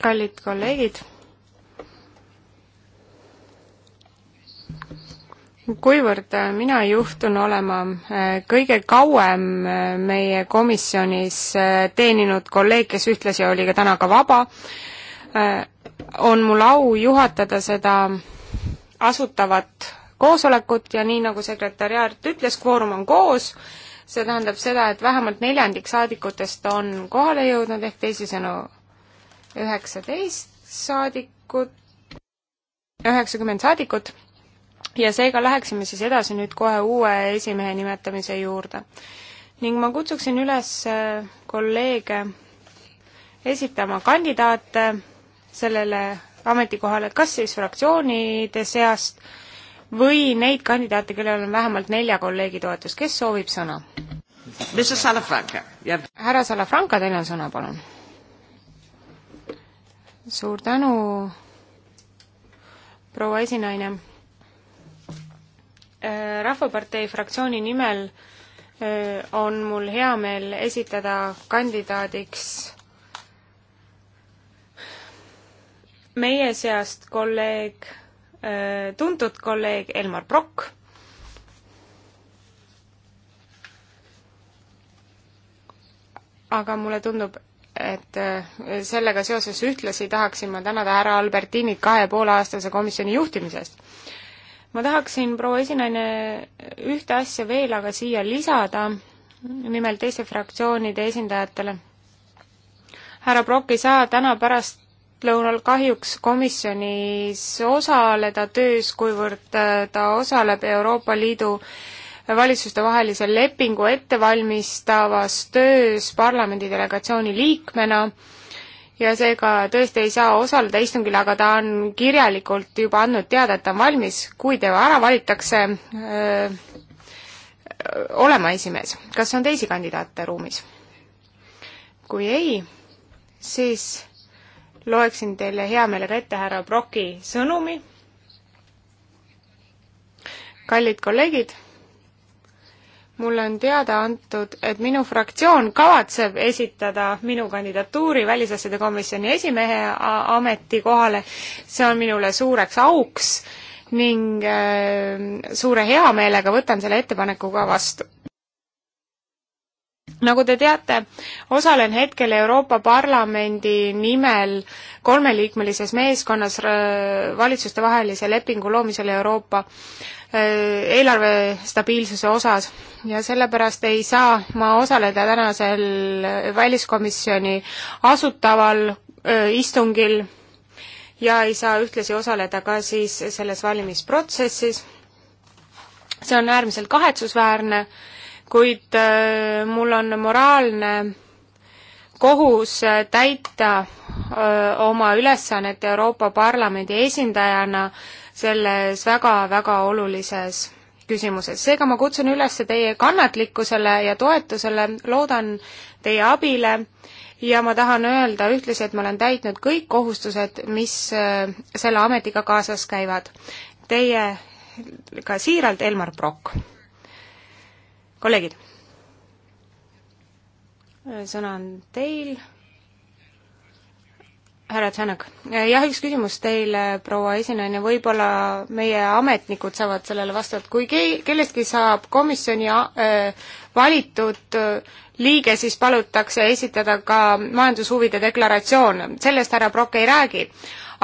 kallid kolleegid, kuivõrd mina juhtun olema äh, kõige kauem äh, meie komisjonis äh, teeninud kolleeg, kes ühtlasi oli ka täna ka vaba, on mul au juhatada seda asutavat koosolekut ja nii, nagu sekretäriaat ütles, kvoorum on koos see tähendab seda, et vähemalt neljandik saadikutest on kohale jõudnud, ehk teisisõnu üheksateist saadikut, üheksakümmend saadikut, ja seega läheksime siis edasi nüüd kohe uue esimehe nimetamise juurde. ning ma kutsuksin üles äh, kolleege esitama kandidaate sellele ametikohale, kas siis fraktsioonide seast või neid kandidaate, kellel on vähemalt nelja kolleegi toetus, kes soovib sõna? härra Salafranca, teil on sõna, palun. suur tänu, proua esinaine. Äh, rahvapartei fraktsiooni nimel äh, on mul hea meel esitada kandidaadiks meie seast kolleeg Äh, tuntud kolleeg Elmar Brokk. aga mulle tundub, et äh, sellega seoses ühtlasi tahaksin ma tänada härra Albertinit kahe ja poole aastase komisjoni juhtimisest. ma tahaksin, proua esinaine, ühte asja veel aga siia lisada, nimelt teiste fraktsioonide esindajatele härra Brock ei saa täna pärast lõunal kahjuks komisjonis osaleda töös, kuivõrd äh, ta osaleb Euroopa Liidu valitsustevahelise lepingu ettevalmistavas töös parlamendi delegatsiooni liikmena ja seega tõesti ei saa osaleda istungil, aga ta on kirjalikult juba andnud teada, et ta on valmis, kui tema ära valitakse, äh, olema esimees. kas on teisi kandidaate ruumis? kui ei, siis loeksin teile hea meelega ette härra Broki sõnumi. kallid kolleegid, mulle on teada antud, et minu fraktsioon kavatseb esitada minu kandidatuuri Välisasjade Komisjoni esimehe ametikohale. see on minule suureks auks ning äh, suure heameelega võtan selle ettepaneku ka vastu nagu te teate, osalen hetkel Euroopa Parlamendi nimel kolmeliikmelises meeskonnas äh, valitsustevahelise lepingu loomisel Euroopa äh, eelarve stabiilsuse osas ja sellepärast ei saa ma osaleda tänasel äh, väliskomisjoni asutaval istungil ja ei saa ühtlasi osaleda ka siis selles valimisprotsessis. see on äärmiselt kahetsusväärne kuid äh, mul on moraalne kohus äh, täita äh, oma ülesannet Euroopa Parlamendi esindajana selles väga-väga olulises küsimuses. seega ma kutsun üles teie kannatlikkusele ja toetusele, loodan teie abile ja ma tahan öelda ühtlasi, et ma olen täitnud kõik kohustused, mis selle ametiga kaasas käivad. Teie ka siiralt, Elmar Brokk kolleegid, sõna on teil. härra Tšanak, jah, üks küsimus teile, proua esinaine, võib-olla meie ametnikud saavad sellele vastata, kui ke-, kellestki saab komisjoni äh, valitud äh, liige, siis palutakse esitada ka majandushuvide deklaratsioon, sellest härra Prokk ei räägi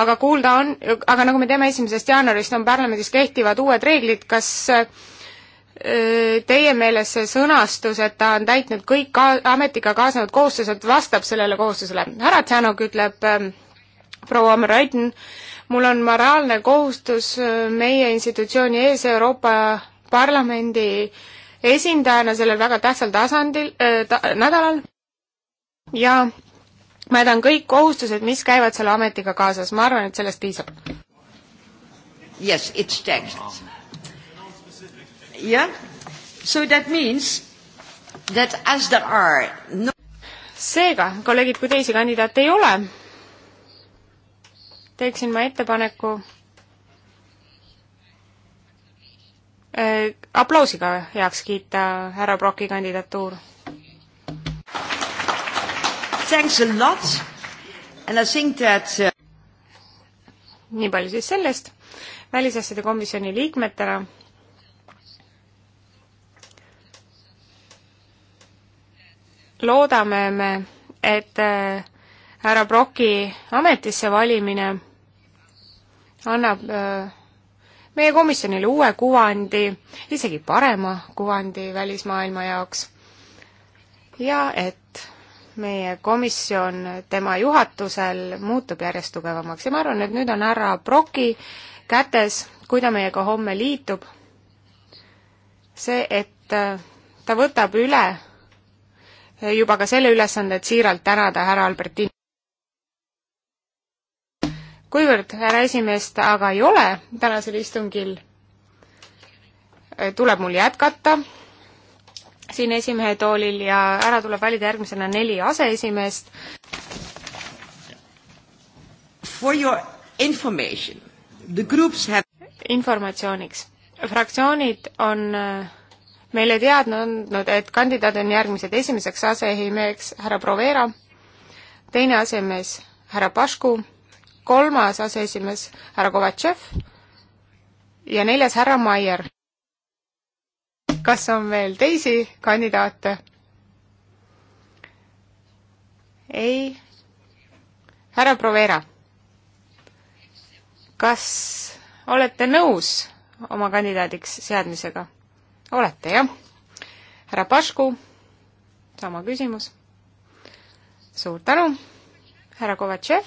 aga kuulda on, aga nagu me teame, esimesest jaanuarist on parlamendis kehtivad uued reeglid, kas äh, teie meelest see sõnastus, et ta on täitnud kõik ka-, ametiga kaasnevad kohustused, vastab sellele kohustusele? härra Tšanok ütleb ähm, proua Amraidn, mul on moraalne kohustus meie institutsiooni ees Euroopa Parlamendi esindajana sellel väga tähtsal tasandil äh,, ta-, nädalal ja ma jätan kõik kohustused, mis käivad selle ametiga kaasas, ma arvan, et sellest piisab. Yes, it's text Yeah? So that means that as there are no seega, kolleegid, kui teisi kandidaate ei ole, teeksin ma ettepaneku äh, aplausiga heaks kiita härra Broki kandidatuur. Thanks a lot and I think that uh... nii palju siis sellest välisasjade komisjoni liikmetena loodame me, et äh, härra Broki ametisse valimine annab äh, meie komisjonile uue kuvandi, isegi parema kuvandi välismaailma jaoks ja et meie komisjon tema juhatusel muutub järjest tugevamaks ja ma arvan, et nüüd on härra Broki kätes, kui ta meiega homme liitub, see, et äh, ta võtab üle juba ka selle ülesande, et siiralt tänada härra Albertini. kuivõrd härra esimeest aga ei ole tänasel istungil, tuleb mul jätkata siin esimehe toolil ja ära tuleb valida järgmisena neli aseesimeest. For your information, the groups have informatsiooniks, fraktsioonid on äh, meile teadnud andnud, et kandidaad on järgmised esimeseks aseesimeheks härra Provera, teine aseesimees härra Pašku, kolmas aseesimees härra Kovatšev ja neljas härra Maier. kas on veel teisi kandidaate? ei. härra Provera, kas olete nõus oma kandidaadiks seadmisega? olete, jah? härra Pašku, sama küsimus. suur tänu, härra Kovatšev.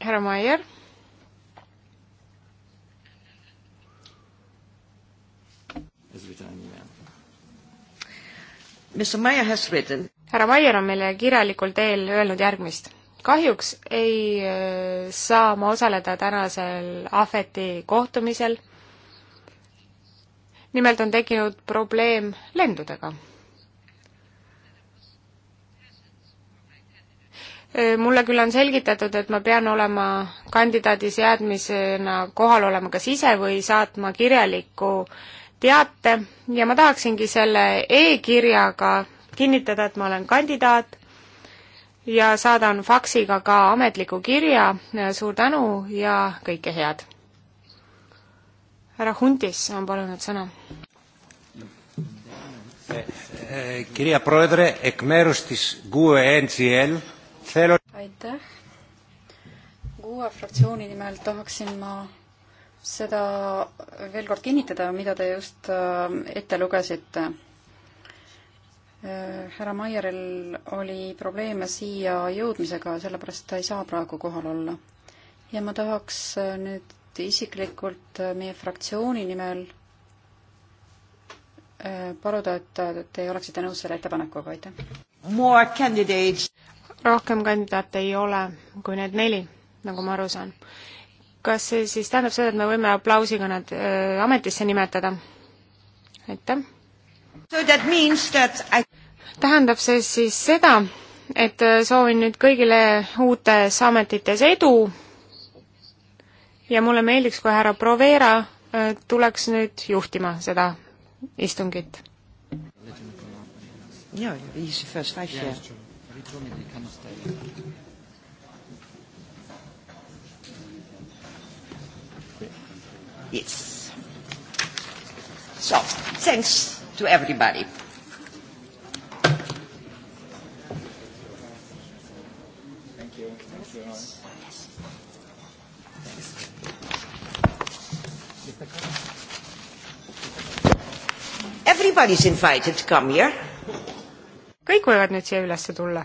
härra Maier. härra Maier on meile kirjalikul teel öelnud järgmist kahjuks ei äh, saa ma osaleda tänasel ahveti kohtumisel. nimelt on tekkinud probleem lendudega. Äh, mulle küll on selgitatud, et ma pean olema kandidaadi seadmisena kohal olema kas ise või saatma kirjaliku teate ja ma tahaksingi selle e-kirjaga kinnitada, et ma olen kandidaat ja saadan faksiga ka ametliku kirja, suur tänu ja kõike head! härra Huntis on palunud sõna. aitäh! GUE fraktsiooni nimel tahaksin ma seda veel kord kinnitada, mida te just äh, ette lugesite Äh, härra Maieril oli probleeme siia jõudmisega, sellepärast ta ei saa praegu kohal olla. ja ma tahaks äh, nüüd isiklikult äh, meie fraktsiooni nimel paluda, et te oleksite nõus selle ettepanekuga, aitäh. rohkem kandidaate ei ole kui need neli, nagu ma aru saan. kas see siis tähendab seda, et me võime aplausiga nad öö, ametisse nimetada? aitäh That that I... tähendab see siis seda, et soovin nüüd kõigile uutes ametites edu ja mulle meeldiks, kui härra Provera äh, tuleks nüüd juhtima seda istungit. jaa, he is the first vice chair. Yes. So, thanks to everybody. Thank you. Thank you. Yes. Everybody's invited to come here. kõik võivad nüüd siia üles tulla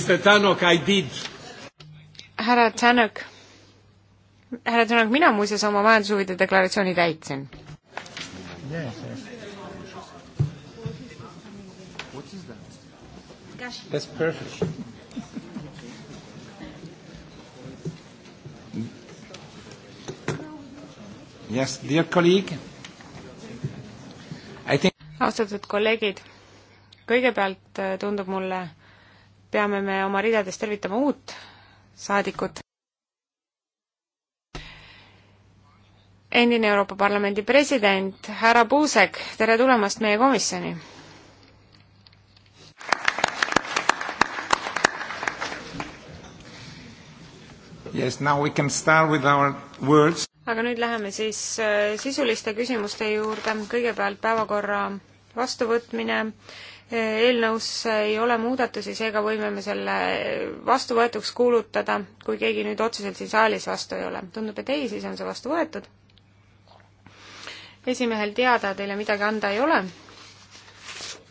Mr Tanok, I did. härra Tanok, härra Tanok, mina muuseas oma majandushuvide deklaratsiooni täitsin yes,. Yes. That's perfect. Yes, dear colleague. I think... austatud kolleegid, kõigepealt eh, tundub mulle, peame me oma ridades tervitama uut saadikut. endine Euroopa Parlamendi president härra Puusek, tere tulemast meie komisjoni! Yes, now we can start with our words. aga nüüd läheme siis äh, sisuliste küsimuste juurde, kõigepealt päevakorra vastuvõtmine eelnõusse ei ole muudatusi, seega võime me selle vastuvõetuks kuulutada, kui keegi nüüd otseselt siin saalis vastu ei ole. tundub, et ei, siis on see vastu võetud. esimehel teada teile midagi anda ei ole.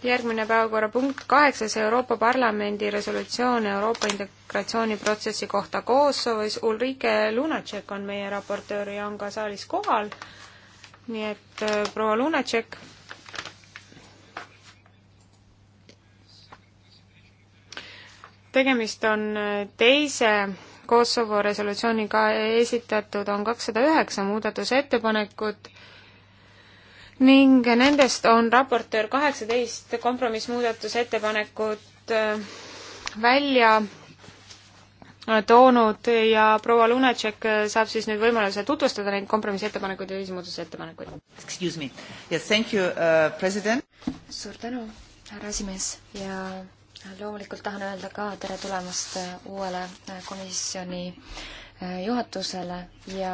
järgmine päevakorrapunkt kaheksas Euroopa Parlamendi resolutsioon Euroopa integratsiooniprotsessi kohta Kosovos. Ulrike Lunacek on meie raportöör ja on ka saalis kohal. nii et äh, proua Lunacek tegemist on äh, teise Kosovo resolutsiooniga esitatud on kakssada üheksa muudatusettepanekut ning nendest on raportöör kaheksateist kompromissmuudatusettepanekut äh, välja äh, toonud ja proua Lunatšek saab siis nüüd võimaluse tutvustada neid kompromissettepanekuid ja teisi muudatusettepanekuid. Excuse me. Yes, thank you uh,, president. suur tänu, härra esimees ja loomulikult tahan öelda ka tere tulemast äh, uuele äh, komisjoni äh, juhatusele ja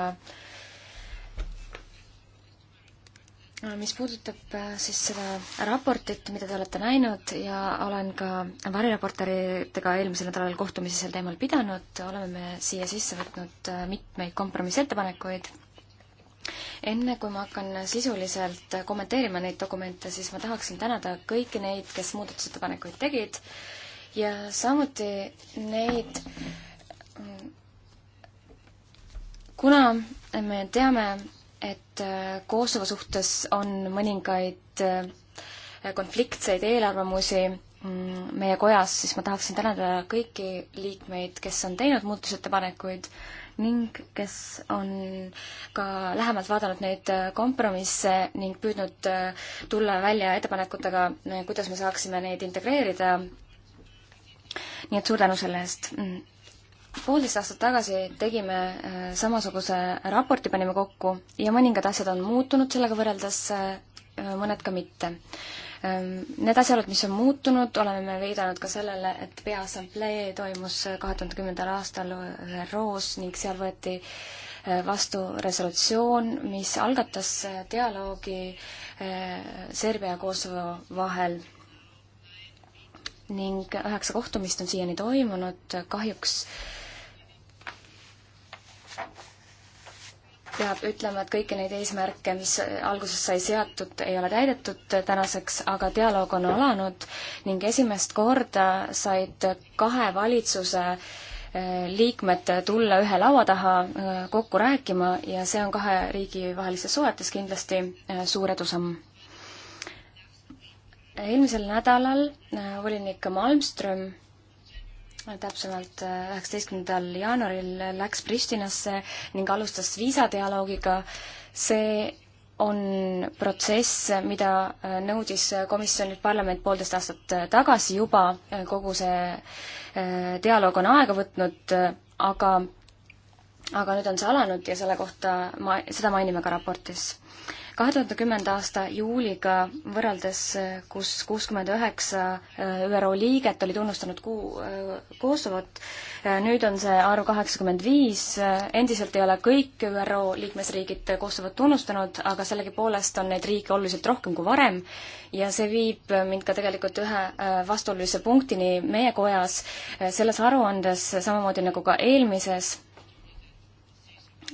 mis puudutab siis seda raportit, mida te olete näinud ja olen ka variraportööridega eelmisel nädalal kohtumisi sel teemal pidanud, oleme me siia sisse võtnud mitmeid kompromissettepanekuid enne kui ma hakkan sisuliselt kommenteerima neid dokumente, siis ma tahaksin tänada kõiki neid, kes muudatusettepanekuid tegid ja samuti neid, kuna me teame, et Kosovo suhtes on mõningaid konfliktseid eelarvamusi meie kojas, siis ma tahaksin tänada kõiki liikmeid, kes on teinud muudatusettepanekuid ning kes on ka lähemalt vaadanud neid kompromisse ning püüdnud äh, tulla välja ettepanekutega, äh, kuidas me saaksime neid integreerida. nii et suur tänu selle eest mm. poolteist aastat tagasi tegime äh, samasuguse raporti, panime kokku ja mõningad asjad on muutunud sellega võrreldes, mõned ka mitte. Ehm, need asjaolud, mis on muutunud, oleme me viidanud ka sellele, et Peaassamblee toimus kahe tuhande kümnendal aastal ÜRO-s ning seal võeti eh, vastu resolutsioon, mis algatas eh, dialoogi eh, Serbia ja Kosovo vahel. ning üheksa kohtumist on siiani toimunud, kahjuks äh, peab ütlema, et kõiki neid eesmärke, mis alguses sai seatud, ei ole täidetud tänaseks, aga dialoog on alanud ning esimest korda said kahe valitsuse eh, liikmed tulla ühe laua taha eh, kokku rääkima ja see on kahe riigi vahelistes suhetes kindlasti eh, suur edusamm. eelmisel nädalal volinik Malmström täpsemalt äh, üheksateistkümnendal jaanuaril läks Pristinasse ning alustas viisadialoogiga. see on protsess, mida äh, nõudis komisjon nüüd parlament poolteist aastat äh, tagasi juba, kogu see dialoog on aega võtnud, aga aga nüüd on see alanud ja selle kohta ma, seda mainime ka raportis kahe tuhande kümnenda aasta juuliga võrreldes, kus kuuskümmend üheksa äh, ÜRO liiget oli tunnustanud kuu, äh, Kosovot, äh, nüüd on see arv kaheksakümmend viis, endiselt ei ole kõik ÜRO liikmesriigid Kosovot tunnustanud, aga sellegipoolest on neid riike oluliselt rohkem kui varem ja see viib mind ka tegelikult ühe vastuolulise punktini meie kojas, selles aruandes, samamoodi nagu ka eelmises,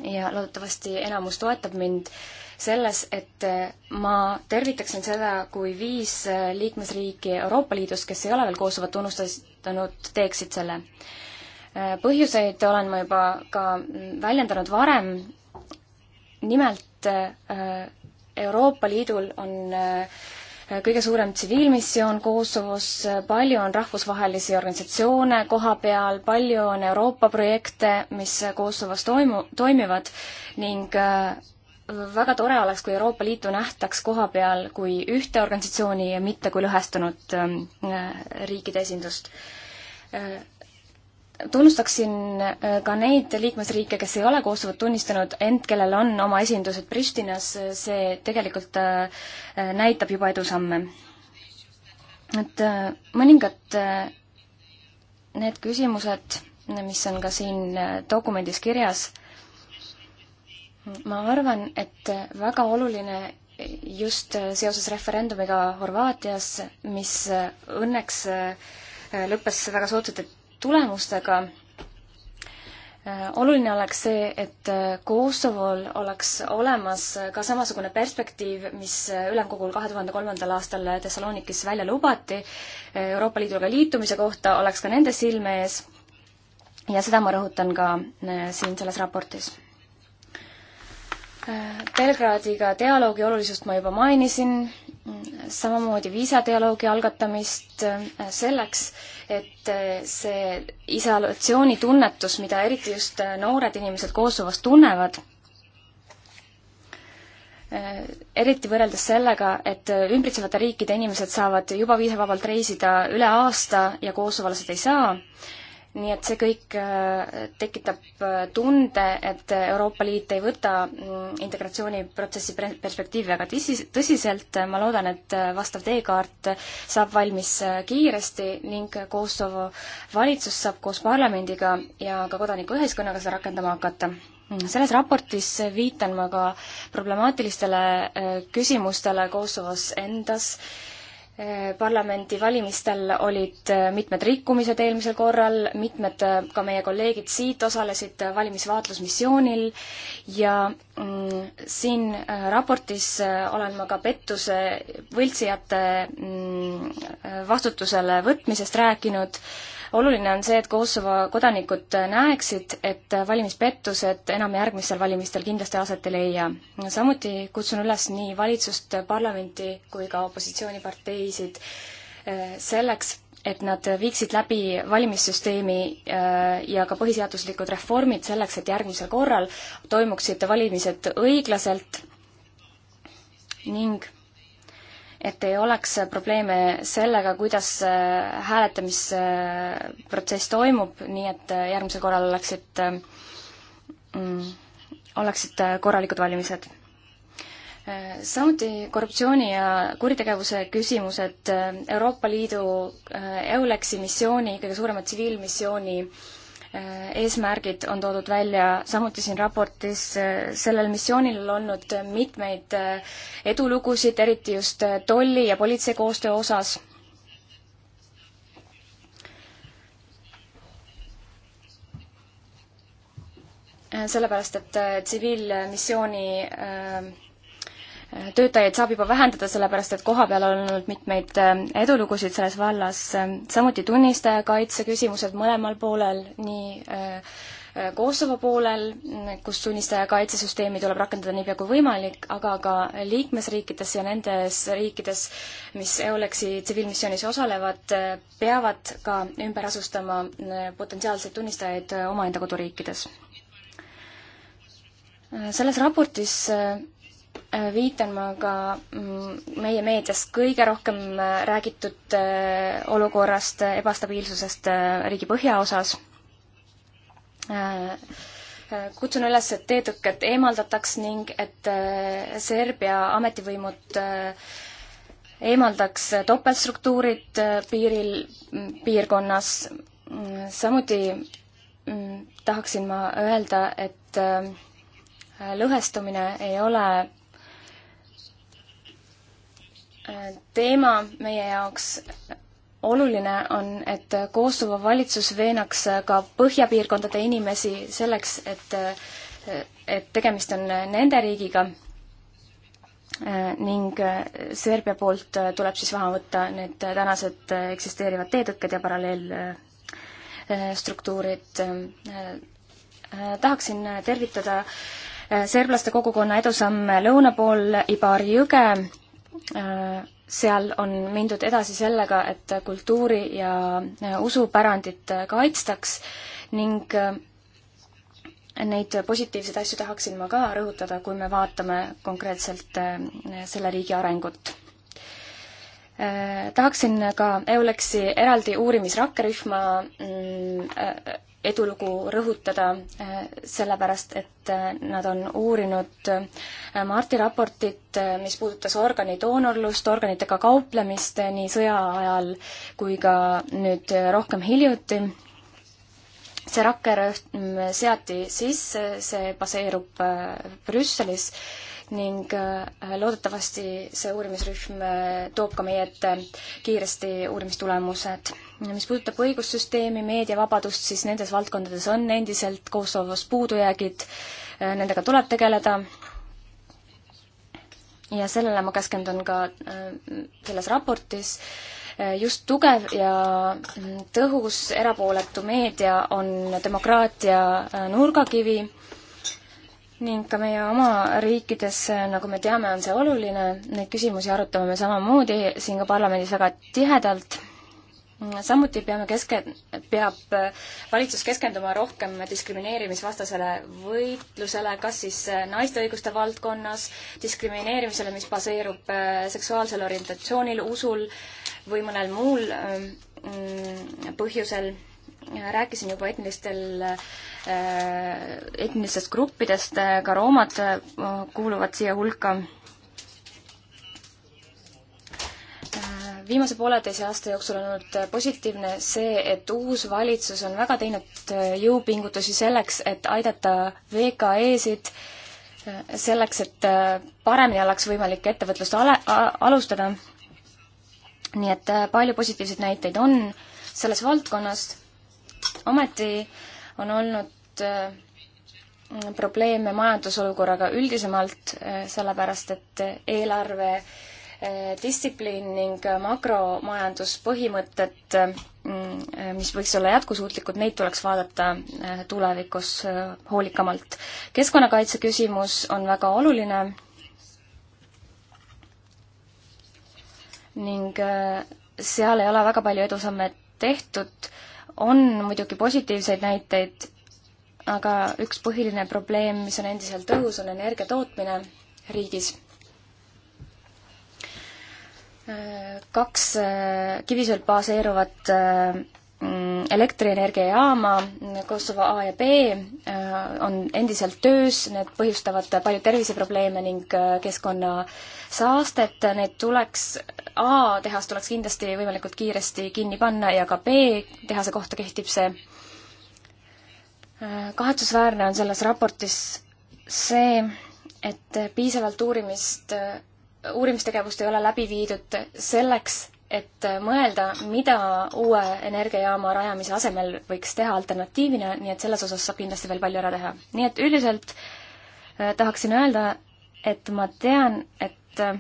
ja loodetavasti enamus toetab mind äh, selles, et eh, ma tervitaksin seda, kui viis eh, liikmesriiki Euroopa Liidus, kes ei ole veel Kosovot unustanud, teeksid selle. Eh, põhjuseid olen ma juba ka väljendanud varem, nimelt Euroopa Liidul on kõige suurem tsiviilmissioon Kosovos, palju on rahvusvahelisi organisatsioone koha peal, palju on Euroopa projekte, mis Kosovos toimu, toimivad ning väga tore oleks, kui Euroopa Liitu nähtaks koha peal kui ühte organisatsiooni ja mitte kui lõhestunud ähm, äh, riikide esindust. Äh, tunnustaksin äh, ka neid liikmesriike, kes ei ole Kosovot tunnistanud, ent kellel on oma esindused Pristinas, see tegelikult näitab juba edusamme. et mõningad need küsimused, mis on ka siin dokumendis kirjas, ma arvan, et väga oluline just seoses referendumiga Horvaatias, mis õnneks lõppes väga soodsate tulemustega. oluline oleks see, et Kosovol oleks olemas ka samasugune perspektiiv, mis ülemkogul kahe tuhande kolmandal aastal Thessalonikis välja lubati. Euroopa Liiduga liitumise kohta oleks ka nende silme ees ja seda ma rõhutan ka äh, siin selles raportis Belgradiga dialoogi olulisust ma juba mainisin, samamoodi viisadialoogi algatamist selleks, et see isolatsioonitunnetus, mida eriti just noored inimesed Kosovos tunnevad, eriti võrreldes sellega, et ümbritsevate riikide inimesed saavad juba viisavabalt reisida üle aasta ja kosovolased ei saa, nii et see kõik äh, tekitab äh, tunde, et Euroopa Liit ei võta mm, integratsiooniprotsessi perspektiivi väga tõsi, tõsiselt, ma loodan, et äh, vastav teekaart saab valmis kiiresti ning Kosovo valitsus saab koos parlamendiga ja ka kodanikuühiskonnaga seda rakendama hakata selles raportis viitan ma ka problemaatilistele küsimustele Kosovos endas äh, parlamendivalimistel olid äh, mitmed rikkumised eelmisel korral, mitmed äh, ka meie kolleegid siit osalesid äh, valimisvaatlusmissioonil ja mm, siin raportis olen ma ka pettuse võltsijate mm, vastutusele võtmisest rääkinud oluline on see, et Kosovo kodanikud näeksid, et valimispettused enam järgmistel valimistel kindlasti aset ei leia. samuti kutsun üles nii valitsust, parlamenti kui ka opositsiooniparteisid eh, selleks, et nad viiksid läbi valimissüsteemi eh, ja ka põhiseaduslikud reformid selleks, et järgmisel korral toimuksid valimised õiglaselt ning et ei oleks probleeme sellega, kuidas äh, hääletamisprotsess toimub, nii et äh, järgmisel korral oleksid, äh, mm, oleksid korralikud valimised samuti korruptsiooni ja kuritegevuse küsimused Euroopa Liidu EULEX-i missiooni, kõige suurema tsiviilmissiooni äh, eesmärgid on toodud välja samuti siin raportis. sellel missioonil on olnud mitmeid äh, edulugusid, eriti just äh, tolli ja politsei koostöö osas. Äh, sellepärast, et tsiviilmissiooni äh, töötajaid saab juba vähendada, sellepärast et kohapeal on olnud mitmeid äh, edulugusid selles vallas, äh, samuti tunnistajakaitse küsimused mõlemal poolel, nii äh, Kosovo poolel, kus tunnistajakaitsesüsteemi tuleb rakendada niipea kui võimalik, aga ka liikmesriikides ja nendes riikides, mis EOLEX-i tsiviilmissioonis osalevad, peavad ka ümber asustama potentsiaalseid tunnistajaid omaenda koduriikides selles raportis Äh, viitan ma ka mm, meie meedias kõige rohkem äh, räägitud äh, olukorrast, ebastabiilsusest riigi põhjaosas. kutsun üles, et teetuket eemaldataks ning et Serbia ametivõimud eemaldaks topeltstruktuurid piiril, mm, piirkonnas. Mm, samuti tahaksin ma öelda, et lõhestumine ei ole teema meie jaoks oluline on, et Kosovo valitsus veenaks ka põhjapiirkondade inimesi selleks, et, et tegemist on nende riigiga ning Serbia poolt tuleb siis maha võtta need tänased eksisteerivad teetõkked ja paralleelstruktuurid. tahaksin tervitada serblaste kogukonna edusamme lõuna pool Ibari jõge Äh, seal on mindud edasi sellega, et kultuuri ja äh, usupärandit äh, kaitstaks ning neid positiivseid asju tahaksin ma ka rõhutada, kui me vaatame konkreetselt selle riigi arengut. tahaksin ka EULEX-i eraldi uurimisrakkerühma mm, edulugu rõhutada, äh, sellepärast et äh, nad on uurinud äh, Marti raportit, mis puudutas organidoonorlust, organitega kauplemist nii sõja ajal kui ka nüüd rohkem hiljuti. see rakkerühm seati sisse, see baseerub Brüsselis ning äh, loodetavasti see uurimisrühm äh, toob ka meie ette kiiresti uurimistulemused. mis puudutab õigussüsteemi, meediavabadust, siis nendes valdkondades on endiselt Kosovos puudujäägid, äh, nendega tuleb tegeleda ja sellele ma keskendun ka selles raportis, just tugev ja mm, tõhus erapooletu meedia on demokraatia nurgakivi ning ka meie oma riikides, nagu me teame, on see oluline, neid küsimusi arutame me samamoodi siin ka parlamendis väga tihedalt. samuti peame keske, peab valitsus keskenduma rohkem diskrimineerimisvastasele võitlusele, kas siis naiste õiguste valdkonnas, diskrimineerimisele, mis baseerub äh, seksuaalsel orientatsioonil, usul või mõnel muul äh, mm, põhjusel rääkisin juba etnilistel, äh, etnilistest gruppidest, äh, ka roomad äh, kuuluvad siia hulka. viimase pooleteise aasta jooksul on olnud positiivne see, et uus valitsus on väga teinud jõupingutusi selleks, et aidata VKE-sid selleks, et paremini oleks võimalik ettevõtlust ale-, alustada. nii et palju positiivseid näiteid on selles valdkonnas ometi on olnud äh, probleeme majandusolukorraga üldisemalt, äh, sellepärast et äh, eelarve distsipliin ning makromajanduspõhimõtted, mm, mis võiks olla jätkusuutlikud, neid tuleks vaadata tulevikus hoolikamalt. keskkonnakaitse küsimus on väga oluline ning seal ei ole väga palju edusamme tehtud on muidugi positiivseid näiteid, aga üks põhiline probleem, mis on endiselt õhus, on energia tootmine riigis. kaks äh, kivisöel baseeruvat äh, Mm, elektrienergiajaama mm, Kosovo A ja B äh, on endiselt töös, need põhjustavad palju terviseprobleeme ning äh, keskkonna saastet, need tuleks, A tehas tuleks kindlasti võimalikult kiiresti kinni panna ja ka B tehase kohta kehtib see. Äh, kahetsusväärne on selles raportis see, et piisavalt uurimist, uurimistegevust ei ole läbi viidud selleks, et mõelda, mida uue energiajaama rajamise asemel võiks teha alternatiivina, nii et selles osas saab kindlasti veel palju ära teha. nii et üldiselt äh, tahaksin öelda, et ma tean, et äh,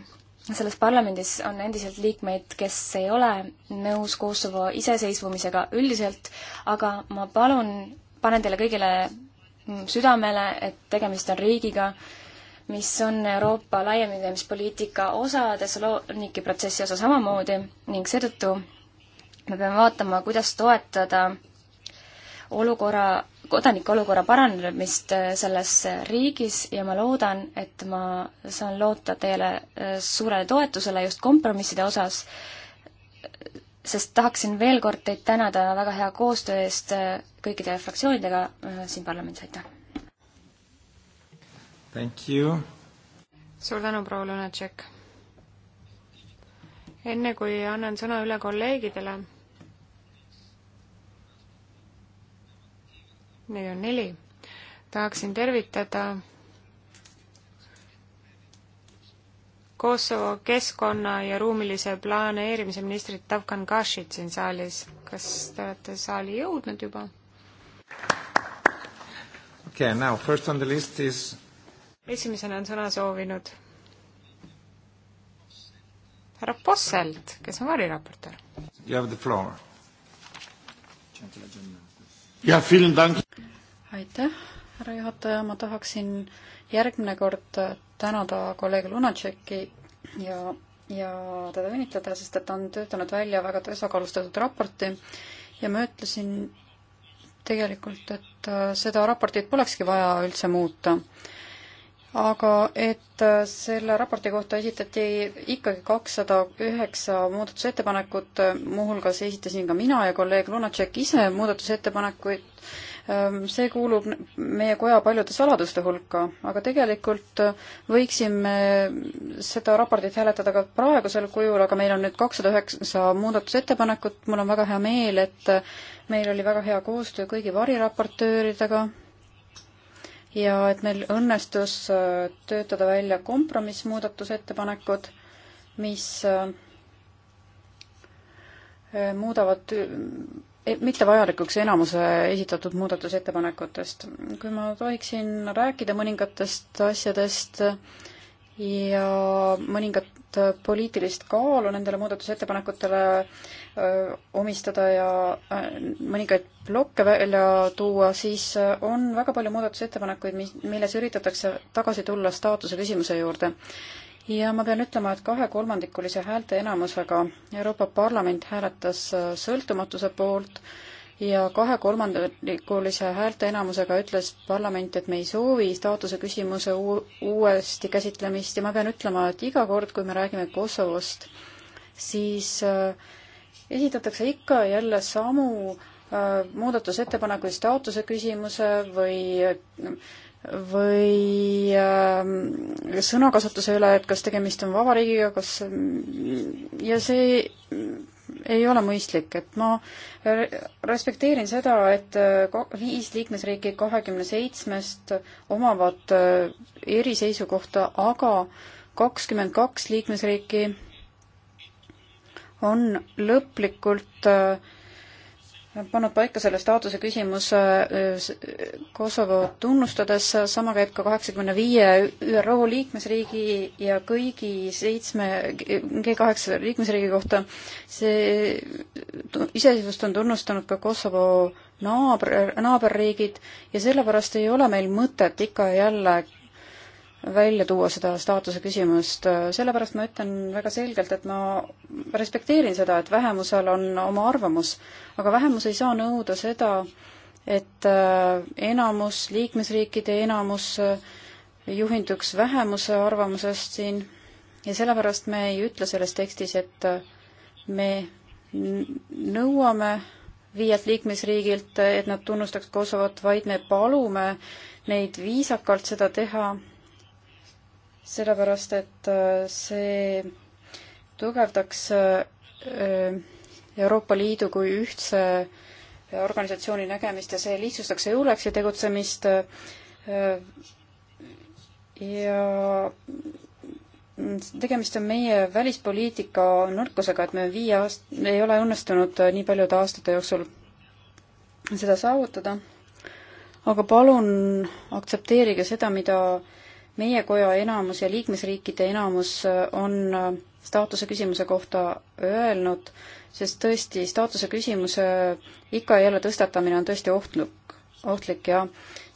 selles parlamendis on endiselt liikmeid, kes ei ole nõus Kosovo iseseisvumisega üldiselt, aga ma palun, panen teile kõigile mm, südamele, et tegemist on riigiga, mis on Euroopa laiemüügimispoliitika osa Thessaloniki protsessi osa samamoodi ning seetõttu me peame vaatama, kuidas toetada olukorra, kodanike olukorra paranemist äh, selles riigis ja ma loodan, et ma saan loota teile äh, suurele toetusele just kompromisside osas, sest tahaksin veel kord teid tänada väga hea koostöö eest äh, kõikide fraktsioonidega siin parlamendis, aitäh! Thank you. suur tänu, proua Lunatšek. enne kui annan sõna üle kolleegidele, neid on neli, tahaksin tervitada Kosovo keskkonna ja ruumilise planeerimise ministrit Tavkan Kašit siin saalis. kas te olete saali jõudnud juba? Okay, now first on the list is esimesena on sõna soovinud härra Posselt, kes on variraportöör. You have the floor. jah, film tänk. aitäh, härra juhataja, ma tahaksin järgmine kord tänada kolleeg Lunatšeki ja, ja teda õnnitleda, sest et ta on töötanud välja väga tasakaalustatud raporti ja ma ütlesin tegelikult, et seda raportit polekski vaja üldse muuta aga et äh, selle raporti kohta esitati ikkagi kakssada üheksa muudatusettepanekut, äh, muuhulgas esitasin ka mina ja kolleeg Lunatšek ise muudatusettepanekuid. Ähm, see kuulub meie koja paljude saladuste hulka, aga tegelikult äh, võiksime seda raportit hääletada ka praegusel kujul, aga meil on nüüd kakssada üheksa muudatusettepanekut, mul on väga hea meel, et meil oli väga hea koostöö kõigi variraportööridega ja et meil õnnestus äh, töötada välja kompromissmuudatusettepanekud, mis äh, äh, muudavad mitte vajalikuks enamuse esitatud muudatusettepanekutest. kui ma tohiksin rääkida mõningatest asjadest, ja mõningat poliitilist kaalu nendele muudatusettepanekutele omistada ja mõningaid blokke välja tuua, siis on väga palju muudatusettepanekuid, mis, milles üritatakse tagasi tulla staatuse küsimuse juurde. ja ma pean ütlema, et kahekolmandikulise häälte enamusega Euroopa Parlament hääletas sõltumatuse poolt äh, ja kahekolmandikulise häälteenamusega ütles parlament, et me ei soovi staatuse küsimuse uuesti käsitlemist ja ma pean ütlema, et iga kord, kui me räägime Kosovost, siis äh, esitatakse ikka ja jälle samu äh, muudatusettepanekuid staatuse küsimuse või või äh, sõnakasutuse üle, et kas tegemist on vabariigiga, kas ja see ei ole mõistlik, et ma respekteerin seda, et äh, viis liikmesriiki kahekümne seitsmest omavad äh, eriseisukohta, aga kakskümmend kaks liikmesriiki on lõplikult äh, pannud paika selle staatuse küsimuse äh, Kosovo tunnustades, sama käib ka kaheksakümne viie ÜRO liikmesriigi ja kõigi seitsme G8 liikmesriigi kohta. see iseseisvust on tunnustanud ka Kosovo naaber, naaberriigid ja sellepärast ei ole meil mõtet ikka ja jälle välja tuua seda staatuse küsimust, sellepärast ma ütlen väga selgelt, et ma respekteerin seda, et vähemusel on oma arvamus, aga vähemus ei saa nõuda seda, et äh, enamus, liikmesriikide enamus äh, juhinduks vähemuse arvamusest siin ja sellepärast me ei ütle selles tekstis, et äh, me nõuame viielt liikmesriigilt, et nad tunnustaks Kosovot, vaid me palume neid viisakalt seda teha sellepärast et äh, see tugevdaks äh, Euroopa Liidu kui ühtse organisatsiooni nägemist ja see lihtsustaks EULEX-i tegutsemist äh, ja tegemist on meie välispoliitika nõrkusega, et me viie aast-, ei ole õnnestunud nii paljude aastate jooksul seda saavutada, aga palun aktsepteerige seda, mida meie koja enamus ja liikmesriikide enamus äh, on äh, staatuse küsimuse kohta öelnud, sest tõesti, staatuse küsimuse äh, ikka ja jälle tõstatamine on tõesti ohtlik, ohtlik ja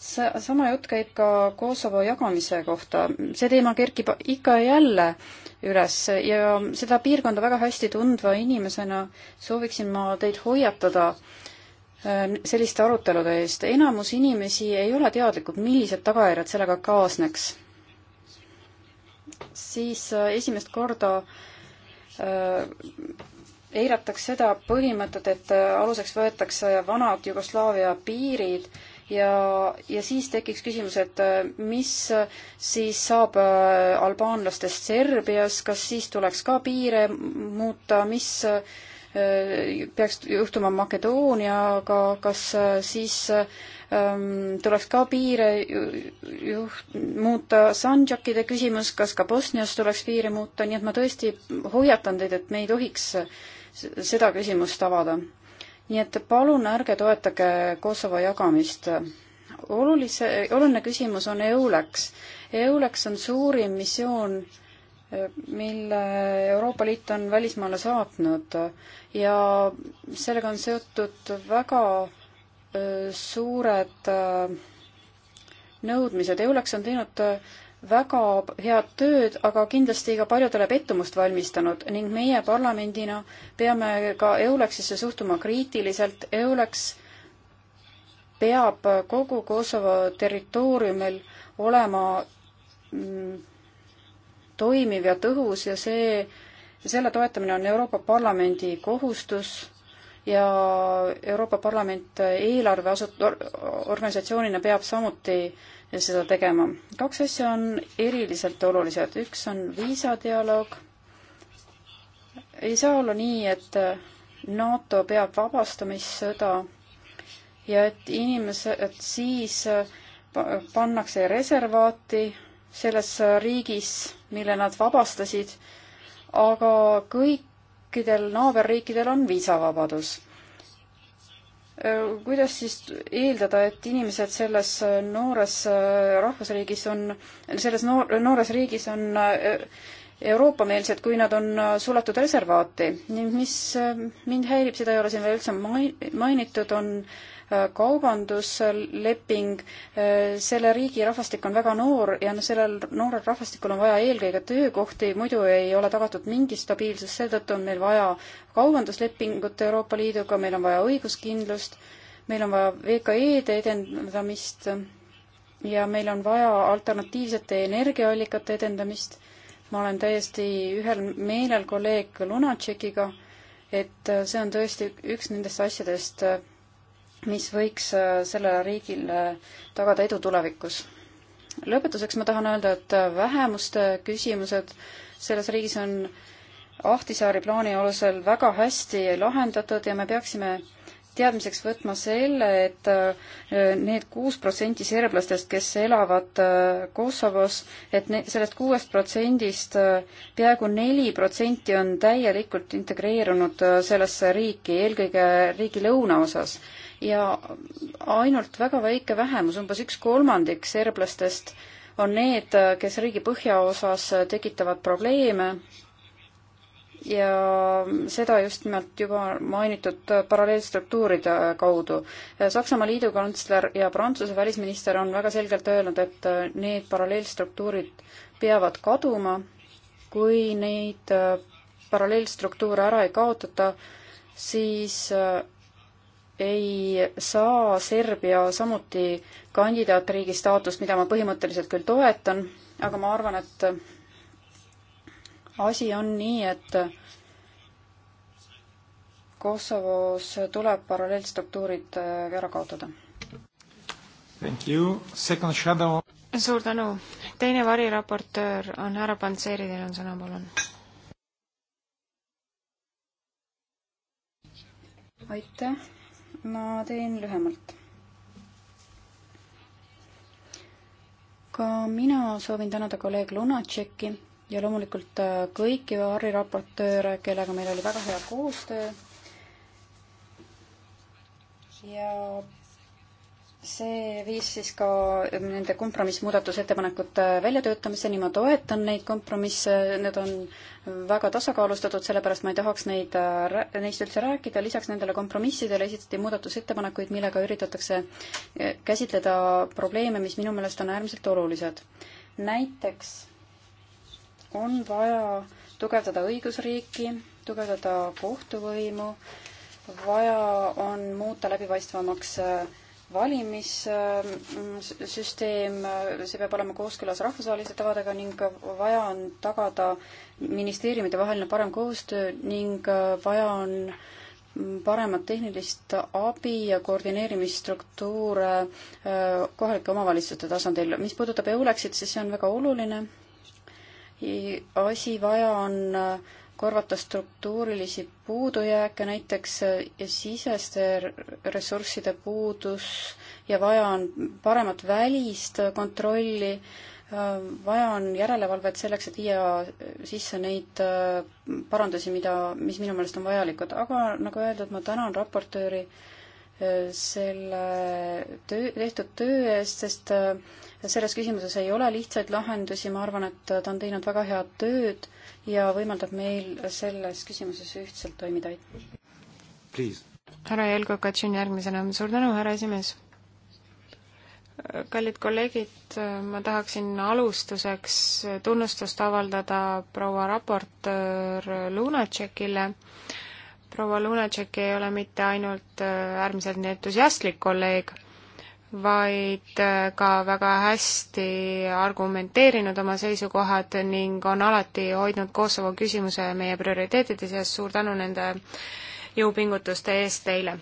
sama jutt käib ka Kosovo jagamise kohta. see teema kerkib ikka ja jälle üles ja seda piirkonda väga hästi tundva inimesena sooviksin ma teid hoiatada selliste arutelude eest. enamus inimesi ei ole teadlikud, millised tagajärjed sellega kaasneks siis äh, esimest korda äh, eiratakse seda põhimõtet, et äh, aluseks võetakse vanad Jugoslaavia piirid ja, ja siis tekiks küsimus, et mis siis saab albaanlastest Serbias, kas siis tuleks ka piire muuta, mis äh, Äh, peaks juhtuma Makedooniaga, kas äh, siis ähm, tuleks ka piire juht-, muuta, Sandžakide küsimus, kas ka Bosnias tuleks piire muuta, nii et ma tõesti hoiatan teid, et me ei tohiks seda küsimust avada. nii et palun ärge toetage Kosovo jagamist. olulise, oluline küsimus on EULEX. EULEX on suurim missioon äh, mille Euroopa Liit on välismaale saatnud ja sellega on seotud väga suured nõudmised. Eulex on teinud väga head tööd, aga kindlasti ka paljudele pettumust valmistanud ning meie parlamendina peame ka Eulexisse suhtuma kriitiliselt. Eulex peab kogu Kosovo territooriumil olema mm, toimiv ja tõhus ja see, selle toetamine on Euroopa Parlamendi kohustus ja Euroopa Parlament eelarve asut-, organisatsioonina peab samuti seda tegema. kaks asja on eriliselt olulised, üks on viisadialoog, ei saa olla nii, et NATO peab vabastamissõda ja et inimesed et siis pannakse reservaati selles riigis, mille nad vabastasid, aga kõikidel naaberriikidel on viisavabadus. kuidas siis eeldada, et inimesed selles noores rahvusriigis on, selles noor, noores riigis on äh, Euroopa-meelsed, kui nad on äh, suletud reservaati ning mis äh, mind häirib, seda ei ole siin veel üldse mainitud, on äh, Äh, kaubandusleping. Äh, selle riigi rahvastik on väga noor ja sellel noorel rahvastikul on vaja eelkõige töökohti, muidu ei ole tagatud mingi stabiilsus, seetõttu on meil vaja kaubanduslepingut Euroopa Liiduga, meil on vaja õiguskindlust, meil on vaja VKE-de edendamist ja meil on vaja alternatiivsete energiaallikate edendamist. ma olen täiesti ühel meelel kolleeg Lunatšekiga, et äh, see on tõesti üks nendest asjadest, mis võiks äh, sellele riigile äh, tagada edu tulevikus. lõpetuseks ma tahan öelda, et äh, vähemuste küsimused selles riigis on Ahtisaari plaani alusel väga hästi lahendatud ja me peaksime teadmiseks võtma selle, et need kuus protsenti serblastest, kes elavad Kosovos et, et sellest kuuest protsendist peaaegu neli protsenti on täielikult integreerunud sellesse riiki, eelkõige riigi lõunaosas ja ainult väga väike vähemus, umbes üks kolmandik serblastest on need, kes riigi põhjaosas tekitavad probleeme ja seda just nimelt juba mainitud paralleelstruktuuride kaudu. Saksamaa liidukantsler ja Prantsuse välisminister on väga selgelt öelnud, et need paralleelstruktuurid peavad kaduma, kui neid paralleelstruktuure ära ei kaotata, siis ei saa Serbia samuti kandidaatriigi staatust, mida ma põhimõtteliselt küll toetan, aga ma arvan, et asi on nii, et Kosovos tuleb paralleelstruktuurid äh, ära kaotada. suur tänu. teine variraportöör on härra Panseri, teil on sõna, palun. aitäh ma teen lühemalt. ka mina soovin tänada kolleeg Lunatšeki ja loomulikult äh, kõiki Varri raportööre, kellega meil oli väga hea koostöö. ja see viis siis ka nende kompromissmuudatusettepanekute väljatöötamiseni, ma toetan neid kompromisse, need on väga tasakaalustatud, sellepärast ma ei tahaks neid, äh, neist üldse rääkida, lisaks nendele kompromissidele esitati muudatusettepanekuid, millega üritatakse äh, käsitleda probleeme, mis minu meelest on äärmiselt olulised. näiteks on vaja tugevdada õigusriiki, tugevdada kohtuvõimu, vaja on muuta läbipaistvamaks äh, valimissüsteem, see peab olema kooskõlas rahvusvaheliste tavadega ning vaja on tagada ministeeriumide vaheline parem koostöö ning vaja on paremat tehnilist abi ja koordineerimisstruktuure äh, kohalike omavalitsuste tasandil. mis puudutab EULEX-it, siis see on väga oluline asi, vaja on äh, korvata struktuurilisi puudujääke, näiteks siseste ressursside puudus ja vaja on paremat välist kontrolli, vaja on järelevalvet selleks, et viia sisse neid äh, parandusi, mida, mis minu meelest on vajalikud, aga nagu öeldud, ma tänan raportööri äh, selle töö, tehtud töö eest, sest äh, selles küsimuses ei ole lihtsaid lahendusi, ma arvan, et ta on teinud väga head tööd ja võimaldab meil selles küsimuses ühtselt toimida. härra Jelko Katšin järgmisena, suur tänu, härra esimees! kallid kolleegid, ma tahaksin alustuseks tunnustust avaldada proua raportöör Lunatšekile. proua Lunatšek ei ole mitte ainult äärmiselt entusiastlik kolleeg, vaid äh, ka väga hästi argumenteerinud oma seisukohad ning on alati hoidnud Kosovo küsimuse meie prioriteetide seas, suur tänu nende jõupingutuste eest teile!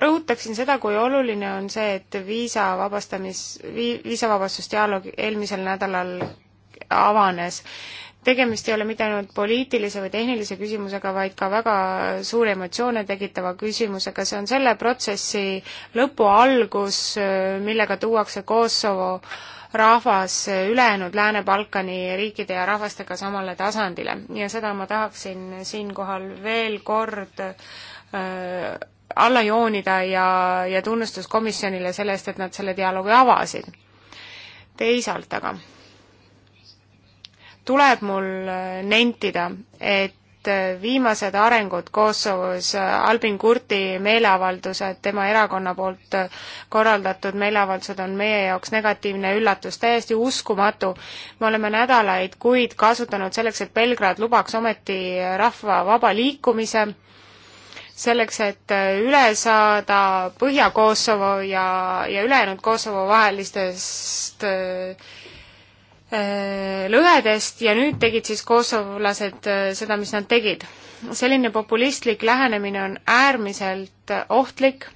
rõhutaksin seda, kui oluline on see, et viisa vabastamis, viisavabastusdialoog eelmisel nädalal avanes tegemist ei ole mitte ainult poliitilise või tehnilise küsimusega, vaid ka väga suuri emotsioone tekitava küsimusega, see on selle protsessi lõpu algus, millega tuuakse Kosovo rahvas ülejäänud Lääne-Balkani riikide ja rahvastega samale tasandile ja seda ma tahaksin siinkohal veel kord äh, alla joonida ja, ja tunnustus komisjonile selle eest, et nad selle dialoogi avasid. teisalt aga tuleb mul äh, nentida, et äh, viimased arengud Kosovos, äh, Albin Kurti meeleavaldused, tema erakonna poolt korraldatud meeleavaldused on meie jaoks negatiivne üllatus, täiesti uskumatu. me oleme nädalaid, kuid kasutanud selleks, et Belgrad lubaks ometi rahva vaba liikumise, selleks, et üle saada Põhja-Kosovo ja, ja ülejäänud Kosovo vahelistest äh, Äh, lõhedest ja nüüd tegid siis kosovolased äh, seda, mis nad tegid. selline populistlik lähenemine on äärmiselt äh, ohtlik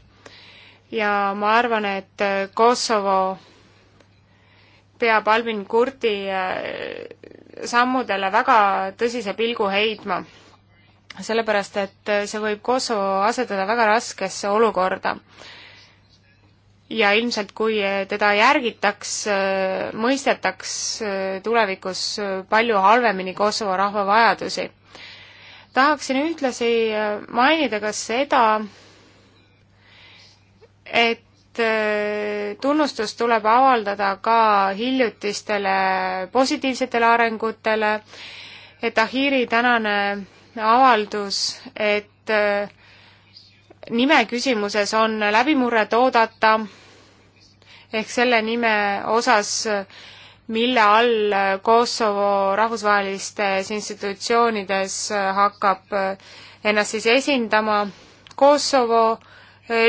ja ma arvan, et Kosovo peab Albin Kurdi sammudele väga tõsise pilgu heidma, sellepärast et see võib Kosovo asetada väga raskesse olukorda ja ilmselt kui teda järgitaks, mõistetaks tulevikus palju halvemini Kosovo rahva vajadusi. tahaksin ühtlasi mainida ka seda, et tunnustust tuleb avaldada ka hiljutistele positiivsetele arengutele, et Ahiri tänane avaldus, et nime küsimuses on läbimurret oodata ehk selle nime osas, mille all Kosovo rahvusvahelistes institutsioonides hakkab ennast siis esindama. Kosovo,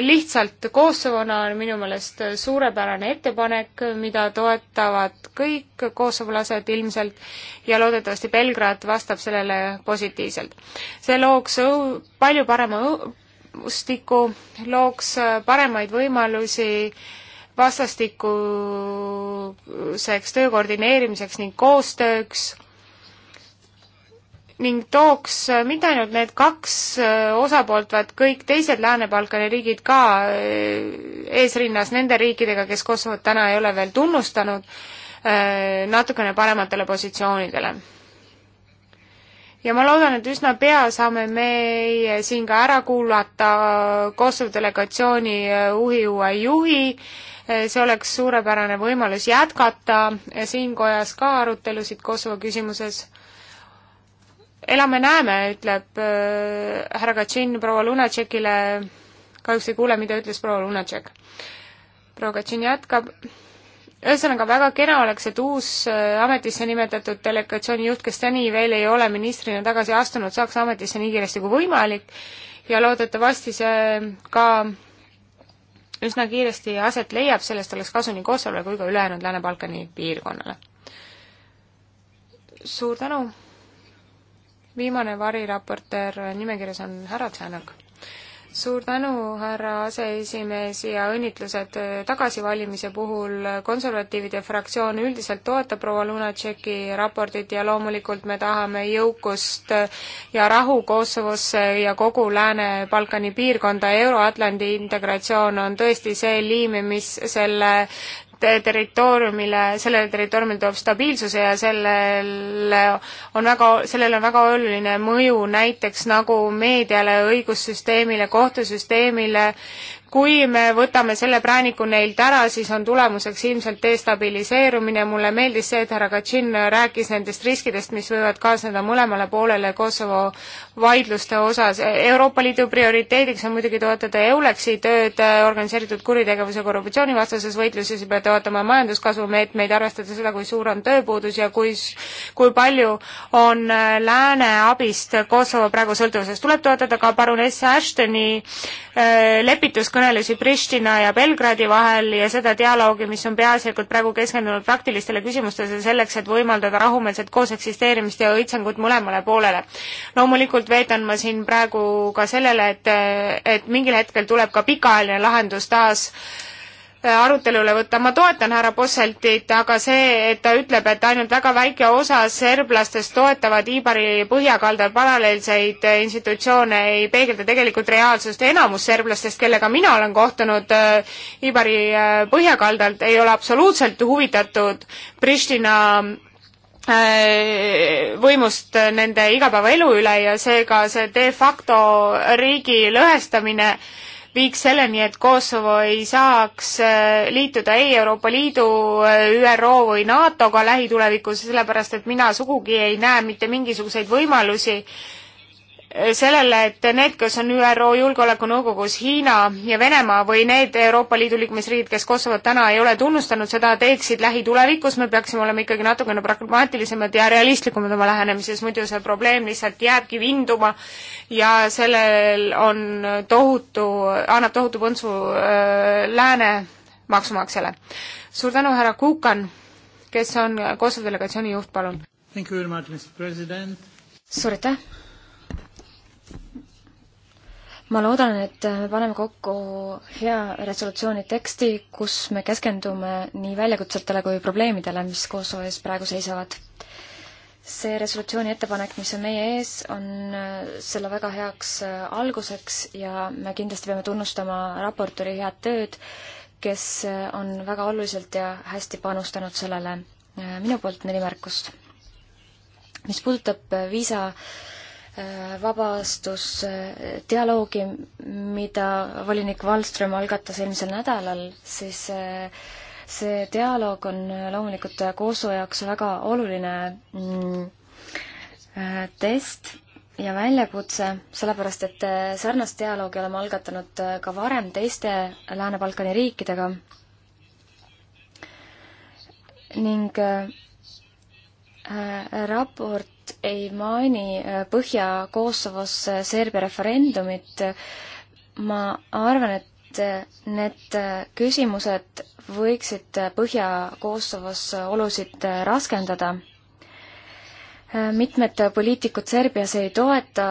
lihtsalt Kosovona on minu meelest suurepärane ettepanek, mida toetavad kõik kosovolased ilmselt ja loodetavasti Belgrad vastab sellele positiivselt. see looks õhu, palju parema õhustiku, looks paremaid võimalusi äh, vastastikuseks töö koordineerimiseks ning koostööks ning tooks mitte ainult need kaks äh, osapoolt, vaid kõik teised Lääne-Balkani riigid ka äh, eesrinnas nende riikidega, kes Kosovot täna ei ole veel tunnustanud, äh, natukene parematele positsioonidele. ja ma loodan, et üsna pea saame me siin ka ära kuulata Kosovo delegatsiooni UHI uue juhi, juhi see oleks suurepärane võimalus jätkata siin kojas ka arutelusid Kosovo küsimuses. elame-näeme, ütleb äh, härra Katšin proua Lunatšekile, kahjuks ei kuule, mida ütles proua Lunatšek. proua Katšin jätkab ühesõnaga, väga kena oleks, et uus äh, ametisse nimetatud delegatsiooni juht, kes seni veel ei ole ministrina tagasi astunud, saaks ametisse nii kiiresti kui võimalik ja loodetavasti see ka üsna kiiresti aset leiab, sellest oleks kasu nii Kosovole kui ka ülejäänud Lääne-Balkani piirkonnale. suur tänu! viimane variraportöör nimekirjas on härra Tšanak suur tänu, härra aseesimees ja õnnitlused äh, tagasivalimise puhul. konservatiivide fraktsioon üldiselt toetab proua Lunatšeki raportit ja loomulikult me tahame jõukust äh, ja rahu Kosovosse ja kogu Lääne-Balkani piirkonda. Euro-Atlandi integratsioon on tõesti see liim, mis selle territooriumile, sellele territooriumile toob stabiilsuse ja sellele on väga, sellel on väga oluline mõju näiteks nagu meediale, õigussüsteemile, kohtusüsteemile, kui me võtame selle prääniku neilt ära, siis on tulemuseks ilmselt destabiliseerumine, mulle meeldis see, et härra Katšin rääkis nendest riskidest, mis võivad kaasneda mõlemale poolele Kosovo vaidluste osas. Euroopa Liidu prioriteediks on muidugi toetada EULEX-i tööd organiseeritud kuritegevuse korruptsioonivastases võitluses ja peab toetama majanduskasvu meetmeid, arvestada seda, kui suur on tööpuudus ja kui, kui palju on lääne abist Kosovo praegu sõltuvuses. tuleb toetada ka paruness Ashtoni Äh, lepituskõnelusi Pristina ja Belgradi vahel ja seda dialoogi, mis on peaasjalikult praegu keskendunud praktilistele küsimustele selleks, et võimaldada rahumeelset kooseksisteerimist ja õitsengut mõlemale poolele. loomulikult veetan ma siin praegu ka sellele, et, et mingil hetkel tuleb ka pikaajaline lahendus taas äh, Äh, arutelule võtta. ma toetan härra Posseltit, aga see, et ta ütleb, et ainult väga väike osa serblastest toetavad Iibari põhjakaldal paralleelseid äh, institutsioone, ei peegelda tegelikult reaalsust. enamus serblastest, kellega mina olen kohtunud Iibari äh, põhjakaldalt, ei ole absoluutselt huvitatud Pristina võimust nende igapäevaelu üle ja seega see de facto riigi lõhestamine äh, viiks selleni, et Kosovo ei saaks äh, liituda ei Euroopa Liidu, äh, ÜRO või NATO-ga lähitulevikus, sellepärast et mina sugugi ei näe mitte mingisuguseid võimalusi äh, sellele, et need, kes on ÜRO Julgeolekunõukogus Hiina ja Venemaa või need Euroopa Liidu liikmesriigid, kes Kosovot täna ei ole tunnustanud, seda teeksid lähitulevikus, me peaksime olema ikkagi natukene pragmaatilisemad ja realistlikumad oma lähenemises, muidu see probleem lihtsalt jääbki vinduma ja sellel on tohutu, annab tohutu põntsu äh, lääne maksumaksjale. suur tänu, härra Kukan, kes on Kosovo delegatsiooni juht, palun! suur aitäh! ma loodan, et me paneme kokku hea resolutsiooni teksti, kus me keskendume nii väljakutsetele kui probleemidele, mis Kosovo ees praegu seisavad. see resolutsiooni ettepanek, mis on meie ees, on äh, selle väga heaks äh, alguseks ja me kindlasti peame tunnustama raportööri head tööd, kes äh, on väga oluliselt ja hästi panustanud sellele. minu poolt neli märkust. mis puudutab viisa vabastusdialoogi, mida volinik Wallström algatas eelmisel nädalal, siis eh, see dialoog on loomulikult Kosovo jaoks väga oluline mm, eh, test ja väljakutse, sellepärast et eh, sarnast dialoogi oleme algatanud ka varem teiste Lääne-Balkani riikidega ning raport raport ei maini äh, Põhja-Kosovos äh, Serbia referendumit. ma arvan, et äh, need küsimused võiksid Põhja-Kosovos olusid raskendada mitmed poliitikud Serbias ei toeta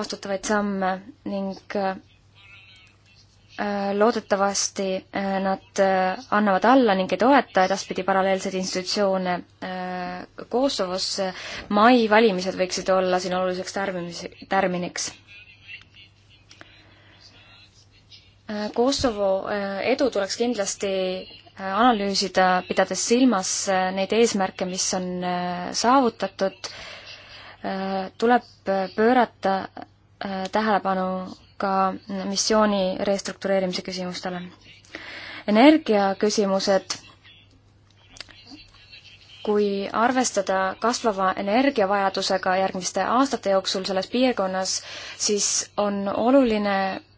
astutavaid samme ning Äh, loodetavasti äh, nad äh, annavad alla ning ei toeta edaspidi paralleelseid institutsioone Kosovos. mai valimised võiksid olla siin oluliseks tärmimis, tärminiks. Kosovo edu tuleks kindlasti analüüsida, pidades silmas neid eesmärke, mis on saavutatud, tuleb pöörata tähelepanu ka missiooni restruktureerimise küsimustele. energiaküsimused, kui arvestada kasvava energiavajadusega järgmiste aastate jooksul selles piirkonnas, siis on oluline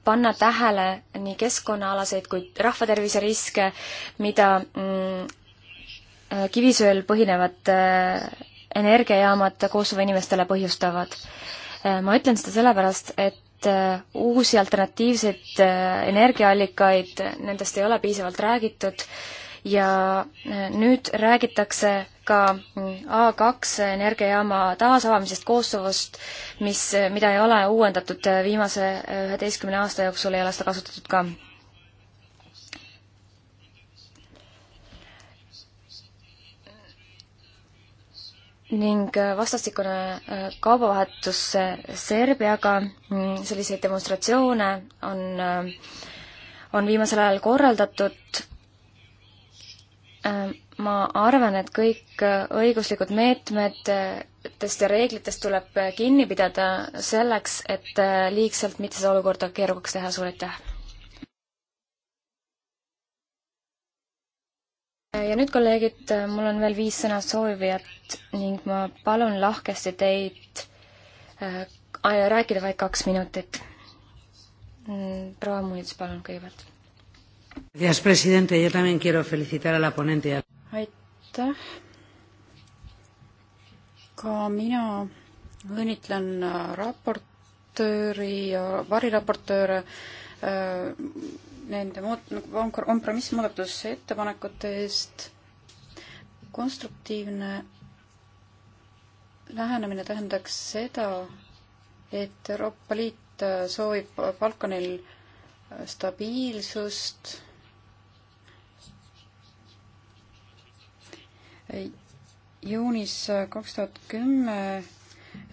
panna tähele nii keskkonnaalaseid kui rahvatervise riske, mida mm, kivisööl põhinevad energiajaamad Kosovo inimestele põhjustavad. ma ütlen seda sellepärast, et Äh, uusi alternatiivseid äh, energiaallikaid, nendest ei ole piisavalt räägitud ja äh, nüüd räägitakse ka mm, A2 energiajaama taasavamisest Kosovost, mis, mida ei ole uuendatud viimase üheteistkümne aasta jooksul, ei ole seda kasutatud ka ning vastastikune äh, kaubavahetus Serbiaga, mm, selliseid demonstratsioone on, äh, on viimasel ajal korraldatud. Äh, ma arvan, et kõik õiguslikud meetmed test ja reeglitest tuleb kinni pidada selleks, et liigselt mitte seda olukorda keerukaks teha, suur aitäh! ja nüüd, kolleegid, mul on veel viis sõna soovijat ning ma palun lahkesti teid äh, rääkida vaid kaks minutit. Mm, proua Muits, palun kõigepealt. aitäh. ka mina õnnitlen äh, raportööri ja variraportööre äh, nende nagu kompromissmuudatuse ettepanekute eest. konstruktiivne lähenemine tähendaks seda, et Euroopa Liit soovib Balkanil stabiilsust juunis kaks tuhat kümme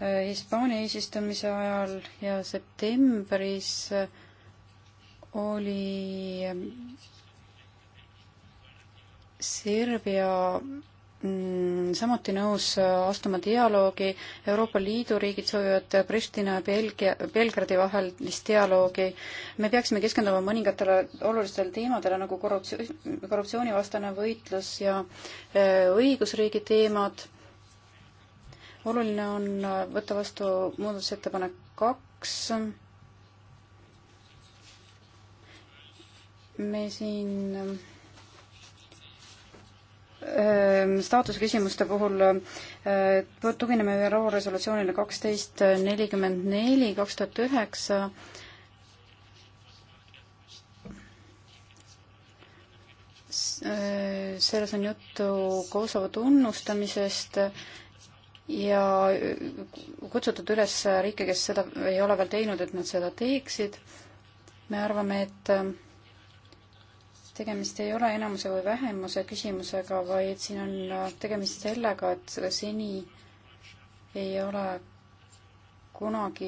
Hispaania eesistumise ajal ja septembris oli Serbia mm, samuti nõus astuma dialoogi. Euroopa Liidu riigid soovivad Pristina ja Belgia, Belgradi vahelist dialoogi. me peaksime keskenduma mõningatele olulistele teemadele nagu korruptsioon, korruptsioonivastane võitlus ja äh, õigusriigi teemad. oluline on võtta vastu muudatusettepanek kaks me siin ähm, staatusküsimuste puhul äh, tugineme ÜRO resolutsioonile kaksteist nelikümmend neli kaks tuhat üheksa. selles on juttu Kosovo tunnustamisest ja kutsutud üles riike, kes seda ei ole veel teinud, et nad seda teeksid. me arvame, et tegemist ei ole enamuse või vähemuse küsimusega, vaid siin on äh, tegemist sellega, et seni ei ole kunagi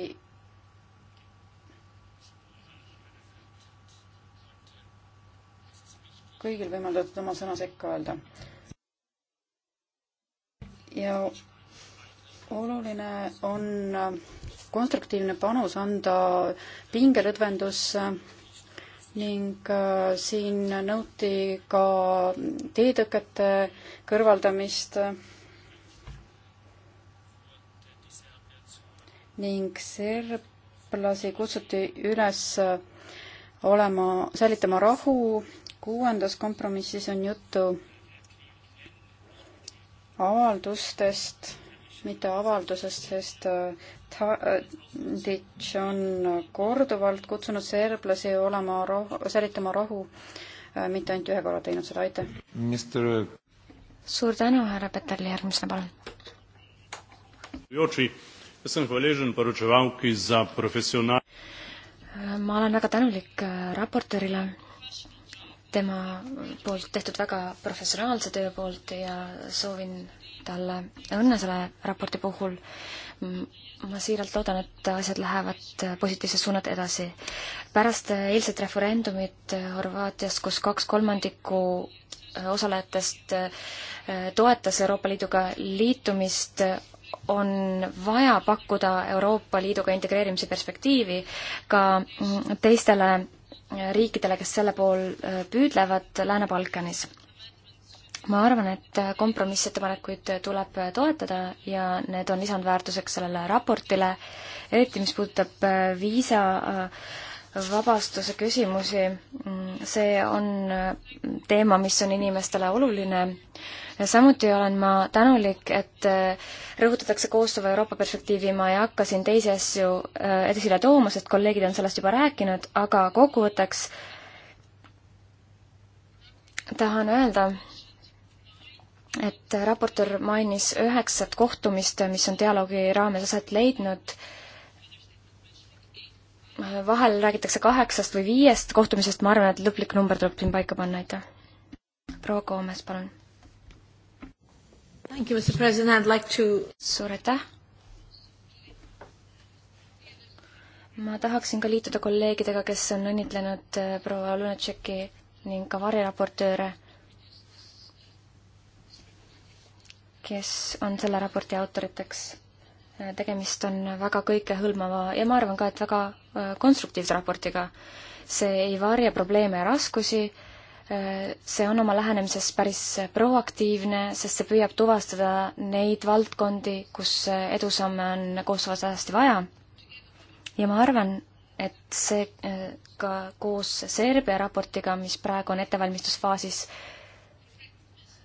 kõigil võimaldatud oma sõna sekka öelda. ja oluline on äh, konstruktiivne panus anda pingerõdvendusse äh, ning äh, siin nõuti ka teetõkete kõrvaldamist ning serblasi kutsuti üles äh, olema, säilitama rahu. kuuendas kompromissis on juttu avaldustest, mitte avaldusest, sest äh, Tadic on korduvalt kutsunud serblasi olema rahu, säilitama rahu, äh, mitte ainult ühe korra teinud seda, aitäh Mister...! suur tänu, härra Peterli, järgmisena palun! Äh, ma olen väga tänulik äh, raportöörile tema poolt tehtud väga professionaalse töö poolt ja soovin talle õnne selle raporti puhul. ma siiralt loodan, et asjad lähevad positiivses suunas edasi. pärast eilset referendumit Horvaatias, kus kaks kolmandikku osalejatest äh, toetas Euroopa Liiduga liitumist, on vaja pakkuda Euroopa Liiduga integreerimise perspektiivi ka mm, teistele äh, riikidele, kes selle pool äh, püüdlevad Lääne-Balkanis ma arvan, et kompromissettepanekuid tuleb toetada ja need on lisandväärtuseks sellele raportile, eriti mis puudutab äh, viisa äh, vabastuse küsimusi, mm, see on äh, teema, mis on inimestele oluline. samuti olen ma tänulik, et rõhutatakse koostöö Euroopa perspektiivi, ma ei hakka siin teisi asju esile tooma, sest kolleegid on sellest juba rääkinud, aga kokkuvõtteks tahan öelda, et raportöör mainis üheksat kohtumist, mis on dialoogi raames aset leidnud. vahel räägitakse kaheksast või viiest kohtumisest, ma arvan, et lõplik number tuleb siin paika panna, aitäh. proua Koomes, palun. Like to... suur aitäh. ma tahaksin ka liituda kolleegidega, kes on õnnitlenud eh, proua Lunatšeki ning ka variraportööre kes on selle raporti autoriteks. tegemist on väga kõikehõlmava ja ma arvan ka, et väga äh, konstruktiivse raportiga. see ei varja probleeme ja raskusi, äh, see on oma lähenemises päris proaktiivne, sest see püüab tuvastada neid valdkondi, kus äh, edusamme on koostöös hästi vaja. ja ma arvan, et see ka koos Serbia raportiga, mis praegu on ettevalmistusfaasis,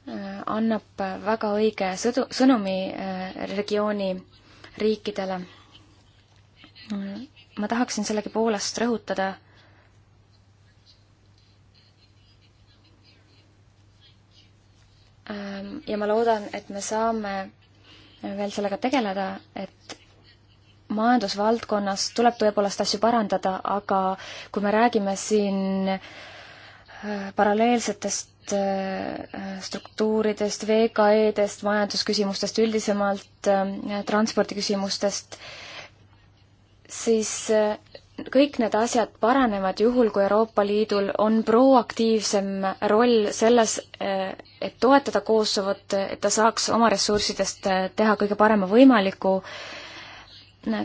annab väga õige sõdu, sõnumi äh, regiooni riikidele. ma tahaksin sellegipoolest rõhutada ähm, ja ma loodan, et me saame veel sellega tegeleda, et majandusvaldkonnas tuleb tõepoolest asju parandada, aga kui me räägime siin äh, paralleelsetest äh, struktuuridest, VKE-dest, majandusküsimustest üldisemalt, äh, transpordiküsimustest, siis äh, kõik need asjad paranevad juhul, kui Euroopa Liidul on proaktiivsem roll selles, et toetada Kosovot, et ta saaks oma ressurssidest teha kõige parema võimaliku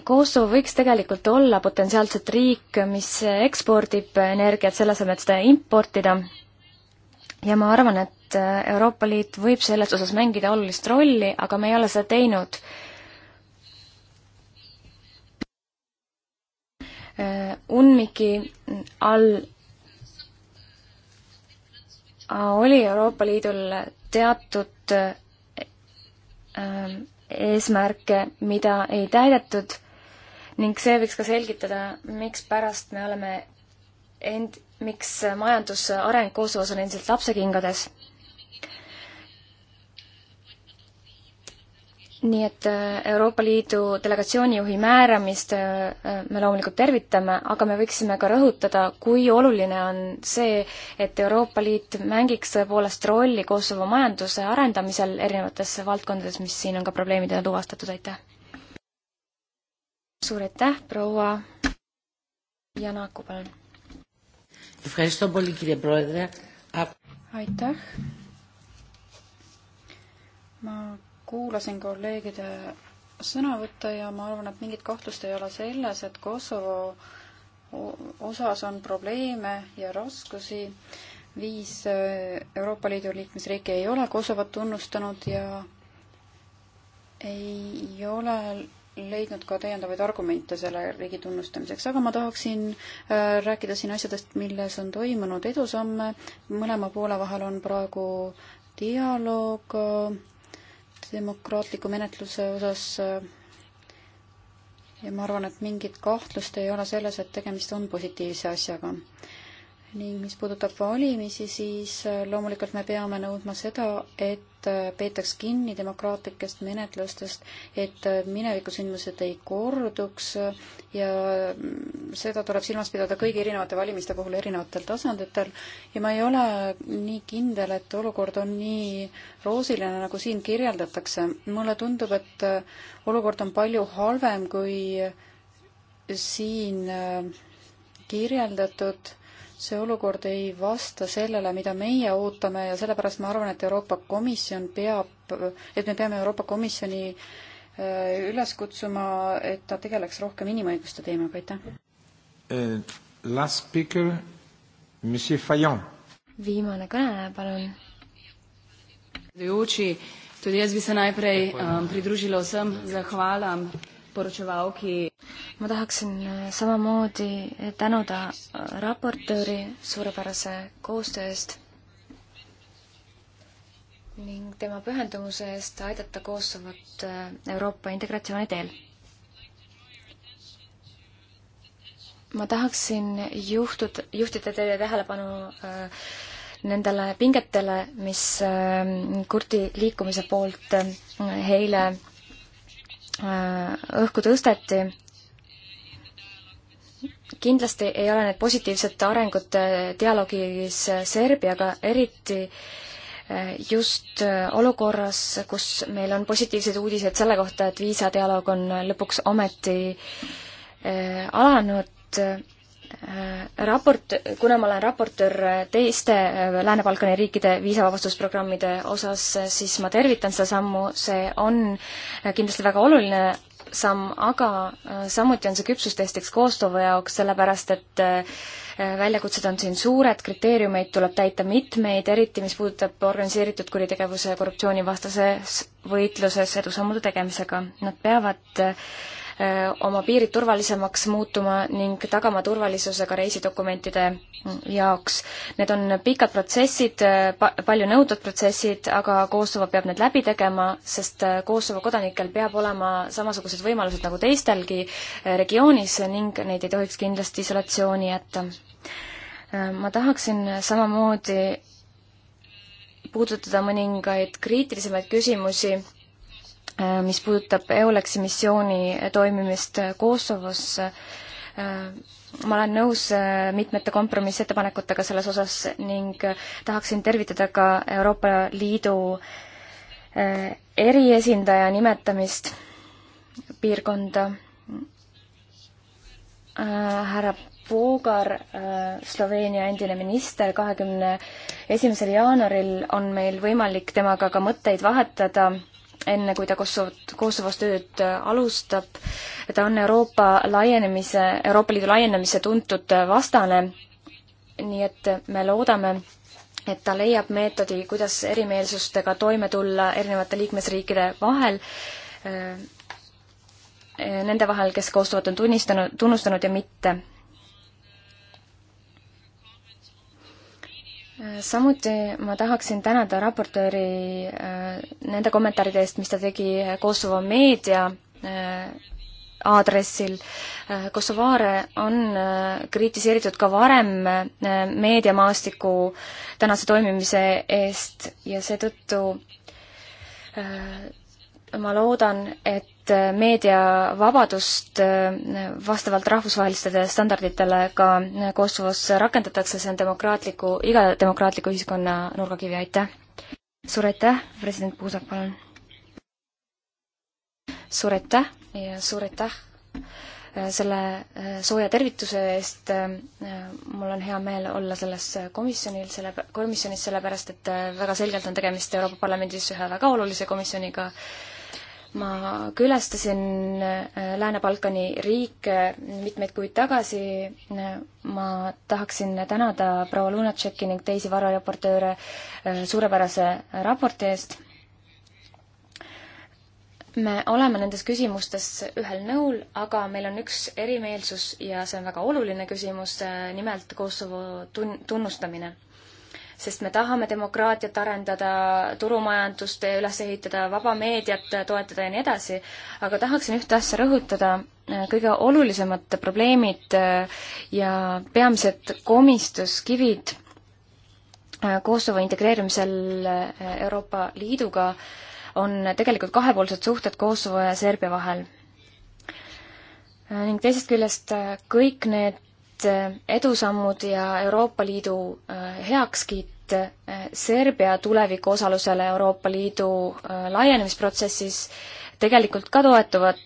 Kosovo võiks tegelikult olla potentsiaalselt riik, mis ekspordib energiat, selle asemel, et seda importida. ja ma arvan, et Euroopa Liit võib selles osas mängida olulist rolli, aga me ei ole seda teinud. UNMIK-i all oli Euroopa Liidul teatud ähm, eesmärke, mida ei täidetud ning see võiks ka selgitada, mikspärast me oleme end, miks majandusareng Kosovos on endiselt lapsekingades. nii et äh, Euroopa Liidu delegatsioonijuhi määramist äh, äh, me loomulikult tervitame, aga me võiksime ka rõhutada, kui oluline on see, et Euroopa Liit mängiks tõepoolest rolli Kosovo majanduse arendamisel erinevates valdkondades, mis siin on ka probleemidena tuvastatud, aitäh! suur aitäh, proua Janaku, palun! aitäh! ma kuulasin kolleegide sõnavõtte ja ma arvan, et mingit kahtlust ei ole selles, et Kosovo osas on probleeme ja raskusi. viis äh, Euroopa Liidu liikmesriiki ei ole Kosovot tunnustanud ja ei ole leidnud ka täiendavaid argumente selle riigi tunnustamiseks, aga ma tahaksin äh, rääkida siin asjadest, milles on toimunud edusamme. mõlema poole vahel on praegu dialoog äh, demokraatliku menetluse osas äh, ja ma arvan, et mingit kahtlust ei ole selles, et tegemist on positiivse asjaga ning mis puudutab valimisi, siis äh, loomulikult me peame nõudma seda, et äh, peetaks kinni demokraatlikest menetlustest, et äh, minevikusündmused ei korduks ja mm, seda tuleb silmas pidada kõigi erinevate valimiste puhul erinevatel tasanditel ja ma ei ole nii kindel, et olukord on nii roosiline, nagu siin kirjeldatakse. mulle tundub, et olukord on palju halvem, kui siin kirjeldatud see olukord ei vasta sellele, mida meie ootame ja sellepärast ma arvan, et Euroopa Komisjon peab, et me peame Euroopa Komisjoni äh, üles kutsuma, et ta tegeleks rohkem inimõiguste teemaga, aitäh. Eh, last speaker, Monsieur Fajon. viimane kõneleja, palun. Tudi jaz bi se najprej um, pridružila vsem zahvalam poročevalki. ma tahaksin äh, samamoodi tänada äh, raportööri suurepärase koostöö eest ning tema pühendumuse eest aidata Kosovot äh, Euroopa integratsiooni teel. ma tahaksin juhtud, juhtida teie tähelepanu äh, nendele pingetele, mis kurdi liikumise poolt eile Äh, õhku tõsteti. kindlasti ei ole need positiivsed arengud dialoogis Serbiaga eriti äh, just äh, olukorras, kus meil on positiivseid uudiseid selle kohta, et viisadialoog on lõpuks ometi alanud Äh, raport, kuna ma olen raportöör teiste äh, Lääne-Balkani riikide viisavabastusprogrammide osas, äh, siis ma tervitan seda sammu, see on kindlasti väga oluline samm, aga samuti on see küpsustestiks koostöö jaoks, sellepärast et väljakutsed on siin suured, kriteeriumeid tuleb täita mitmeid, eriti mis puudutab organiseeritud kuritegevuse ja korruptsioonivastases võitluses edusammude tegemisega. Nad peavad Äh, oma piirid turvalisemaks muutuma ning tagama turvalisuse ka reisidokumentide jaoks. Need on pikad protsessid, äh, palju nõudvad protsessid, aga Kosovo peab need läbi tegema, sest äh, Kosovo kodanikel peab olema samasugused võimalused nagu teistelgi regioonis ning neid ei tohiks kindlasti isolatsiooni jätta. ma tahaksin samamoodi puudutada mõningaid kriitilisemaid küsimusi Äh, mis puudutab EULEX-i missiooni toimimist Kosovos, äh, ma olen nõus äh, mitmete kompromissettepanekutega selles osas ning tahaksin tervitada ka Euroopa Liidu eriesindaja nimetamist piirkonda. härra Puugar, Sloveenia endine minister, kahekümne esimesel jaanuaril on meil võimalik temaga ka mõtteid vahetada enne kui ta Kosovot, Kosovos tööd äh, alustab. ta on Euroopa laienemise, Euroopa Liidu laienemise tuntud äh, vastane, nii et me loodame, et ta leiab meetodi, kuidas erimeelsustega toime tulla erinevate liikmesriikide vahel, äh, nende vahel, kes Kosovot on tunnistanud, tunnustanud ja mitte samuti ma tahaksin tänada raportööri äh, nende kommentaaride eest, mis ta tegi Kosovo meedia äh, aadressil. Äh, Kosovaare on kritiseeritud ka varem meediamaastiku tänase toimimise eest ja seetõttu ma loodan, et Äh, meediavabadust äh, vastavalt rahvusvahelistele standarditele ka äh, Kosovos rakendatakse, see on demokraatliku, iga demokraatliku ühiskonna nurgakivi, aitäh! suur aitäh, president Puusak, palun! suur aitäh ja suur aitäh selle sooja tervituse eest. mul on hea meel olla selles komisjonil, selle, komisjonis, sellepärast et väga selgelt on tegemist Euroopa Parlamendis ühe väga olulise komisjoniga, ma külastasin äh, Lääne-Balkani riike mitmeid kuid tagasi. Äh, ma tahaksin tänada proua Lunatšeki ning teisi varareportööre äh, suurepärase raporti eest. me oleme nendes küsimustes ühel nõul, aga meil on üks erimeelsus ja see on väga oluline küsimus, nimelt Kosovo tun-, tunnustamine sest me tahame demokraatiat arendada, turumajandust üles ehitada, vaba meediat toetada ja nii edasi, aga tahaksin ühte asja rõhutada, kõige olulisemad probleemid ja peamised komistuskivid Kosovo integreerimisel Euroopa Liiduga on tegelikult kahepoolsed suhted Kosovo ja Serbia vahel ning teisest küljest kõik need edusammud ja Euroopa Liidu äh, heakskiit äh, Serbia tuleviku osalusele Euroopa Liidu äh, laienemisprotsessis tegelikult ka toetuvad,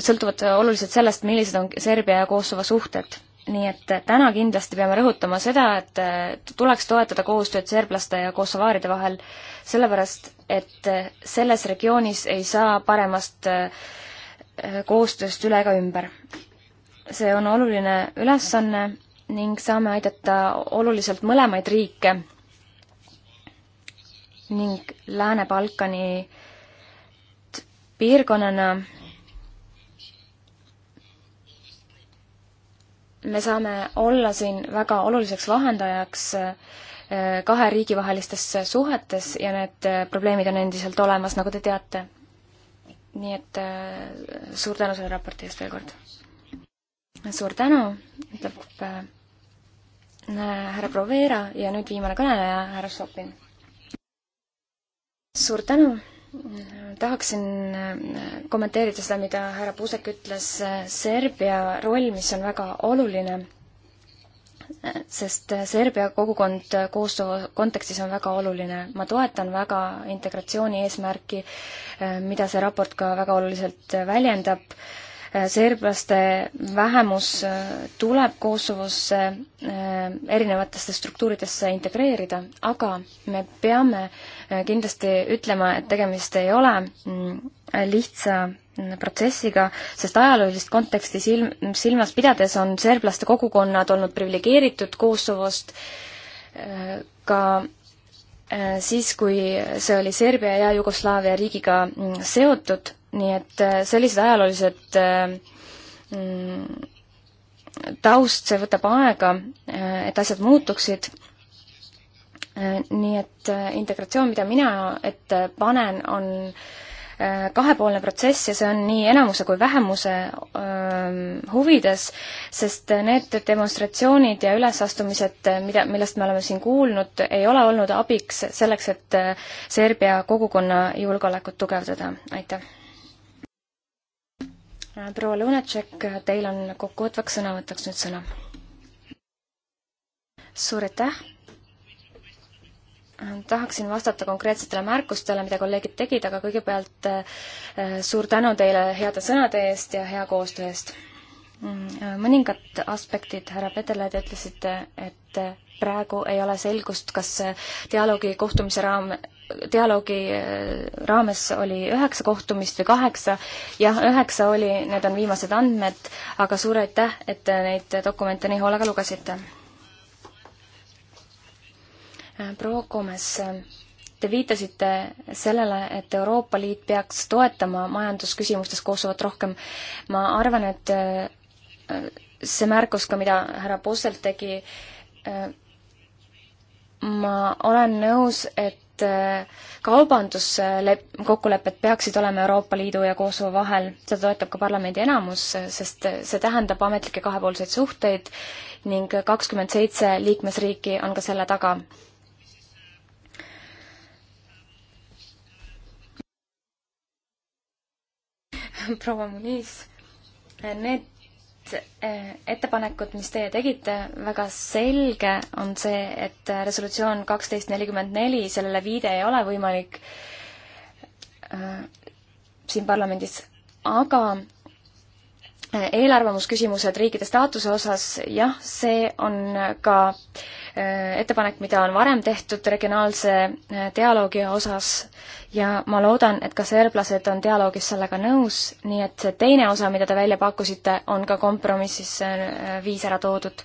sõltuvad oluliselt sellest, millised on Serbia ja Kosovo suhted. nii et täna kindlasti peame rõhutama seda, et tuleks toetada koostööd serblaste ja kosovaaride vahel, sellepärast et selles regioonis ei saa paremast koostööst üle ega ümber see on oluline ülesanne ning saame aidata oluliselt mõlemaid riike ning Lääne-Balkani piirkonnana me saame olla siin väga oluliseks vahendajaks eh, kahe riigi vahelistes suhetes ja need eh, probleemid on endiselt olemas, nagu te teate. nii et eh, suur tänu selle raporti eest veel kord! suur tänu, ütleb äh, härra Provera ja nüüd viimane kõneleja, härra Šopin. suur tänu, tahaksin äh, kommenteerida seda, mida härra Puusek ütles, äh, Serbia roll, mis on väga oluline, sest Serbia kogukond Kosovo kontekstis on väga oluline. ma toetan väga integratsiooni eesmärki, mida see raport ka väga oluliselt väljendab serblaste vähemus äh, tuleb Kosovosse äh, erinevatesse struktuuridesse integreerida, aga me peame äh, kindlasti ütlema, et tegemist ei ole mm, lihtsa mm, protsessiga, sest ajaloolist konteksti silm, silmas pidades on serblaste kogukonnad olnud priviligeeritud Kosovost ka siis, kui see oli Serbia ja Jugoslaavia riigiga mm, seotud nii et äh, sellised ajaloolised äh, mm, taust, see võtab aega, äh, et asjad muutuksid. nii et integratsioon, mida mina ette panen, on kahepoolne protsess ja see on nii enamuse kui vähemuse öö, ähm, huvides, sest need demonstratsioonid ja ülesastumised, mida, millest me oleme siin kuulnud, ei ole olnud abiks selleks, et Serbia kogukonna julgeolekut tugevdada. aitäh! proua Lunatšek, teil on kokkuvõtvaks sõnavõtuks nüüd sõna. suur aitäh! tahaksin vastata konkreetsetele märkustele, mida kolleegid tegid, aga kõigepealt eh, suur tänu teile heade sõnade eest ja hea koostöö eest. Mm, mõningad aspektid, härra Pedele, te ütlesite, et praegu ei ole selgust, kas dialoogi kohtumise raam, dialoogi äh, raames oli üheksa kohtumist või kaheksa, jah, üheksa oli, need on viimased andmed, aga suur aitäh, et neid dokumente nii hoolega lugesite. Äh, proua Gomes, te viitasite sellele, et Euroopa Liit peaks toetama majandusküsimustes Kosovot rohkem. ma arvan, et äh, see märkus ka, mida härra Posselt tegi, ma olen nõus, et et äh, kaubanduslep-, kokkulepped peaksid olema Euroopa Liidu ja Kosovo vahel, seda toetab ka parlamendi enamus, sest äh, see tähendab ametlikke kahepoolseid suhteid ning kakskümmend seitse liikmesriiki on ka selle taga. proua Muniz, need Eh, ettepanekut, mis teie tegite, väga selge on see, et resolutsioon kaksteist nelikümmend neli, sellele viide ei ole võimalik äh, siin parlamendis, aga eelarvamusküsimused riikide staatuse osas, jah, see on ka äh, ettepanek, mida on varem tehtud regionaalse äh, dialoogi osas ja ma loodan, et ka serblased on dialoogis sellega nõus, nii et see teine osa, mida te välja pakkusite, on ka kompromissis äh, viis ära toodud.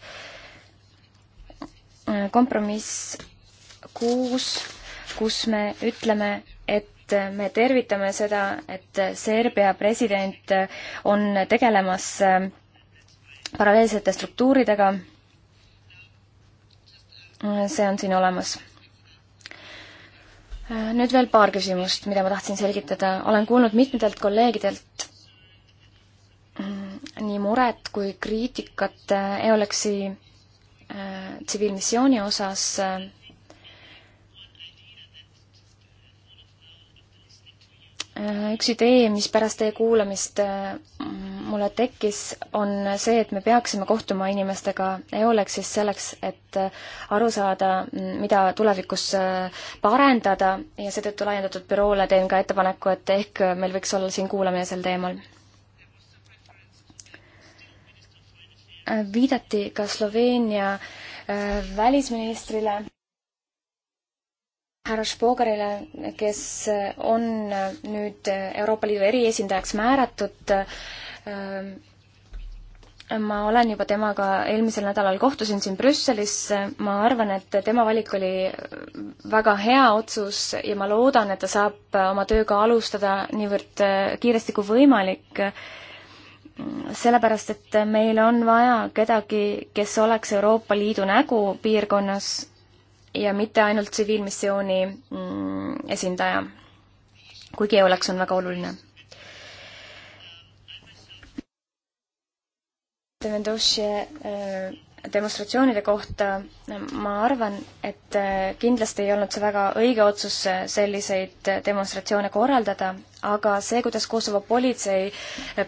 kompromiss kuus, kus me ütleme, et et me tervitame seda, et Serbia president on tegelemas ähm, paralleelsete struktuuridega. see on siin olemas äh, nüüd veel paar küsimust, mida ma tahtsin selgitada. olen kuulnud mitmetelt kolleegidelt mm, nii muret kui kriitikat äh, EOLEX-i äh, tsiviilmissiooni osas Äh, üks idee, mis pärast teie kuulamist äh, mulle tekkis, on see, et me peaksime kohtuma inimestega EOLEX-is selleks, et äh, aru saada, mida tulevikus parendada ja seetõttu laiendatud büroole teen ka ettepaneku, et ehk meil võiks olla siin kuulamine sel teemal. viidati ka Sloveenia välisministrile härra Spoogerile, kes on nüüd Euroopa Liidu eriesindajaks määratud. Ähm, ma olen juba temaga eelmisel nädalal kohtusin siin Brüsselis, ma arvan, et tema valik oli väga hea otsus ja ma loodan, et ta saab oma tööga alustada niivõrd kiiresti kui võimalik sellepärast, et meil on vaja kedagi, kes oleks Euroopa Liidu nägu piirkonnas ja mitte ainult tsiviilmissiooni mm, esindaja. kuigi EOLEX on väga oluline. Äh, demonstratsioonide kohta ma arvan, et äh, kindlasti ei olnud see väga õige otsus äh, selliseid demonstratsioone korraldada, aga see, kuidas Kosovo politsei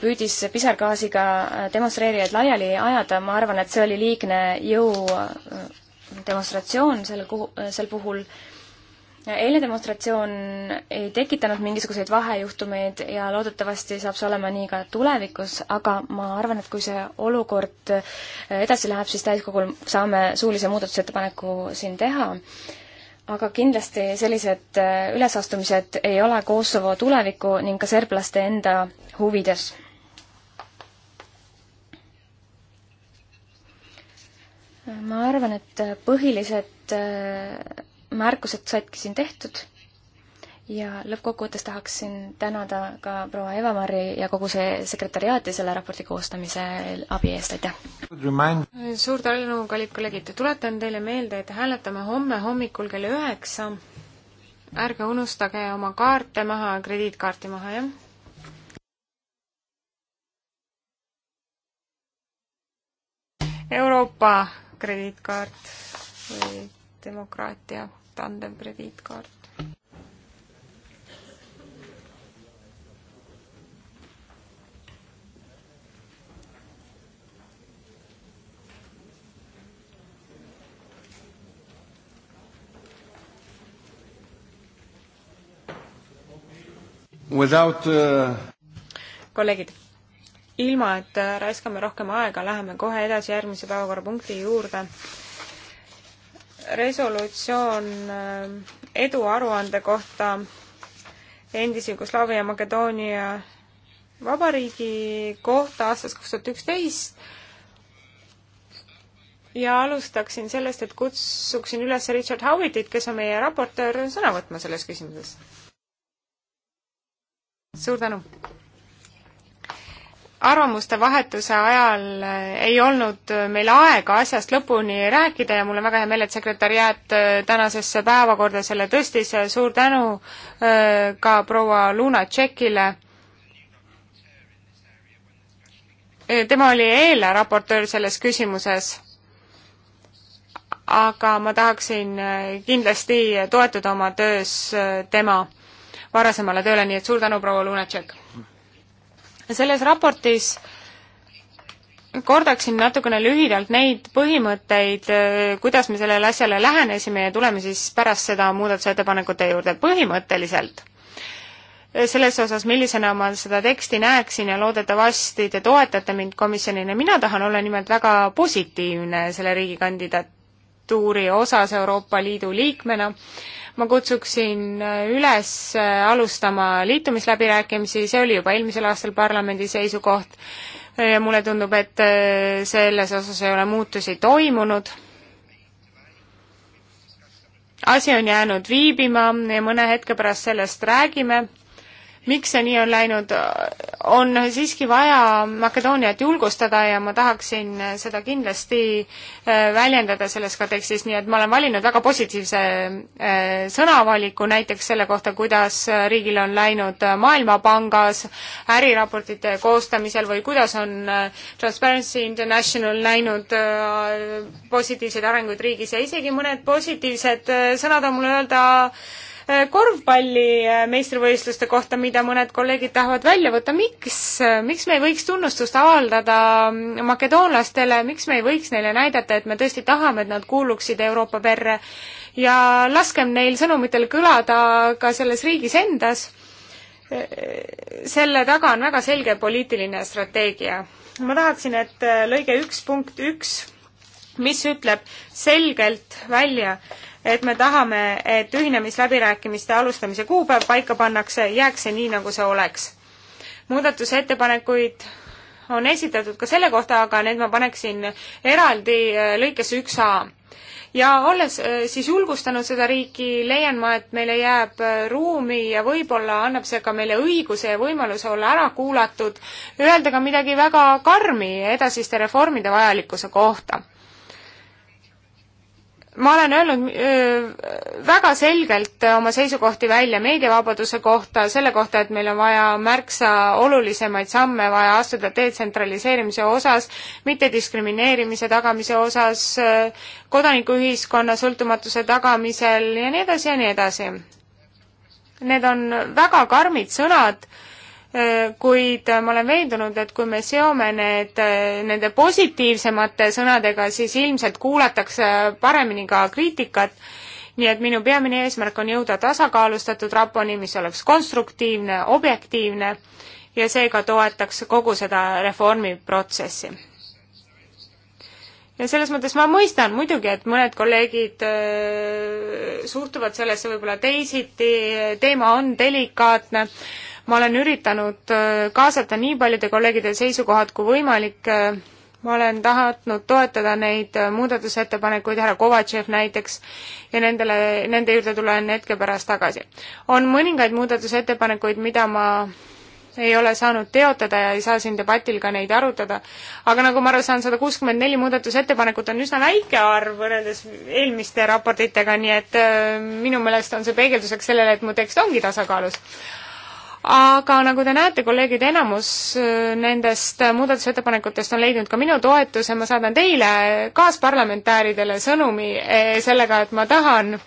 püüdis pisargaasiga demonstreerijaid laiali ajada, ma arvan, et see oli liigne jõu demonstratsioon sel kuhu, sel puhul. eilne demonstratsioon ei tekitanud mingisuguseid vahejuhtumeid ja loodetavasti saab see olema nii ka tulevikus, aga ma arvan, et kui see olukord äh, edasi läheb, siis täiskogul saame suulise muudatusettepaneku siin teha aga kindlasti sellised äh, ülesastumised ei ole Kosovo tuleviku ning ka serblaste enda huvides. ma arvan, et põhilised äh, märkused saidki siin tehtud ja lõppkokkuvõttes tahaksin tänada ka proua Eva-Mari ja kogu see sekretäriaati selle raporti koostamise abi eest, aitäh! suur tänu, kallid kolleegid, tuletan teile meelde, et hääletame homme hommikul kell üheksa. ärge unustage oma kaarte maha, krediitkaarti maha, jah? Euroopa krediitkaart või demokraatia tandem krediitkaart. Without uh... kolleegid ilma, et raiskame rohkem aega, läheme kohe edasi järgmise päevakorrapunkti juurde. resolutsioon äh, eduaruande kohta endise Jugoslaavia Makedoonia vabariigi kohta aastast kaks tuhat üksteist ja alustaksin sellest, et kutsuksin üles Richard Howitit, kes on meie raportöör, sõna võtma selles küsimuses. suur tänu! arvamuste vahetuse ajal eh, ei olnud eh, meil aega asjast lõpuni rääkida ja mul on väga hea meel, et sekretäriaat eh, tänasesse päevakorda selle tõstis. suur tänu ka proua Luna Tšekile. tema oli eile raportöör selles küsimuses. aga ma tahaksin kindlasti toetuda oma töös tema varasemale tööle, nii et suur tänu, proua Lunatšek! selles raportis kordaksin natukene lühidalt neid põhimõtteid, äh, kuidas me sellele asjale lähenesime ja tuleme siis pärast seda muudatusettepanekute juurde põhimõtteliselt. Äh, selles osas, millisena ma seda teksti näeksin ja loodetavasti te toetate mind komisjonina, mina tahan olla nimelt väga positiivne selle riigi kandidatuuri osas Euroopa Liidu liikmena ma kutsuksin äh, üles äh, alustama liitumisläbirääkimisi, see oli juba eelmisel aastal parlamendi seisukoht äh, ja mulle tundub, et selles osas ei ole muutusi toimunud. asi on jäänud viibima ja mõne hetke pärast sellest räägime miks see nii on läinud, on siiski vaja Makedooniat julgustada ja ma tahaksin seda kindlasti äh, väljendada selles kontekstis, nii et ma olen valinud väga positiivse äh, sõnavaliku näiteks selle kohta, kuidas riigil on läinud Maailmapangas äriraportite koostamisel või kuidas on äh, Transparency International näinud positiivseid arenguid riigis ja isegi mõned positiivsed sõnad on mul öelda Eh, korvpalli eh, meistrivõistluste kohta, mida mõned kolleegid tahavad välja võtta, miks, eh, miks me ei võiks tunnustust avaldada mm, makedoonlastele, miks me ei võiks neile näidata, et me tõesti tahame, et nad kuuluksid Euroopa perre ja laskem neil sõnumitel kõlada ka selles riigis endas. selle taga on väga selge poliitiline strateegia. ma tahaksin, et lõige üks punkt üks mis ütleb selgelt välja, et me tahame, et ühinemisläbirääkimiste alustamise kuupäev paika pannakse, jääks see nii, nagu see oleks. muudatusettepanekuid on esitatud ka selle kohta, aga need ma paneksin eraldi äh, lõikesse üks A. ja olles äh, siis julgustanud seda riiki, leian ma, et meile jääb äh, ruumi ja võib-olla annab see ka meile õiguse ja võimaluse olla ära kuulatud, öelda ka midagi väga karmi edasiste reformide vajalikkuse kohta ma olen öelnud öö, äh, väga selgelt oma seisukohti välja meediavabaduse kohta, selle kohta, et meil on vaja märksa olulisemaid samme vaja astuda detsentraliseerimise osas, mittediskrimineerimise tagamise osas, äh, kodanikuühiskonna sõltumatuse tagamisel ja nii edasi ja nii edasi. Need on väga karmid sõnad Äh, kuid äh, ma olen veendunud, et kui me seome need äh, nende positiivsemate sõnadega, siis ilmselt kuulatakse paremini ka kriitikat. nii et minu peamine eesmärk on jõuda tasakaalustatud raponi, mis oleks konstruktiivne, objektiivne ja seega toetaks kogu seda reformiprotsessi. ja selles mõttes ma mõistan muidugi, et mõned kolleegid öö, suhtuvad sellesse võib-olla teisiti, teema on delikaatne ma olen üritanud äh, kaasata nii paljude kolleegide seisukohad kui võimalik, äh, ma olen tahtnud toetada neid äh, muudatusettepanekuid, härra Kovatšev näiteks, ja nendele, nende juurde tulen hetke pärast tagasi. on mõningaid muudatusettepanekuid, mida ma ei ole saanud teotada ja ei saa siin debatil ka neid arutada. aga nagu ma aru saan, sada kuuskümmend neli muudatusettepanekut on üsna väike arv võrreldes eelmiste raportitega, nii et äh, minu meelest on see peegelduseks sellele, et mu tekst ongi tasakaalus aga nagu te näete, kolleegid, enamus äh, nendest äh, muudatusettepanekutest on leidnud ka minu toetuse, ma saadan teile, kaasparlamentääridele sõnumi äh, sellega, et ma tahan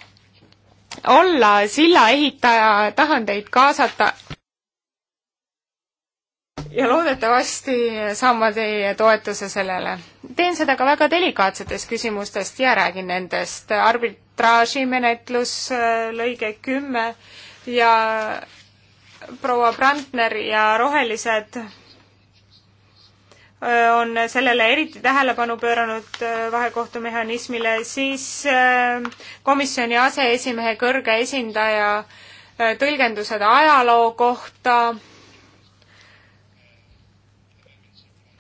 olla sillaehitaja, tahan teid kaasata ja loodetavasti saan ma teie toetuse sellele. teen seda ka väga delikaatsetest küsimustest ja räägin nendest. arbitraažimenetlus, lõige kümme ja proua Brandner ja Rohelised äh, on sellele eriti tähelepanu pööranud äh, vahekohtumehhanismile, siis äh, komisjoni aseesimehe kõrge esindaja tõlgendused ajaloo kohta.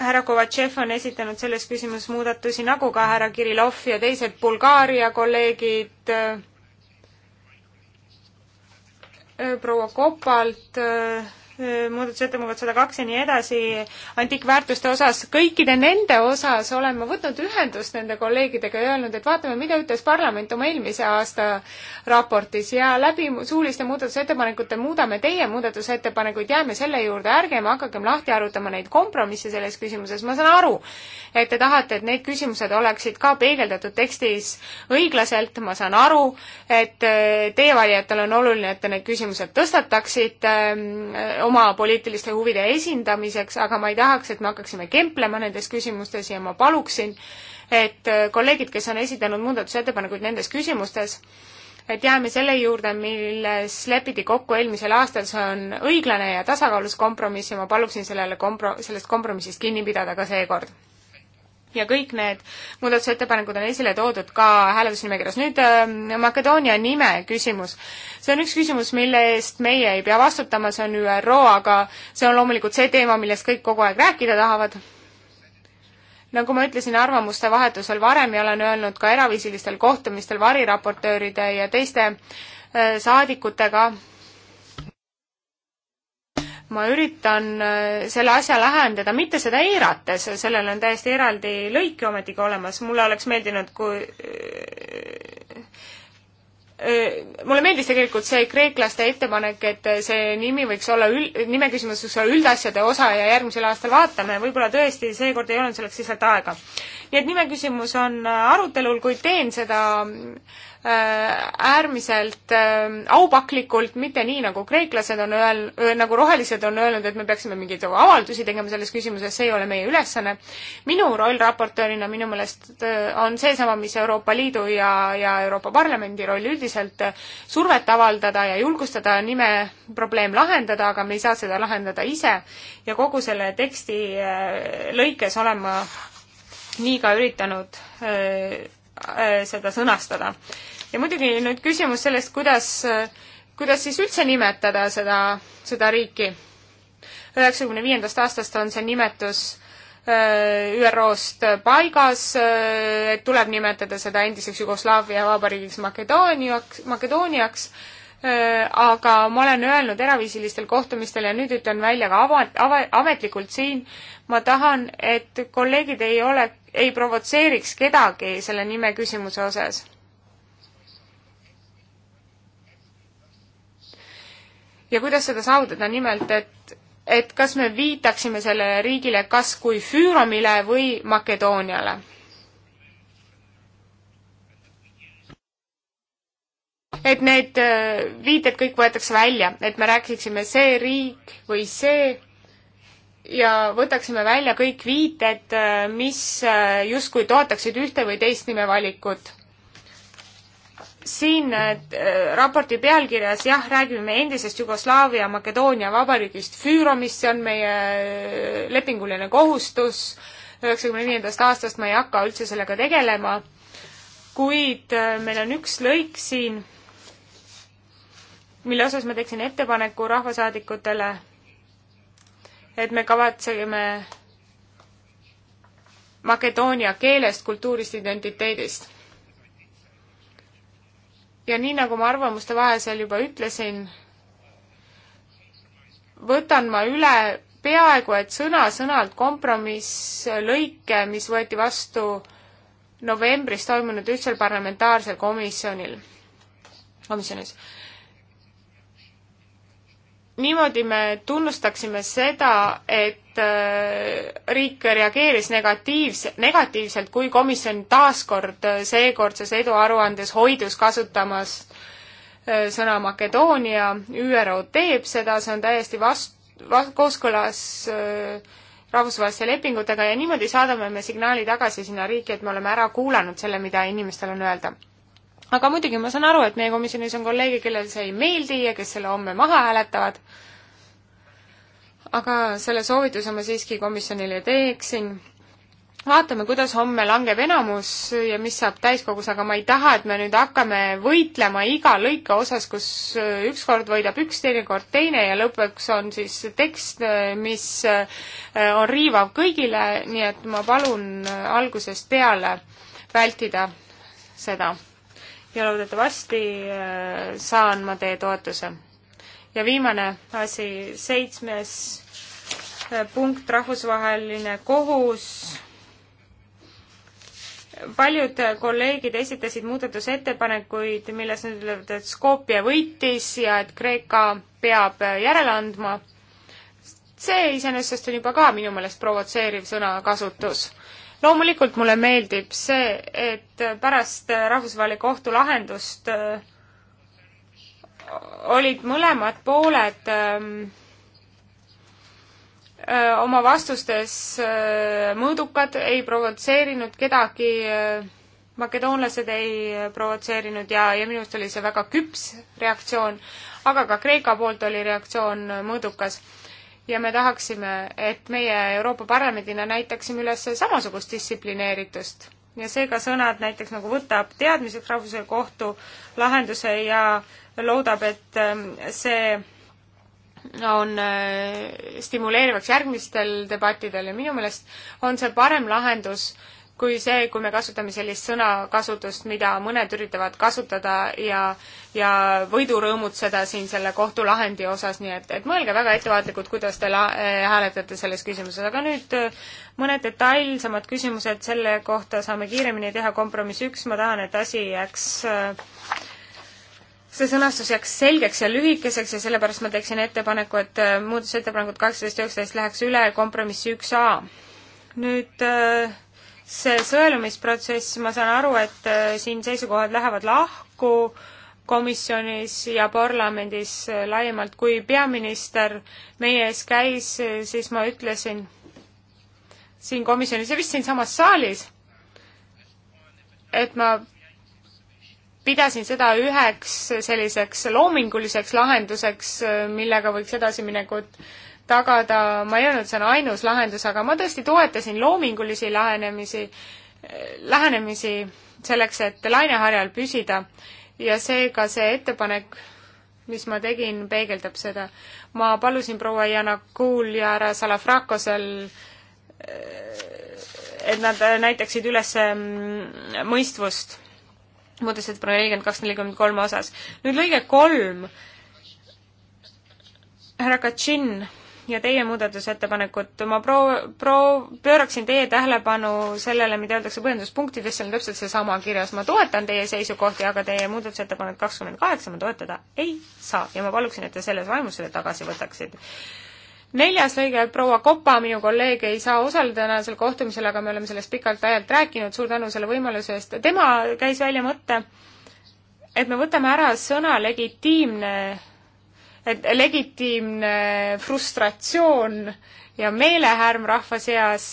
härra Kovatšev on esitanud selles küsimuses muudatusi, nagu ka härra Kirillov ja teised Bulgaaria kolleegid Äh, proua Kopalt äh, Äh, muudatusettepanekud sada kaks ja nii edasi, antiikväärtuste osas, kõikide nende osas olen ma võtnud ühendust nende kolleegidega ja öelnud, et vaatame, mida ütles parlament oma eelmise aasta raportis ja läbi suuliste muudatusettepanekute muudame teie muudatusettepanekuid, jääme selle juurde, ärgem hakakem lahti arutama neid kompromisse selles küsimuses, ma saan aru, et te tahate, et need küsimused oleksid ka peegeldatud tekstis õiglaselt, ma saan aru, et äh, teie valijatele on oluline, et te need küsimused tõstataksite, äh, oma poliitiliste huvide esindamiseks, aga ma ei tahaks, et me hakkaksime kemplema nendes küsimustes ja ma paluksin, et äh, kolleegid, kes on esitanud muudatusettepanekuid nendes küsimustes, et jääme selle juurde, milles lepiti kokku eelmisel aastal, see on õiglane ja tasakaalus kompromiss ja ma paluksin sellele kompro-, sellest kompromissist kinni pidada ka seekord ja kõik need muudatusettepanekud on esile toodud ka hääletusnimekirjas. nüüd äh, Makedoonia nime küsimus. see on üks küsimus, mille eest meie ei pea vastutama, see on ÜRO, aga see on loomulikult see teema, millest kõik kogu aeg rääkida tahavad. nagu ma ütlesin arvamuste vahetusel varem ja olen öelnud ka eraviisilistel kohtumistel variraportööride ja teiste äh, saadikutega, ma üritan äh, selle asja lahendada, mitte seda eirates, sellel on täiesti eraldi lõik ju ometigi olemas, mulle oleks meeldinud, kui äh, äh, mulle meeldis tegelikult see kreeklaste ettepanek, et see nimi võiks olla ül-, nime küsimus võiks olla üldasjade osa ja järgmisel aastal vaatame, võib-olla tõesti seekord ei olnud selleks lihtsalt aega. nii et nime küsimus on arutelul, kuid teen seda Äh, äärmiselt äh, aupaklikult, mitte nii, nagu kreeklased on öelnud, nagu rohelised on öelnud, et me peaksime mingeid avaldusi tegema selles küsimuses, see ei ole meie ülesanne. minu roll raportöörina minu meelest äh, on seesama, mis Euroopa Liidu ja, ja Euroopa Parlamendi roll üldiselt, survet avaldada ja julgustada nime probleem lahendada, aga me ei saa seda lahendada ise ja kogu selle teksti lõikes olen ma nii ka üritanud seda sõnastada ja muidugi nüüd küsimus sellest, kuidas, kuidas siis üldse nimetada seda, seda riiki. üheksakümne viiendast aastast on see nimetus äh, ÜRO-st paigas, äh, et tuleb nimetada seda endiseks Jugoslaavia vabariigiks Makedooniaks, Makedooniaks, äh, aga ma olen öelnud eraviisilistel kohtumistel ja nüüd ütlen välja ka ava-, ava-, ametlikult siin, ma tahan, et kolleegid ei ole, ei provotseeriks kedagi selle nime küsimuse osas ja kuidas seda saavutada, nimelt et et kas me viitaksime sellele riigile kas kui Füüromile või Makedooniale. et need äh, viited kõik võetakse välja, et me rääkiksime see riik või see ja võtaksime välja kõik viited, äh, mis äh, justkui toetaksid ühte või teist nimevalikut siin äh, raporti pealkirjas jah, räägime endisest Jugoslaavia Makedoonia vabariigist Füüromist, see on meie äh, lepinguline kohustus, üheksakümne viiendast aastast ma ei hakka üldse sellega tegelema, kuid äh, meil on üks lõik siin, mille osas ma teeksin ettepaneku rahvasaadikutele, et me kavatseme Makedoonia keelest, kultuurist, identiteedist ja nii, nagu ma arvamuste vahelisel juba ütlesin, võtan ma üle peaaegu et sõna-sõnalt kompromisslõike, mis võeti vastu novembris toimunud ühtsel parlamentaarsel komisjonil, komisjonis niimoodi me tunnustaksime seda, et äh, riik reageeris negatiivse, negatiivselt, kui komisjon taaskord äh, seekordses eduaruandes hoidus kasutamas äh, sõna Makedoonia, ÜRO teeb seda, see on täiesti vast-, vast-, kooskõlas rahvusvaheliste lepingutega ja niimoodi saadame me signaali tagasi sinna riiki, et me oleme ära kuulanud selle, mida inimestel on öelda aga muidugi ma saan aru, et meie komisjonis on kolleege, kellel see ei meeldi ja kes selle homme maha hääletavad, aga selle soovituse ma siiski komisjonile teeksin vaatame, kuidas homme langeb enamus ja mis saab täiskogus, aga ma ei taha, et me nüüd hakkame võitlema iga lõike osas, kus ükskord võidab üks, teinekord teine ja lõpuks on siis tekst, mis äh, on riivav kõigile, nii et ma palun äh, algusest peale vältida seda ja loodetavasti äh, saan ma teie toetuse. ja viimane asi, seitsmes äh, punkt, rahvusvaheline kohus. paljud äh, kolleegid esitasid muudatusettepanekuid, milles nad ütlevad, et Skopje võitis ja et Kreeka peab järele andma. see iseenesest on juba ka minu meelest provotseeriv sõnakasutus loomulikult mulle meeldib see, et pärast Rahvusvahelise Kohtu lahendust äh, olid mõlemad pooled öö, ähm, äh, oma vastustes äh, mõõdukad, ei provotseerinud kedagi, makedoonlased ei provotseerinud ja, ja minu arust oli see väga küps reaktsioon, aga ka Kreeka poolt oli reaktsioon mõõdukas ja me tahaksime, et meie Euroopa Parlamendina näitaksime üles samasugust distsiplineeritust. ja seega sõnad näiteks nagu võtab teadmiseks rahvusvahelise kohtu lahenduse ja loodab, et ähm, see on äh, stimuleerivaks järgmistel debattidel ja minu meelest on see parem lahendus äh, kui see, kui me kasutame sellist sõnakasutust, mida mõned üritavad kasutada ja, ja võidurõõmutseda siin selle kohtulahendi osas, nii et, et mõelge väga ettevaatlikult, kuidas te la- äh,, hääletate selles küsimuses, aga nüüd eh, mõned detailsemad küsimused selle kohta saame kiiremini teha, kompromiss üks, ma tahan, et asi jääks äh, see sõnastus jääks selgeks ja lühikeseks ja sellepärast ma teeksin ettepaneku, et muudatusettepanekud kaheksateist ja üheksateist läheks üle kompromissi üks A. nüüd äh, see sõelumisprotsess, ma saan aru, et äh, siin seisukohad lähevad lahku komisjonis ja parlamendis äh, laiemalt. kui peaminister meie ees käis, äh, siis ma ütlesin siin komisjonis ja vist siinsamas saalis, et ma pidasin seda üheks selliseks loominguliseks lahenduseks, millega võiks edasiminekut tagada, ma ei öelnud, see on ainus lahendus, aga ma tõesti toetasin loomingulisi lähenemisi, lähenemisi selleks, et laineharjal püsida ja seega see ettepanek, mis ma tegin, peegeldab seda. ma palusin proua Jana Kuul ja härra Salafrakosel et nad näitaksid üles mm, mõistvust muudatusettepaneku nelikümmend kaks, nelikümmend kolm osas. nüüd lõige kolm, härra Katšin ja teie muudatusettepanekut, ma proo-, proo-, pööraksin teie tähelepanu sellele, mida öeldakse põhjenduspunktides, seal on täpselt seesama kirjas, ma toetan teie seisukohti, aga teie muudatusettepanek kakskümmend kaheksa ma toetada ei saa ja ma paluksin, et te selles vaimus selle tagasi võtaksite neljas lõige, proua Kopa, minu kolleeg, ei saa osaleda tänasel kohtumisel, aga me oleme sellest pikalt ajalt rääkinud, suur tänu selle võimaluse eest. tema käis välja mõtte, et me võtame ära sõna legitiimne legitiimne frustratsioon ja meelehärm rahva seas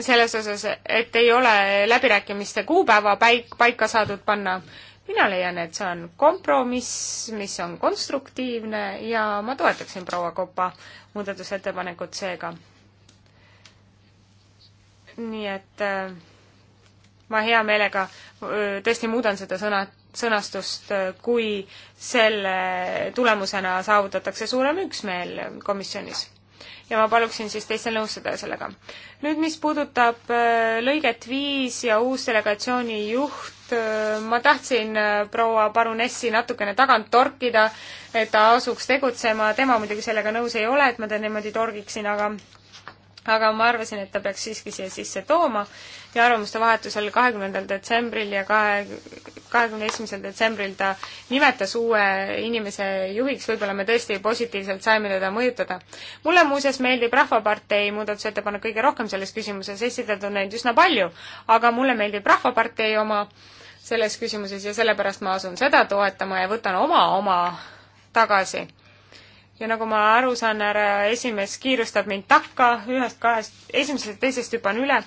selles osas, et ei ole läbirääkimiste kuupäeva paik, paika saadud panna. mina leian, et see on kompromiss, mis on konstruktiivne ja ma toetaksin proua Kopa muudatusettepanekut seega. nii et äh, ma hea meelega tõesti muudan seda sõna, sõnastust, kui selle tulemusena saavutatakse suurem üksmeel komisjonis. ja ma paluksin siis teistel nõustuda sellega. nüüd, mis puudutab lõiget viis ja uus delegatsiooni juht, ma tahtsin proua parunessi natukene tagant torkida, et ta asuks tegutsema, tema muidugi sellega nõus ei ole, et ma ta niimoodi torgiksin, aga aga ma arvasin, et ta peaks siiski siia sisse tooma ja arvamuste vahetusel kahekümnendal detsembril ja kahe, kahekümne esimesel detsembril ta nimetas uue inimese juhiks, võib-olla me tõesti positiivselt saime teda mõjutada. mulle muuseas meeldib Rahvapartei muudatusettepanek kõige rohkem selles küsimuses, esitatud on neid üsna palju, aga mulle meeldib Rahvapartei oma selles küsimuses ja sellepärast ma asun seda toetama ja võtan oma oma tagasi ja nagu ma aru saan, härra esimees kiirustab mind takka ühest-kahest, esimesest ja teisest hüpan üle.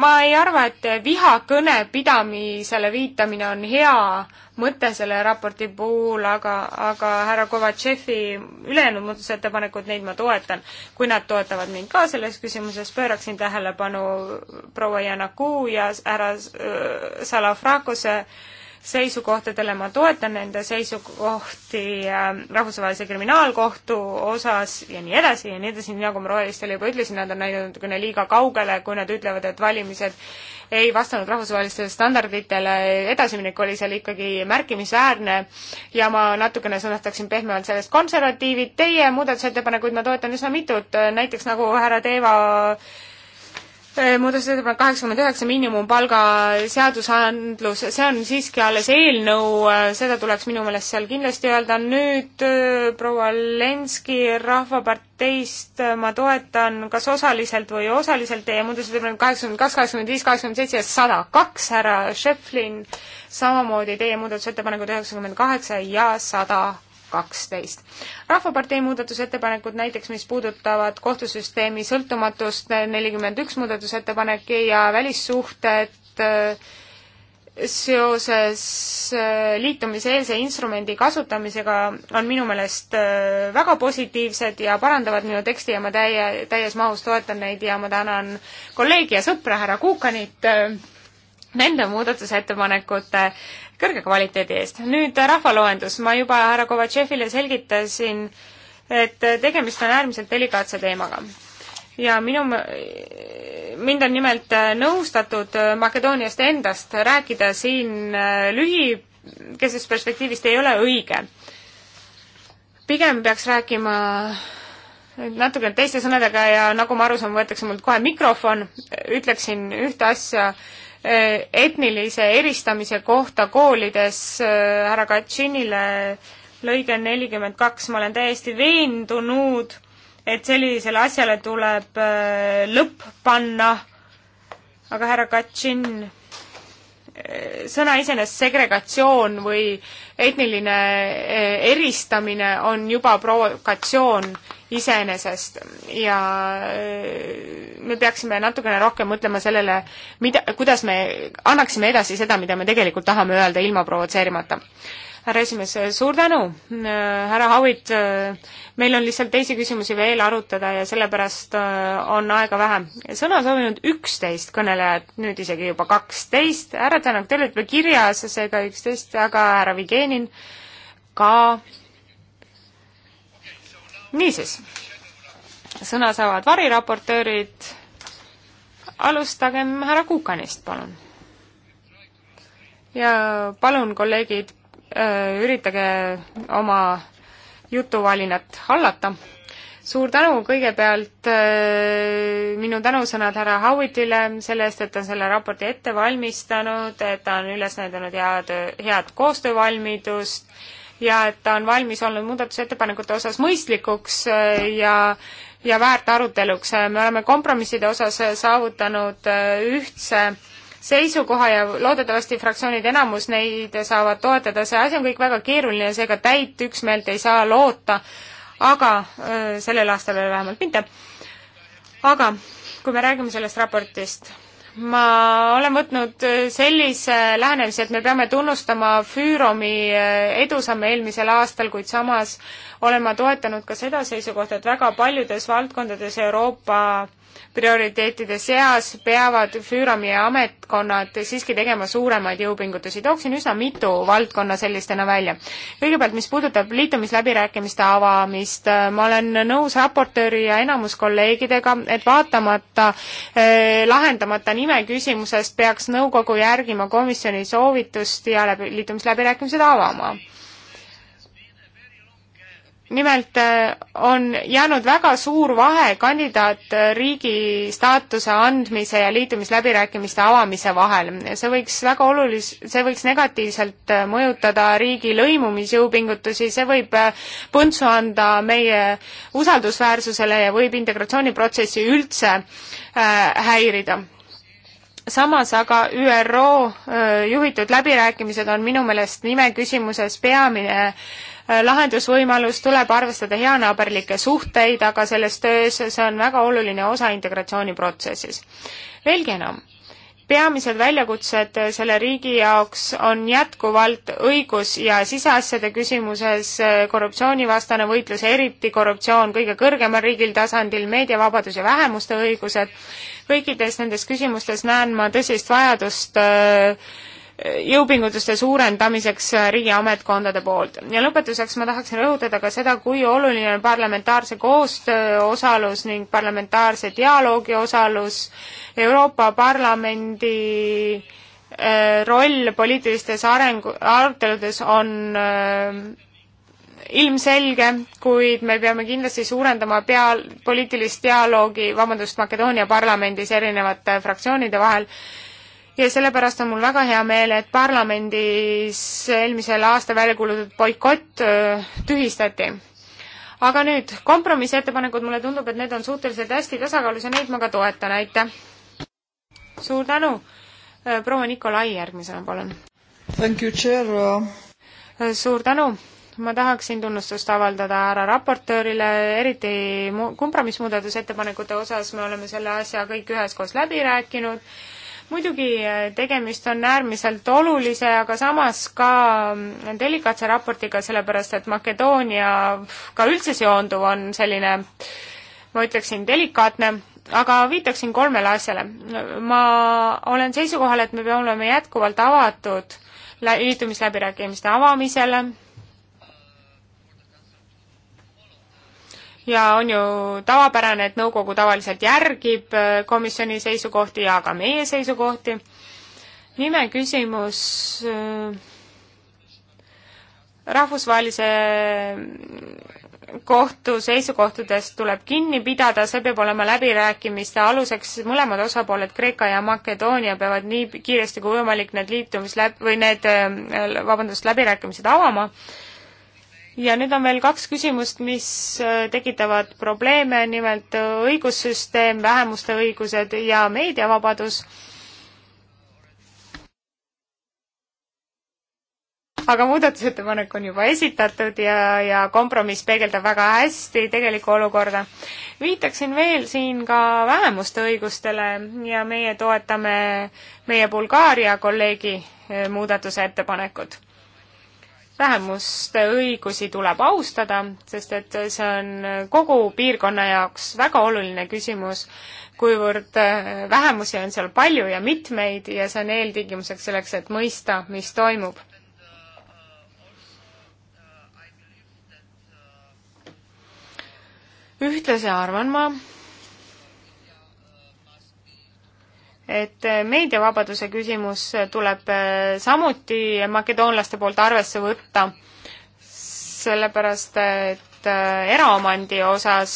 ma ei arva, et vihakõne pidamisele viitamine on hea mõte selle raporti puhul, aga, aga härra Kovatšefi ülejäänud muudatusettepanekud, neid ma toetan. kui nad toetavad mind ka selles küsimuses, pööraksin tähelepanu proua Janaku ja härra äh, Salafrakose äh, seisukohtadele, ma toetan nende seisukohti äh, Rahvusvahelise Kriminaalkohtu osas ja nii edasi ja nii edasi, nii nagu ma rohelistele juba ütlesin, nad on läinud natukene liiga kaugele, kui nad ütlevad, et valimised ei vastanud rahvusvahelistele standarditele, edasiminek oli seal ikkagi märkimisväärne ja ma natukene sõnastaksin pehmemalt sellest, konservatiivid, teie muudatusettepanekuid ma toetan üsna mitut, näiteks nagu härra Teeva Äh, muudatusettepanek kaheksakümmend üheksa, miinimumpalga seadusandlus, see on siiski alles eelnõu, äh, seda tuleks minu meelest seal kindlasti öelda, nüüd äh, proua Lenski Rahvaparteist ma toetan kas osaliselt või osaliselt teie muudatusettepanek kaheksakümmend kaks, kaheksakümmend viis, kaheksakümmend seitse ja sada kaks, härra Šeflin, samamoodi teie muudatusettepanekud üheksakümmend kaheksa ja sada kaksteist. rahvapartei muudatusettepanekud näiteks, mis puudutavad kohtusüsteemi sõltumatust, nelikümmend üks muudatusettepanek ja välissuhted äh, seoses äh, liitumiseelse instrumendi kasutamisega on minu meelest äh, väga positiivsed ja parandavad minu teksti ja ma täie, täies mahus toetan neid ja ma tänan kolleegi ja sõpra härra Kuukanit nende muudatusettepanekute kõrge kvaliteedi eest. nüüd äh, rahvaloendus, ma juba härra Kovatšefile selgitasin, et äh, tegemist on äärmiselt delikaatse teemaga. ja minu, mind on nimelt äh, nõustatud Makedooniast endast rääkida siin lühikeses perspektiivist ei ole õige. pigem peaks rääkima natuke teiste sõnadega ja nagu ma aru saan, võetakse mult kohe mikrofon, ütleksin ühte asja äh, Äh, etnilise eristamise kohta koolides äh, härra Katšinile lõige nelikümmend kaks, ma olen täiesti veendunud, et sellisele asjale tuleb äh, lõpp panna, aga härra Katšin, sõna iseenesest segregatsioon või etniline eristamine on juba provokatsioon iseenesest ja äh, me peaksime natukene rohkem mõtlema sellele, mida, kuidas me annaksime edasi seda, mida me tegelikult tahame öelda ilma provotseerimata härra esimees, suur tänu, äh, härra Howitt, äh, meil on lihtsalt teisi küsimusi veel arutada ja sellepärast on aega vähe. sõna soovinud üksteist kõnelejat, nüüd isegi juba kaksteist, härra Tänak, te olete kirjas, seega üksteist, aga härra Vigenin ka niisiis, sõna saavad variraportöörid, alustagem härra Kukanist, palun. ja palun, kolleegid, äh, üritage oma jutuvalinat hallata suur tänu kõigepealt äh, minu tänusõnad härra Howitile selle eest, et ta on selle raporti ette valmistanud, et ta on üles näidanud head, head koostöövalmidust ja et ta on valmis olnud muudatusettepanekute osas mõistlikuks äh, ja ja väärt aruteluks. me oleme kompromisside osas saavutanud äh, ühtse seisukoha ja loodetavasti fraktsioonid enamus neid saavad toetada, see asi on kõik väga keeruline, seega täit üksmeelt ei saa loota, aga äh, sellel aastal veel vähemalt mitte. aga kui me räägime sellest raportist, ma olen võtnud äh, sellise lähenemise, et me peame tunnustama Füüromi äh, edusamme eelmisel aastal, kuid samas olen ma toetanud ka seda seisukohta, et väga paljudes valdkondades Euroopa prioriteetide seas peavad Füürami ametkonnad siiski tegema suuremaid jõupingutusi. tooksin üsna mitu valdkonna sellistena välja. kõigepealt, mis puudutab liitumisläbirääkimiste avamist, ma olen nõus raportööri ja enamus kolleegidega, et vaatamata eh, lahendamata nime küsimusest peaks nõukogu järgima komisjoni soovitust ja läbi, liitumisläbirääkimised avama nimelt äh, on jäänud väga suur vahe kandidaatriigi staatuse andmise ja liitumisläbirääkimiste avamise vahel. see võiks väga olulis-, see võiks negatiivselt äh, mõjutada riigi lõimumisjõupingutusi, see võib äh, põntsu anda meie usaldusväärsusele ja võib integratsiooniprotsessi üldse häirida samas aga ÜRO juhitud läbirääkimised on minu meelest nime küsimuses peamine äh, Äh, lahendusvõimalus, tuleb arvestada heanaaberlikke suhteid, aga selles töös see on väga oluline osa integratsiooniprotsessis. veelgi enam, peamised väljakutsed selle riigi jaoks on jätkuvalt õigus- ja siseasjade küsimuses äh, korruptsioonivastane võitlus, eriti korruptsioon kõige kõrgemal riigil tasandil, meediavabadus ja vähemuste õigused, kõikides nendes küsimustes näen ma tõsist vajadust öö, äh, jõupingutuste suurendamiseks äh, riigi ametkondade poolt. ja lõpetuseks ma tahaksin rõhutada ka seda, kui oluline on parlamentaarse koostöö osalus ning parlamentaarse dialoogi osalus, Euroopa Parlamendi äh, roll poliitilistes arengu, aruteludes on äh, ilmselge, kuid me peame kindlasti suurendama pea, poliitilist dialoogi, vabandust, Makedoonia parlamendis erinevate fraktsioonide vahel ja sellepärast on mul väga hea meel, et parlamendis eelmisel aastal välja kuulutatud boikott tühistati. aga nüüd, kompromissettepanekud, mulle tundub, et need on suhteliselt hästi tasakaalus ja neid ma ka toetan, aitäh! suur tänu! proua Nikolai järgmisena, palun! suur tänu! ma tahaksin tunnustust avaldada härra raportöörile, eriti kompromissmuudatusettepanekute osas me oleme selle asja kõik üheskoos läbi rääkinud muidugi äh, tegemist on äärmiselt olulise, aga samas ka mm, delikaatse raportiga, sellepärast et Makedoonia ka üldse seonduv on selline, ma ütleksin, delikaatne aga viitaksin kolmele asjale. ma olen seisukohal, et me peame olema jätkuvalt avatud liitumisläbirääkimiste avamisele, ja on ju tavapärane, et nõukogu tavaliselt järgib äh, komisjoni seisukohti ja ka meie seisukohti. nime küsimus äh, rahvusvahelise mm, kohtu seisukohtadest tuleb kinni pidada, see peab olema läbirääkimiste aluseks, mõlemad osapooled, Kreeka ja Makedoonia, peavad nii kiiresti kui võimalik need liitumisläb- või need, äh, vabandust, läbirääkimised avama ja nüüd on veel kaks küsimust, mis äh, tekitavad probleeme, nimelt äh, õigussüsteem, vähemuste õigused ja meediavabadus. aga muudatusettepanek on juba esitatud ja, ja kompromiss peegeldab väga hästi tegelikku olukorda. viitaksin veel siin ka vähemuste õigustele ja meie toetame meie Bulgaaria kolleegi äh, muudatusettepanekut vähemuste õigusi tuleb austada, sest et see on kogu piirkonna jaoks väga oluline küsimus, kuivõrd äh, vähemusi on seal palju ja mitmeid ja see on eeltingimuseks selleks, et mõista, mis toimub. ühtlasi arvan ma, et äh, meediavabaduse küsimus äh, tuleb äh, samuti makedoonlaste poolt arvesse võtta, sellepärast et eraomandi osas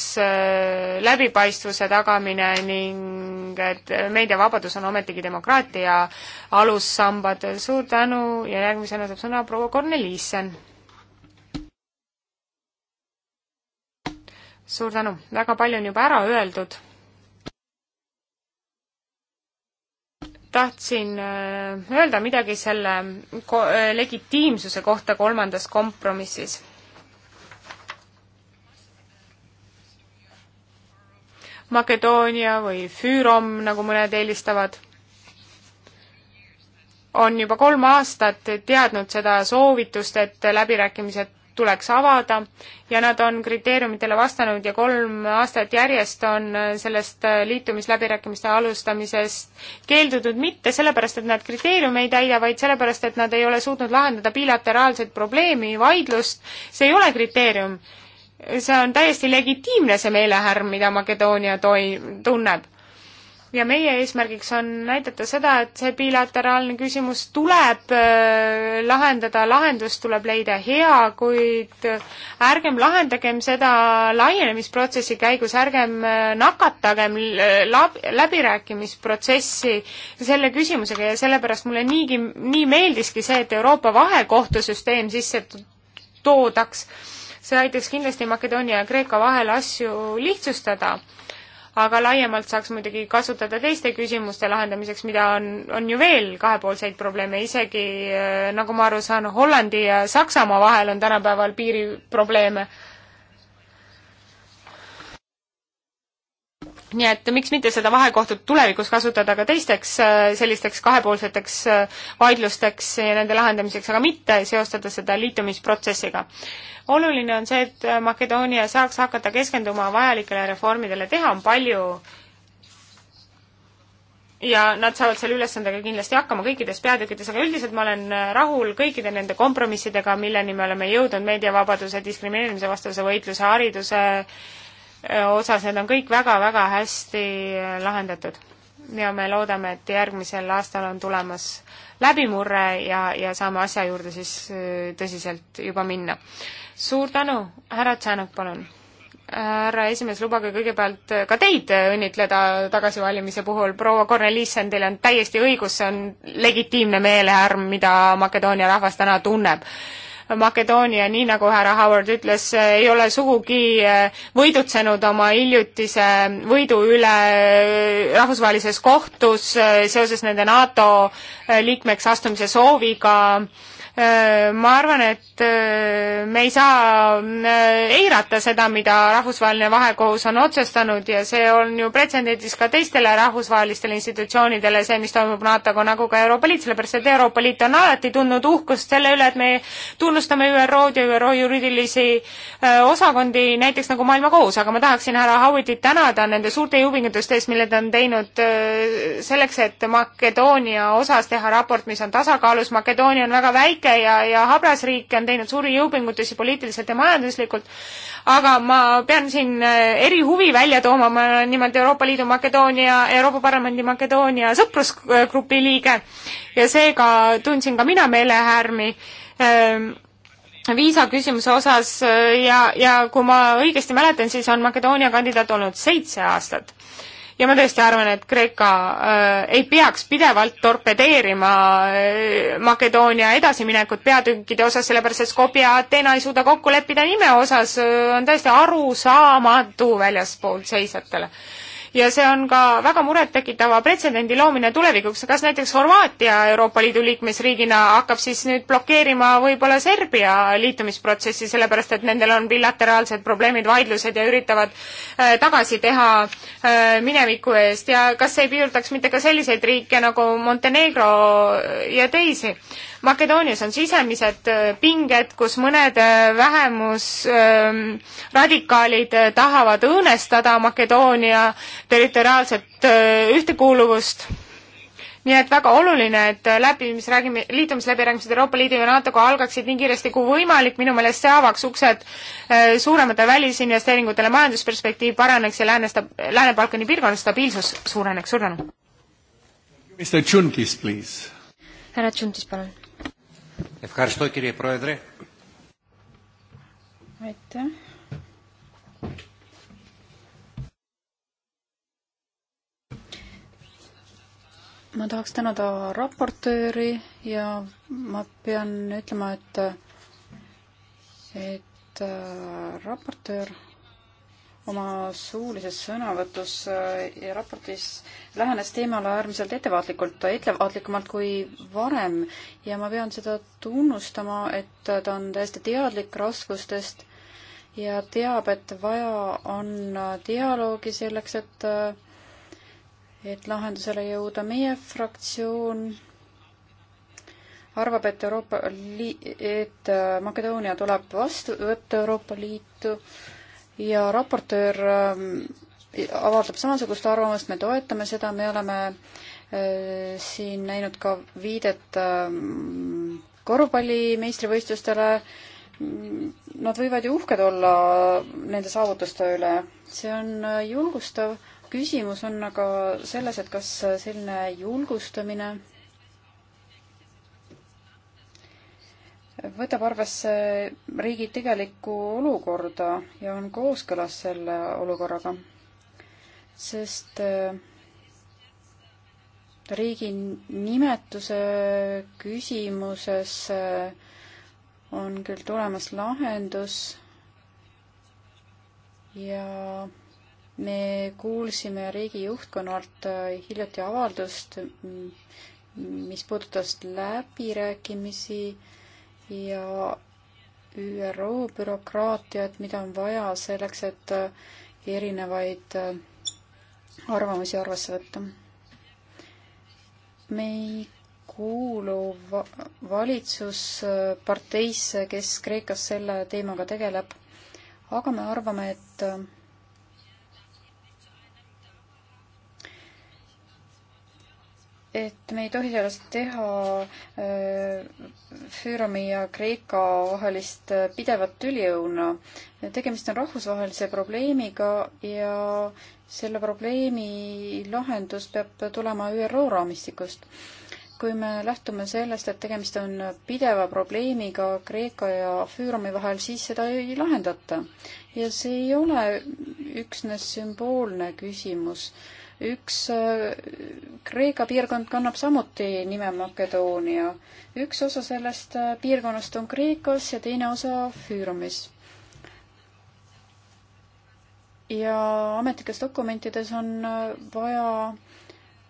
läbipaistvuse tagamine ning et meediavabadus on ometigi demokraatia alussambad. suur tänu ja järgmisena saab sõna proua Korneliisen. suur tänu, väga palju on juba ära öeldud tahtsin äh, öelda midagi selle äh, legitiimsuse kohta kolmandas kompromissis. Makedoonia või Füürom, nagu mõned eelistavad, on juba kolm aastat teadnud seda soovitust, et läbirääkimised tuleks avada ja nad on kriteeriumitele vastanud ja kolm aastat järjest on sellest liitumisläbirääkimiste alustamisest keeldunud mitte sellepärast, et nad kriteeriume ei täida, vaid sellepärast, et nad ei ole suutnud lahendada bilateraalset probleemi, vaidlust, see ei ole kriteerium. see on täiesti legitiimne, see meelehärm, mida Makedoonia toi-, tunneb ja meie eesmärgiks on näidata seda, et see bilateraalne küsimus tuleb äh, lahendada, lahendus tuleb leida hea, kuid ärgem lahendagem seda laienemisprotsessi käigus, ärgem äh, nakatagem äh, läbirääkimisprotsessi selle küsimusega ja sellepärast mulle niigi, nii meeldiski see, et Euroopa vahekohtusüsteem sisse toodaks. see aitaks kindlasti Makedoonia ja Kreeka vahel asju lihtsustada aga laiemalt saaks muidugi kasutada teiste küsimuste lahendamiseks, mida on, on ju veel kahepoolseid probleeme, isegi äh, nagu ma aru saan, Hollandi ja Saksamaa vahel on tänapäeval piiriprobleeme nii et miks mitte seda vahekohtut tulevikus kasutada ka teisteks äh, sellisteks kahepoolseteks äh, vaidlusteks ja nende lahendamiseks, aga mitte seostada seda liitumisprotsessiga. oluline on see, et äh, Makedoonia saaks hakata keskenduma vajalikele reformidele, teha on palju ja nad saavad selle ülesandega kindlasti hakkama kõikides peatükkides, aga üldiselt ma olen rahul kõikide nende kompromissidega, milleni me oleme jõudnud meediavabaduse, diskrimineerimise vastase võitluse, hariduse äh, osas, need on kõik väga-väga hästi äh, lahendatud. ja me loodame, et järgmisel aastal on tulemas läbimurre ja, ja saame asja juurde siis äh, tõsiselt juba minna. suur tänu, härra Tšanok, palun! härra esimees, lubage kõigepealt äh, ka teid õnnitleda tagasivalimise puhul, proua Korneliisen, teil on täiesti õigus, see on legitiimne meelehärm, mida Makedoonia rahvas täna tunneb Makedoonia, nii nagu härra Howard ütles, ei ole sugugi eh, võidutsenud oma hiljutise võidu üle eh, rahvusvahelises kohtus eh, seoses nende NATO liikmeks astumise sooviga Äh, ma arvan, et äh, me ei saa äh, eirata seda, mida rahvusvaheline vahekohus on otsustanud ja see on ju pretsedendiks ka teistele rahvusvahelistele institutsioonidele, see, mis toimub NATO-ga nagu ka Euroopa Liit, sellepärast et Euroopa Liit on alati tundnud uhkust selle üle, et me tunnustame ÜRO-d ja ÜRO juriidilisi osakondi, näiteks nagu Maailmakohus, aga ma tahaksin härra Howitit tänada nende suurte jõupingutuste eest, mille ta on teinud selleks, et Makedoonia osas teha raport, mis on tasakaalus, Makedoonia on väga väike, riike ja, ja habrasriike on teinud suuri jõupingutusi poliitiliselt ja majanduslikult, aga ma pean siin äh, erihuvi välja tooma, ma olen nimelt Euroopa Liidu Makedoonia, Euroopa Parlamendi Makedoonia sõprusgrupi liige ja seega tundsin ka mina meelehärmi ähm, viisaküsimuse osas äh, ja, ja kui ma õigesti mäletan, siis on Makedoonia kandidaat olnud seitse aastat ja ma tõesti arvan, et Kreeka äh, ei peaks pidevalt torpedeerima äh, Makedoonia edasiminekut peatükkide osas, sellepärast et Skopje ja Ateena ei suuda kokku leppida nime osas äh,, on täiesti arusaamatu väljaspool seisjatele ja see on ka väga murettekitava pretsedendi loomine tulevikuks, kas näiteks Horvaatia Euroopa Liidu liikmesriigina hakkab siis nüüd blokeerima võib-olla Serbia liitumisprotsessi, sellepärast et nendel on bilateraalsed probleemid, vaidlused ja üritavad äh, tagasi teha äh, mineviku eest ja kas ei piirdutaks mitte ka selliseid riike nagu Montenegro äh, ja teisi? Makedoonias on sisemised äh, pinged, kus mõned äh, vähemusradikaalid ähm, äh, tahavad õõnestada Makedoonia territoriaalset ühtekuuluvust nii et väga oluline, et läbi, mis räägime, liitumisläbirääkimised Euroopa Liidu ja NATO-ga algaksid nii kiiresti kui võimalik, minu meelest see avaks uksed suuremate välisinvesteeringutele, majandusperspektiiv paraneks ja lääne sta-, Lääne-Balkani piirkonna stabiilsus suureneks, suur tänu! härra Tšuntis, palun! aitäh. ma tahaks tänada raportööri ja ma pean ütlema, et, et äh, raportöör oma suulises sõnavõtus äh, ja raportis lähenes teemale äärmiselt ettevaatlikult, ettevaatlikumalt kui varem ja ma pean seda tunnustama, et ta on täiesti teadlik raskustest ja teab, et vaja on dialoogi selleks, et äh, et lahendusele jõuda. meie fraktsioon arvab, et Euroopa Liit, et äh, Makedoonia tuleb vastu võtta Euroopa Liitu äh, ja raportöör ähm, avaldab samasugust arvamust, me toetame seda, me oleme äh, siin näinud ka viidet ähm, korvpalli meistrivõistlustele. Nad võivad ju uhked olla nende saavutuste üle, see on äh, julgustav. küsimus on aga selles, et kas äh, selline julgustamine võtab arvesse riigi tegelikku olukorda ja on kooskõlas selle olukorraga, sest äh, riigi nimetuse küsimuses äh, on küll tulemas lahendus ja me kuulsime riigi juhtkonnalt äh, hiljuti avaldust, mis puudutas läbirääkimisi äh, ja ÜRO bürokraatiat, mida on vaja selleks, et äh, erinevaid äh, arvamusi arvesse võtta. me ei kuulu va valitsusparteisse, kes Kreekas selle teemaga tegeleb, aga me arvame, et äh, et me ei tohi sellest teha äh, Füürami ja Kreeka vahelist äh, pidevat tüliõuna. tegemist on rahvusvahelise probleemiga ja selle probleemi lahendus peab tulema ÜRO raamistikust. kui me lähtume sellest, et tegemist on pideva probleemiga Kreeka ja Füürami vahel, siis seda ei lahendata. ja see ei ole üksnes sümboolne küsimus üks äh, Kreeka piirkond kannab samuti nime Makedoonia. üks osa sellest äh, piirkonnast on Kreekas ja teine osa Füürumis. ja ametlikes dokumentides on äh, vaja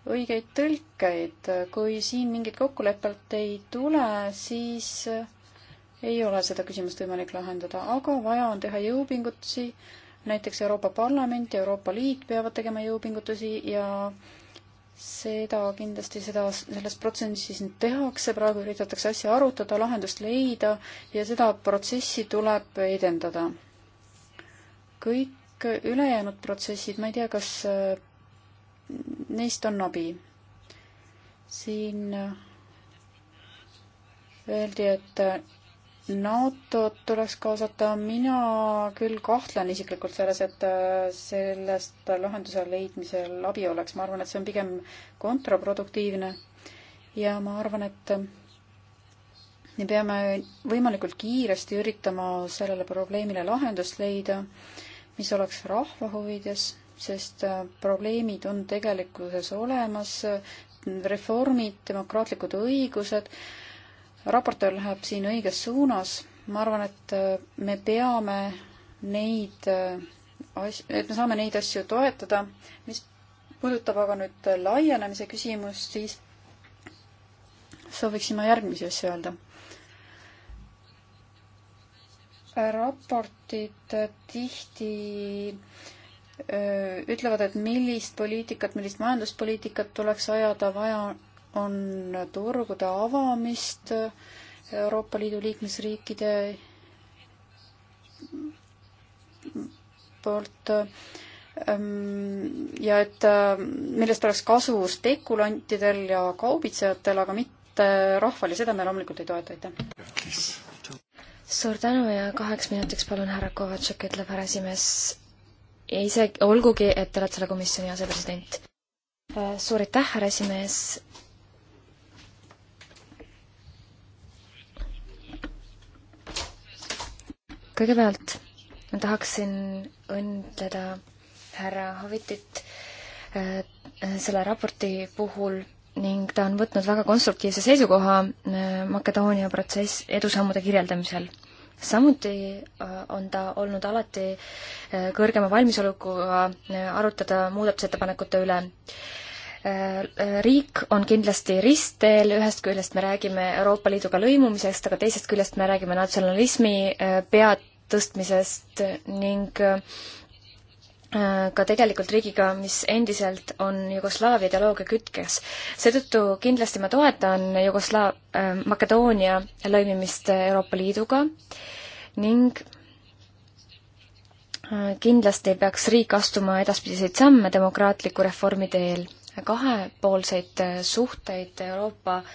õigeid tõlkeid, kui siin mingit kokkulepet ei tule, siis ei ole seda küsimust võimalik lahendada, aga vaja on teha jõupingutusi näiteks Euroopa Parlament ja Euroopa Liit peavad tegema jõupingutusi ja seda kindlasti, seda, selles protsessis nüüd tehakse, praegu üritatakse asja arutada, lahendust leida ja seda protsessi tuleb edendada. kõik ülejäänud protsessid, ma ei tea, kas äh, neist on abi. siin äh, öeldi, et äh, NATO-t tuleks kaasata, mina küll kahtlen isiklikult selles, et äh, sellest lahenduse leidmisel abi oleks, ma arvan, et see on pigem kontraproduktiivne ja ma arvan, et äh, me peame võimalikult kiiresti üritama sellele probleemile lahendust leida, mis oleks rahva huvides, sest äh, probleemid on tegelikkuses olemas, reformid, demokraatlikud õigused, raportöör läheb siin õiges suunas. ma arvan, et äh, me peame neid äh, as-, et me saame neid asju toetada. mis puudutab aga nüüd laienemise küsimust, siis sooviksin ma järgmisi asju öelda. raportid tihti öö, äh, ütlevad, et millist poliitikat, millist majanduspoliitikat tuleks ajada, vaja on turgude avamist Euroopa Liidu liikmesriikide poolt ähm, ja et ähm, millest oleks kasu spekulantidel ja kaubitsejatel, aga mitte rahval ja seda me loomulikult ei toeta, aitäh. suur tänu ja kaheks minutiks palun härra Kovatšuk, ütleb härra esimees. isegi, olgugi, et te olete selle komisjoni asepresident. Äh, suur aitäh, härra esimees kõigepealt ma tahaksin õndleda härra Havitit äh, selle raporti puhul ning ta on võtnud väga konstruktiivse seisukoha äh, Makedoonia protsess edusammude kirjeldamisel. samuti äh, on ta olnud alati kõrgema valmisolekuga arutada muudatusettepanekute üle. Riik on kindlasti ristteel, ühest küljest me räägime Euroopa Liiduga lõimumisest, aga teisest küljest me räägime natsionalismi pead tõstmisest ning äh, ka tegelikult riigiga, mis endiselt on Jugoslaavia dialoogi kütkes. seetõttu kindlasti ma toetan Jugosla- äh,, Makedoonia lõimimist Euroopa Liiduga ning äh, kindlasti peaks riik astuma edaspidiseid samme demokraatliku reformi teel. kahepoolseid äh, suhteid Euroopa äh,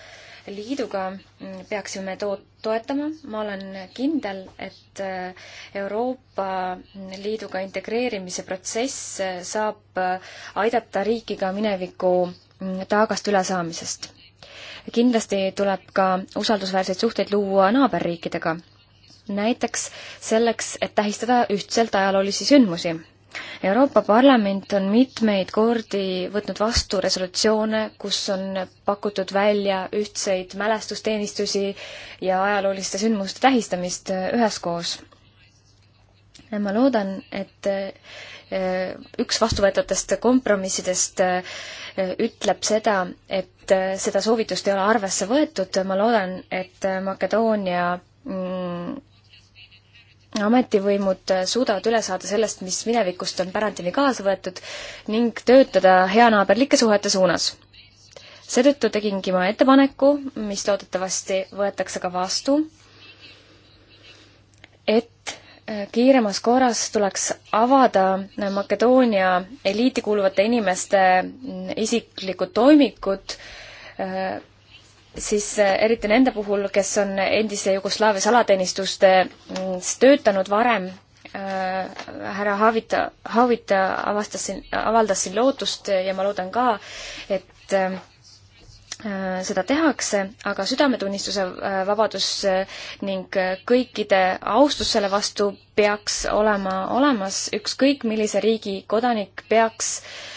Liiduga mm, peaksime to-, toetama, ma olen kindel, et äh, Euroopa Liiduga integreerimise protsess äh, saab äh, aidata riiki ka mineviku mm, taagast ülesaamisest. kindlasti tuleb ka usaldusväärseid suhteid luua naaberriikidega, näiteks selleks, et tähistada ühtselt ajaloolisi sündmusi Euroopa Parlament on mitmeid kordi võtnud vastu resolutsioone, kus on pakutud välja ühtseid mälestusteenistusi ja ajalooliste sündmuste tähistamist äh, üheskoos. ma loodan, et äh, üks vastuvõetavatest kompromissidest äh, ütleb seda, et seda soovitust ei ole arvesse võetud, ma loodan, et Makedoonia mm, ametivõimud suudavad üle saada sellest, mis minevikust on pärandini kaasa võetud ning töötada heanaaberlike suhete suunas. seetõttu tegingi ma ettepaneku, mis loodetavasti võetakse ka vastu, et äh, kiiremas korras tuleks avada Makedoonia eliiti kuuluvate inimeste mm, isiklikud toimikud, äh, siis äh, eriti nende puhul, kes on endise Jugoslaavia salateenistustes mm, töötanud varem, äh, härra Havita, Havita avastas siin, avaldas siin lootust ja ma loodan ka, et äh, seda tehakse, aga südametunnistuse äh, vabadus ning kõikide austus selle vastu peaks olema olemas, ükskõik millise riigi kodanik peaks äh,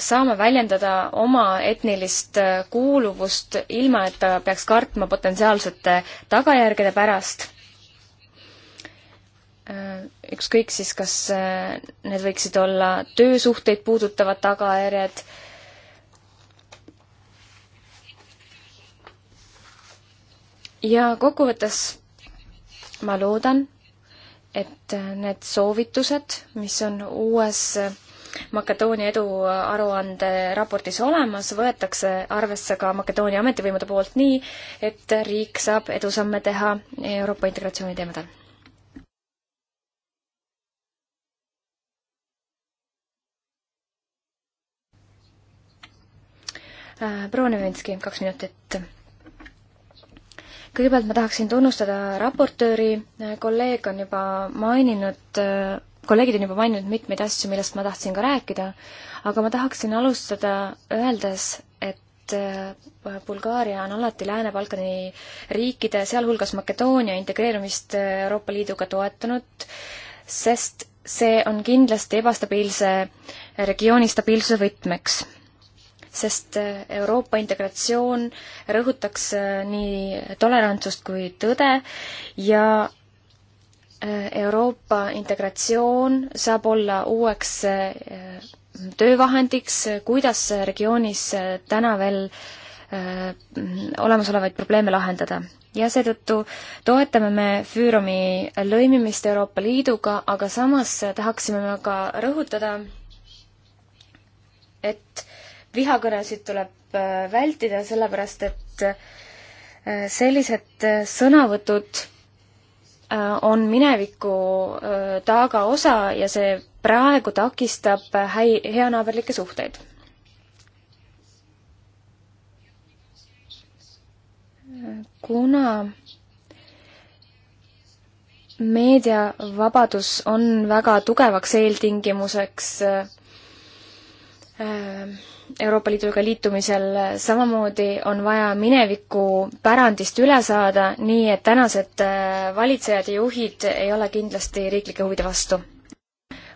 saama väljendada oma etnilist äh, kuuluvust, ilma et ta peaks kartma potentsiaalsete tagajärgede pärast äh, ükskõik siis, kas äh, need võiksid olla töösuhteid puudutavad tagajärjed, ja kokkuvõttes ma loodan, et need soovitused, mis on uues Makedoonia eduaruande raportis olemas, võetakse arvesse ka Makedoonia ametivõimude poolt nii, et riik saab edusamme teha Euroopa integratsiooni teemadel. Äh, proua Nevinski, kaks minutit kõigepealt ma tahaksin tunnustada raportööri, kolleeg on juba maininud äh, kolleegid on juba maininud mitmeid asju, millest ma tahtsin ka rääkida, aga ma tahaksin alustada öeldes, et äh, Bulgaaria on alati Lääne-Balkani riikide, sealhulgas Makedoonia integreerumist äh, Euroopa Liiduga toetanud, sest see on kindlasti ebastabiilse regiooni stabiilsuse võtmeks. sest äh, Euroopa integratsioon rõhutaks nii tolerantsust kui tõde ja Euroopa integratsioon saab olla uueks eh, töövahendiks, kuidas regioonis eh, täna veel eh, olemasolevaid probleeme lahendada. ja seetõttu toetame me Füürumi lõimimist Euroopa Liiduga, aga samas tahaksime me ka rõhutada, et vihakõnesid tuleb vältida, sellepärast et sellised sõnavõtud Äh, on mineviku äh, taaga osa ja see praegu takistab häi-, heanaaberlikke suhteid. kuna meediavabadus on väga tugevaks eeltingimuseks äh, äh Euroopa Liiduga liitumisel, samamoodi on vaja mineviku pärandist üle saada, nii et tänased äh, valitsejad ja juhid ei ole kindlasti riiklike huvide vastu.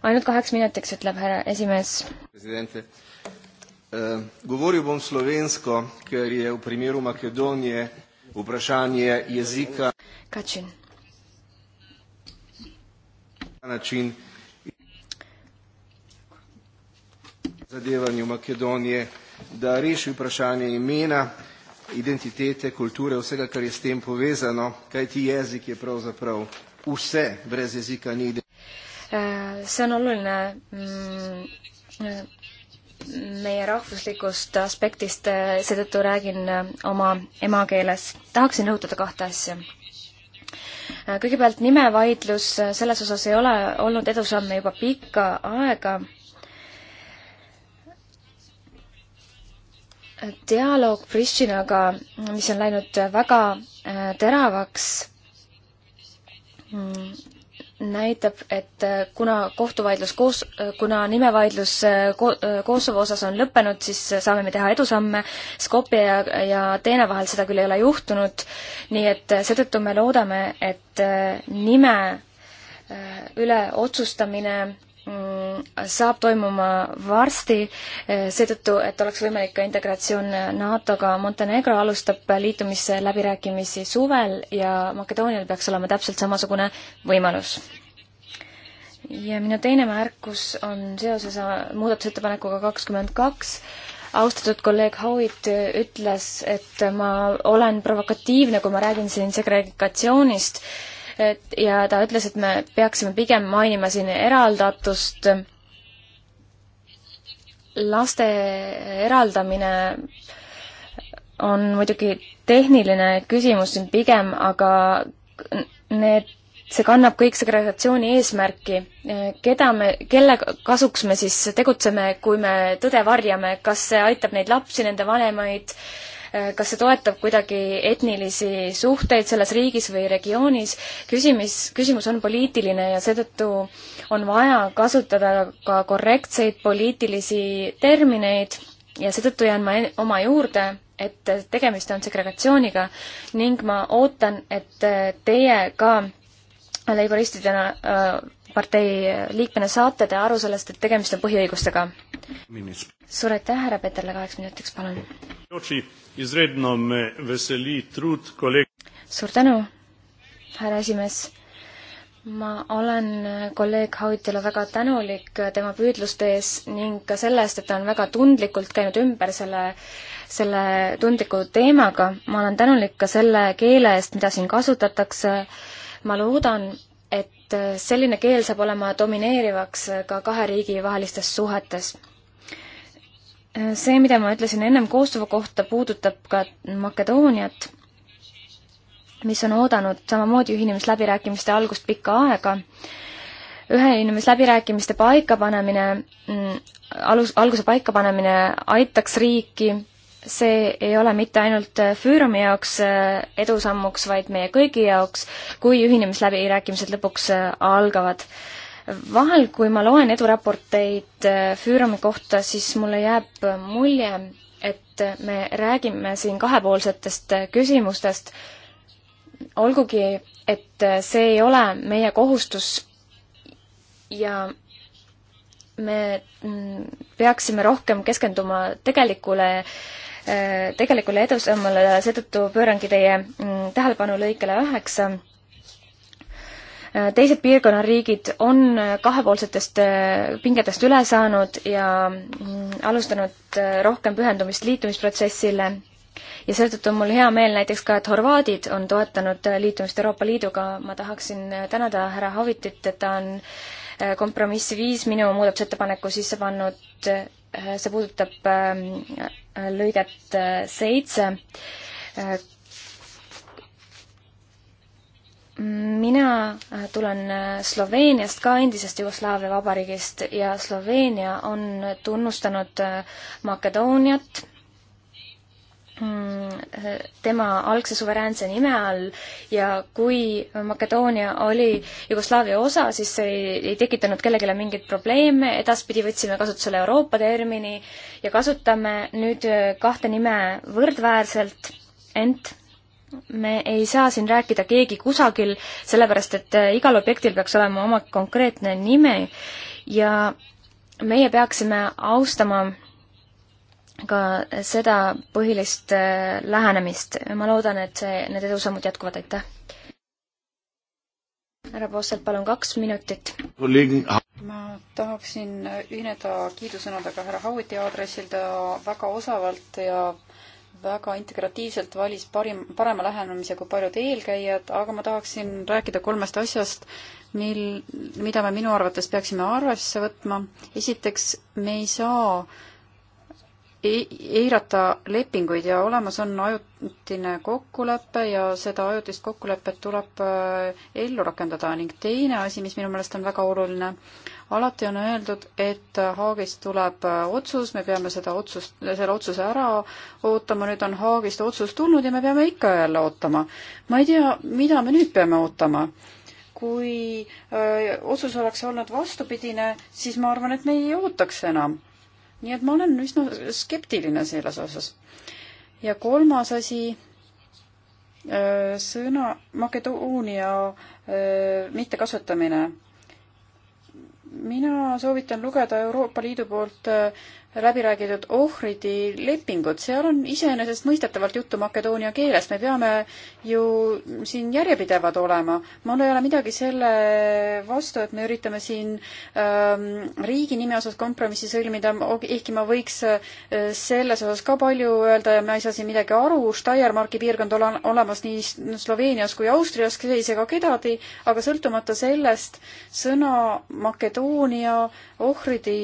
ainult kaheks minutiks, ütleb härra esimees. Äh, Govoril bom slovensko, ker je v primeru Makedonije vprašanje jezika Kačin. na način zadevanju Makedonije, da reši vprašanje imena, identitete, kulture, vsega, kar je s tem povezano, kajti jezik je pravzaprav vse, brez jezika ni identitete. Eh, See on oluline mm, eh, meie rahvuslikust aspektist, eh, seetõttu räägin oma emakeeles. tahaksin rõhutada kahte asja. kõigepealt nimevaidlus, selles osas ei ole olnud edusamme juba pikka aega dialoog Prishinaga, mis on läinud väga äh, teravaks, mm, näitab, et äh, kuna kohtuvaidlus koos, äh, kuna nimevaidlus Kosovo osas on lõppenud, siis saame me teha edusamme. Skopje ja, ja Ateena vahel seda küll ei ole juhtunud, nii et seetõttu me loodame, et nime üle otsustamine Mm, saab toimuma varsti, eh, seetõttu, et oleks võimalik ka integratsioon NATO-ga. Montenegro alustab liitumisläbirääkimisi suvel ja Makedoonial peaks olema täpselt samasugune võimalus. ja minu teine märkus on seoses äh, muudatusettepanekuga kakskümmend kaks. austatud kolleeg Howitt ütles, et ma olen provokatiivne, kui ma räägin siin segregatsioonist et ja ta ütles, et me peaksime pigem mainima siin eraldatust, laste eraldamine on muidugi tehniline küsimus siin pigem, aga need, see kannab kõik segregatsiooni eesmärki. keda me, kelle kasuks me siis tegutseme, kui me tõde varjame, kas see aitab neid lapsi, nende vanemaid äh, Äh, kas see toetab kuidagi etnilisi suhteid selles riigis või regioonis. küsimus, küsimus on poliitiline ja seetõttu on vaja kasutada ka korrektseid poliitilisi termineid ja seetõttu jään ma oma juurde, et tegemist on segregatsiooniga ning ma ootan, et äh, teie ka laboristidena äh, partei liikmena saate te aru sellest, et tegemist on põhiõigustega? suur aitäh, härra Peterle, kaheks minutiks, palun. suur tänu, härra esimees. ma olen kolleeg Hautile väga tänulik tema püüdluste ees ning ka selle eest, et ta on väga tundlikult käinud ümber selle selle tundliku teemaga, ma olen tänulik ka selle keele eest, mida siin kasutatakse, ma loodan, et äh, selline keel saab olema domineerivaks äh, ka kahe riigi vahelistes suhetes. Äh, see, mida ma ütlesin ennem Kosovo kohta, puudutab ka Makedooniat, mis on oodanud samamoodi ühinemisläbirääkimiste algust pikka aega. ühinemisläbirääkimiste paikapanemine, mm, alus, alguse paikapanemine aitaks riiki see ei ole mitte ainult äh, Füürumi jaoks äh, edusammuks, vaid meie kõigi jaoks, kui ühinemisläbirääkimised lõpuks äh, algavad. vahel, kui ma loen eduraporteid Füürumi kohta, siis mulle jääb mulje, et me räägime siin kahepoolsetest küsimustest, olgugi et see ei ole meie kohustus ja me mm, peaksime rohkem keskenduma tegelikule äh, tegelikule edusammule, seetõttu pöörangi teie mm, tähelepanu lõikele üheksa. teised piirkonna riigid on kahepoolsetest äh, pingetest üle saanud ja mm, alustanud äh, rohkem pühendumist liitumisprotsessile ja seetõttu on mul hea meel näiteks ka, et horvaadid on toetanud äh, liitumist Euroopa Liiduga, ma tahaksin tänada härra Havitit, et ta on kompromissi viis minu muudatusettepaneku sisse pannud, see puudutab ähm, lõiget äh, seitse. mina äh, tulen äh, Sloveeniast ka endisest Jugoslaavia vabariigist ja Sloveenia on tunnustanud Makedooniat Mm, tema algse suveräänse nime all ja kui Makedoonia oli Jugoslaavia osa, siis see ei, ei tekitanud kellelegi mingeid probleeme, edaspidi võtsime kasutusele Euroopa termini ja kasutame nüüd äh, kahte nime võrdväärselt, ent me ei saa siin rääkida keegi kusagil, sellepärast et äh, igal objektil peaks olema oma konkreetne nime ja meie peaksime austama ka seda põhilist äh, lähenemist. ma loodan, et see, need edusammud jätkuvad, aitäh! härra Postelt, palun kaks minutit. ma tahaksin ühineda kiidusõnadega härra Hauti aadressil, ta väga osavalt ja väga integratiivselt valis parim, parema lähenemise kui paljud eelkäijad, aga ma tahaksin rääkida kolmest asjast, mil, mida me minu arvates peaksime arvesse võtma. esiteks, me ei saa äh, E-, eirata lepinguid ja olemas on ajutine kokkulepe ja seda ajutist kokkulepet tuleb äh, ellu rakendada ning teine asi, mis minu meelest on väga oluline, alati on öeldud, et Haagist tuleb äh, otsus, me peame seda otsust, selle otsuse ära ootama, nüüd on Haagist otsus tulnud ja me peame ikka jälle ootama. ma ei tea, mida me nüüd peame ootama kui öö, äh, otsus oleks olnud vastupidine, siis ma arvan, et me ei ootaks enam nii et ma olen üsna skeptiline selles osas. ja kolmas asi, äh, sõna Makedoonia äh, mittekasutamine. mina soovitan lugeda Euroopa Liidu poolt äh, läbi räägitud ohvridi lepingut, seal on iseenesestmõistetavalt juttu makedoonia keeles, me peame ju siin järjepidevad olema. mul ei ole midagi selle vastu, et me üritame siin ähm, riigi nime osas kompromissi sõlmida, ehkki ma võiks äh, selles osas ka palju öelda ja ma ei saa siin midagi aru, Steiermarki piirkond ole, olemas nii Sloveenias kui Austrias, ei sega kedagi, aga sõltumata sellest, sõna Makedoonia ohvridi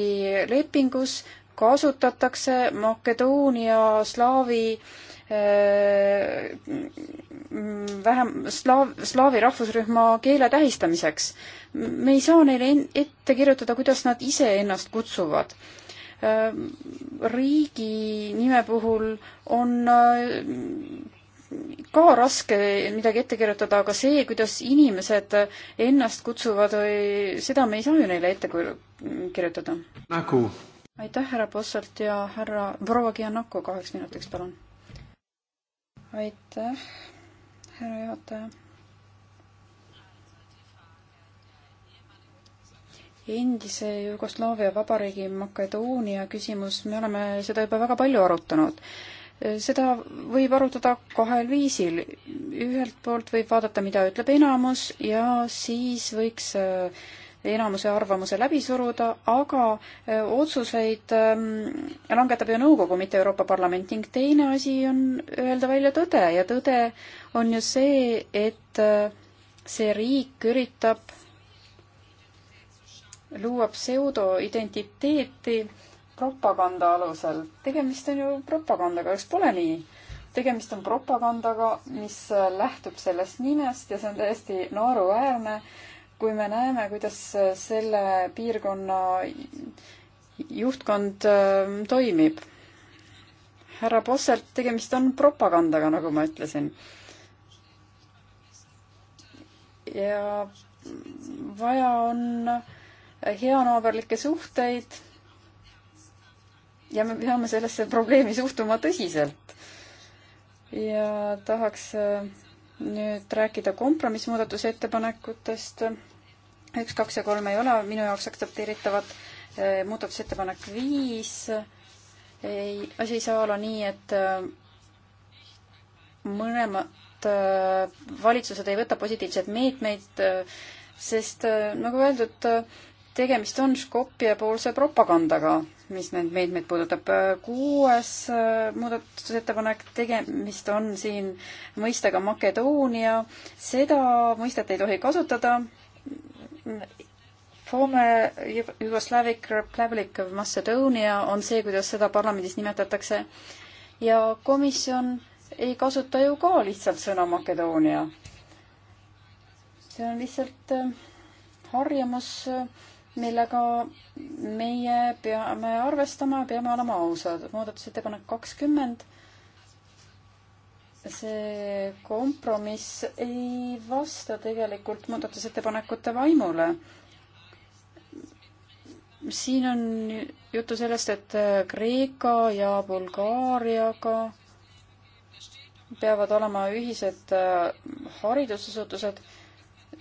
lepingus kasutatakse Makedoonia slaavi eh, vähem slaav, slaavi rahvusrühma keele tähistamiseks. me ei saa neile ette kirjutada, kuidas nad ise ennast kutsuvad. Eh, riigi nime puhul on eh, ka raske midagi ette kirjutada, aga see, kuidas inimesed ennast kutsuvad või seda me ei saa ju neile ette kirjutada. nagu aitäh, härra Posselt ja härra proua Giannako kaheks minutiks, palun. aitäh, härra juhataja. endise Jugoslaavia vabariigi Makedoonia küsimus, me oleme seda juba väga palju arutanud seda võib arutada kahel viisil. ühelt poolt võib vaadata, mida ütleb enamus ja siis võiks äh, enamuse arvamuse läbi suruda, aga otsuseid langetab ju nõukogu, mitte Euroopa Parlament ning teine asi on öelda välja tõde ja tõde on ju see, et see riik üritab luua pseudoidentiteeti propaganda alusel. tegemist on ju propagandaga, kas pole nii? tegemist on propagandaga, mis lähtub sellest nimest ja see on täiesti naeruväärne kui me näeme, kuidas selle piirkonna juhtkond ähm, toimib. härra Posselt, tegemist on propagandaga, nagu ma ütlesin. ja vaja on heanaaberlikke suhteid. ja me peame sellesse probleemi suhtuma tõsiselt. ja tahaks äh, nüüd rääkida kompromissmuudatusettepanekutest üks, kaks ja kolm ei ole minu jaoks aktsepteeritavad. Äh, muudatusettepanek viis, ei, asi ei saa olla nii, et äh, mõlemad äh, valitsused ei võta positiivseid meetmeid, sest nagu öeldud, tegemist on Skopje poolse propagandaga, mis neid meetmeid puudutab. kuues muudatusettepanek, tegemist on siin mõistega Makedoonia, seda mõistet ei tohi kasutada Former Yugoslavic Republic of Macedonia on see, kuidas seda parlamendis nimetatakse. ja komisjon ei kasuta ju ka lihtsalt sõna Makedoonia. see on lihtsalt äh, harjumus, äh, millega meie peame arvestama ja peame olema ausad. muudatusettepanek kakskümmend see kompromiss ei vasta tegelikult muudatusettepanekute vaimule. siin on juttu sellest, et Kreeka ja Bulgaariaga peavad olema ühised äh, haridusasutused.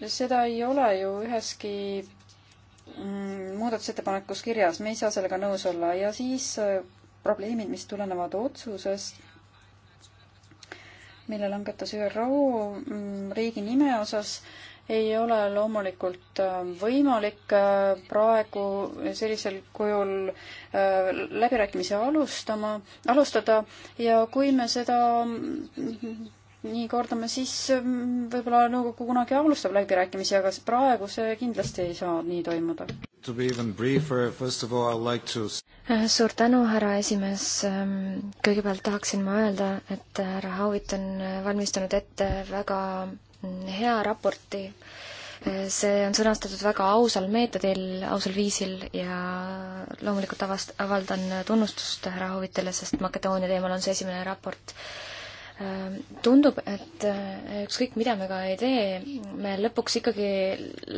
seda ei ole ju üheski mm, muudatusettepanekus kirjas, me ei saa sellega nõus olla ja siis äh, probleemid, mis tulenevad otsusest mille langetas ÜRO mm, riigi nime osas, ei ole loomulikult äh, võimalik äh, praegu sellisel kujul äh, läbirääkimisi alustama, alustada ja kui me seda mm, nii kordame, siis mm, võib-olla nõukogu kunagi alustab läbirääkimisi, aga praegu see kindlasti ei saa nii toimuda. Like to... Äh, suur tänu, härra esimees. Ähm, kõigepealt tahaksin ma öelda, et äh, härra Haavit on äh, valmistanud ette väga mm, hea raporti. see on sõnastatud väga ausal meetodil, ausal viisil ja loomulikult avast-, avaldan tunnustust härra Haavitele, sest Makedoonia teemal on see esimene raport Äh, tundub, et äh, ükskõik, mida me ka ei tee, me lõpuks ikkagi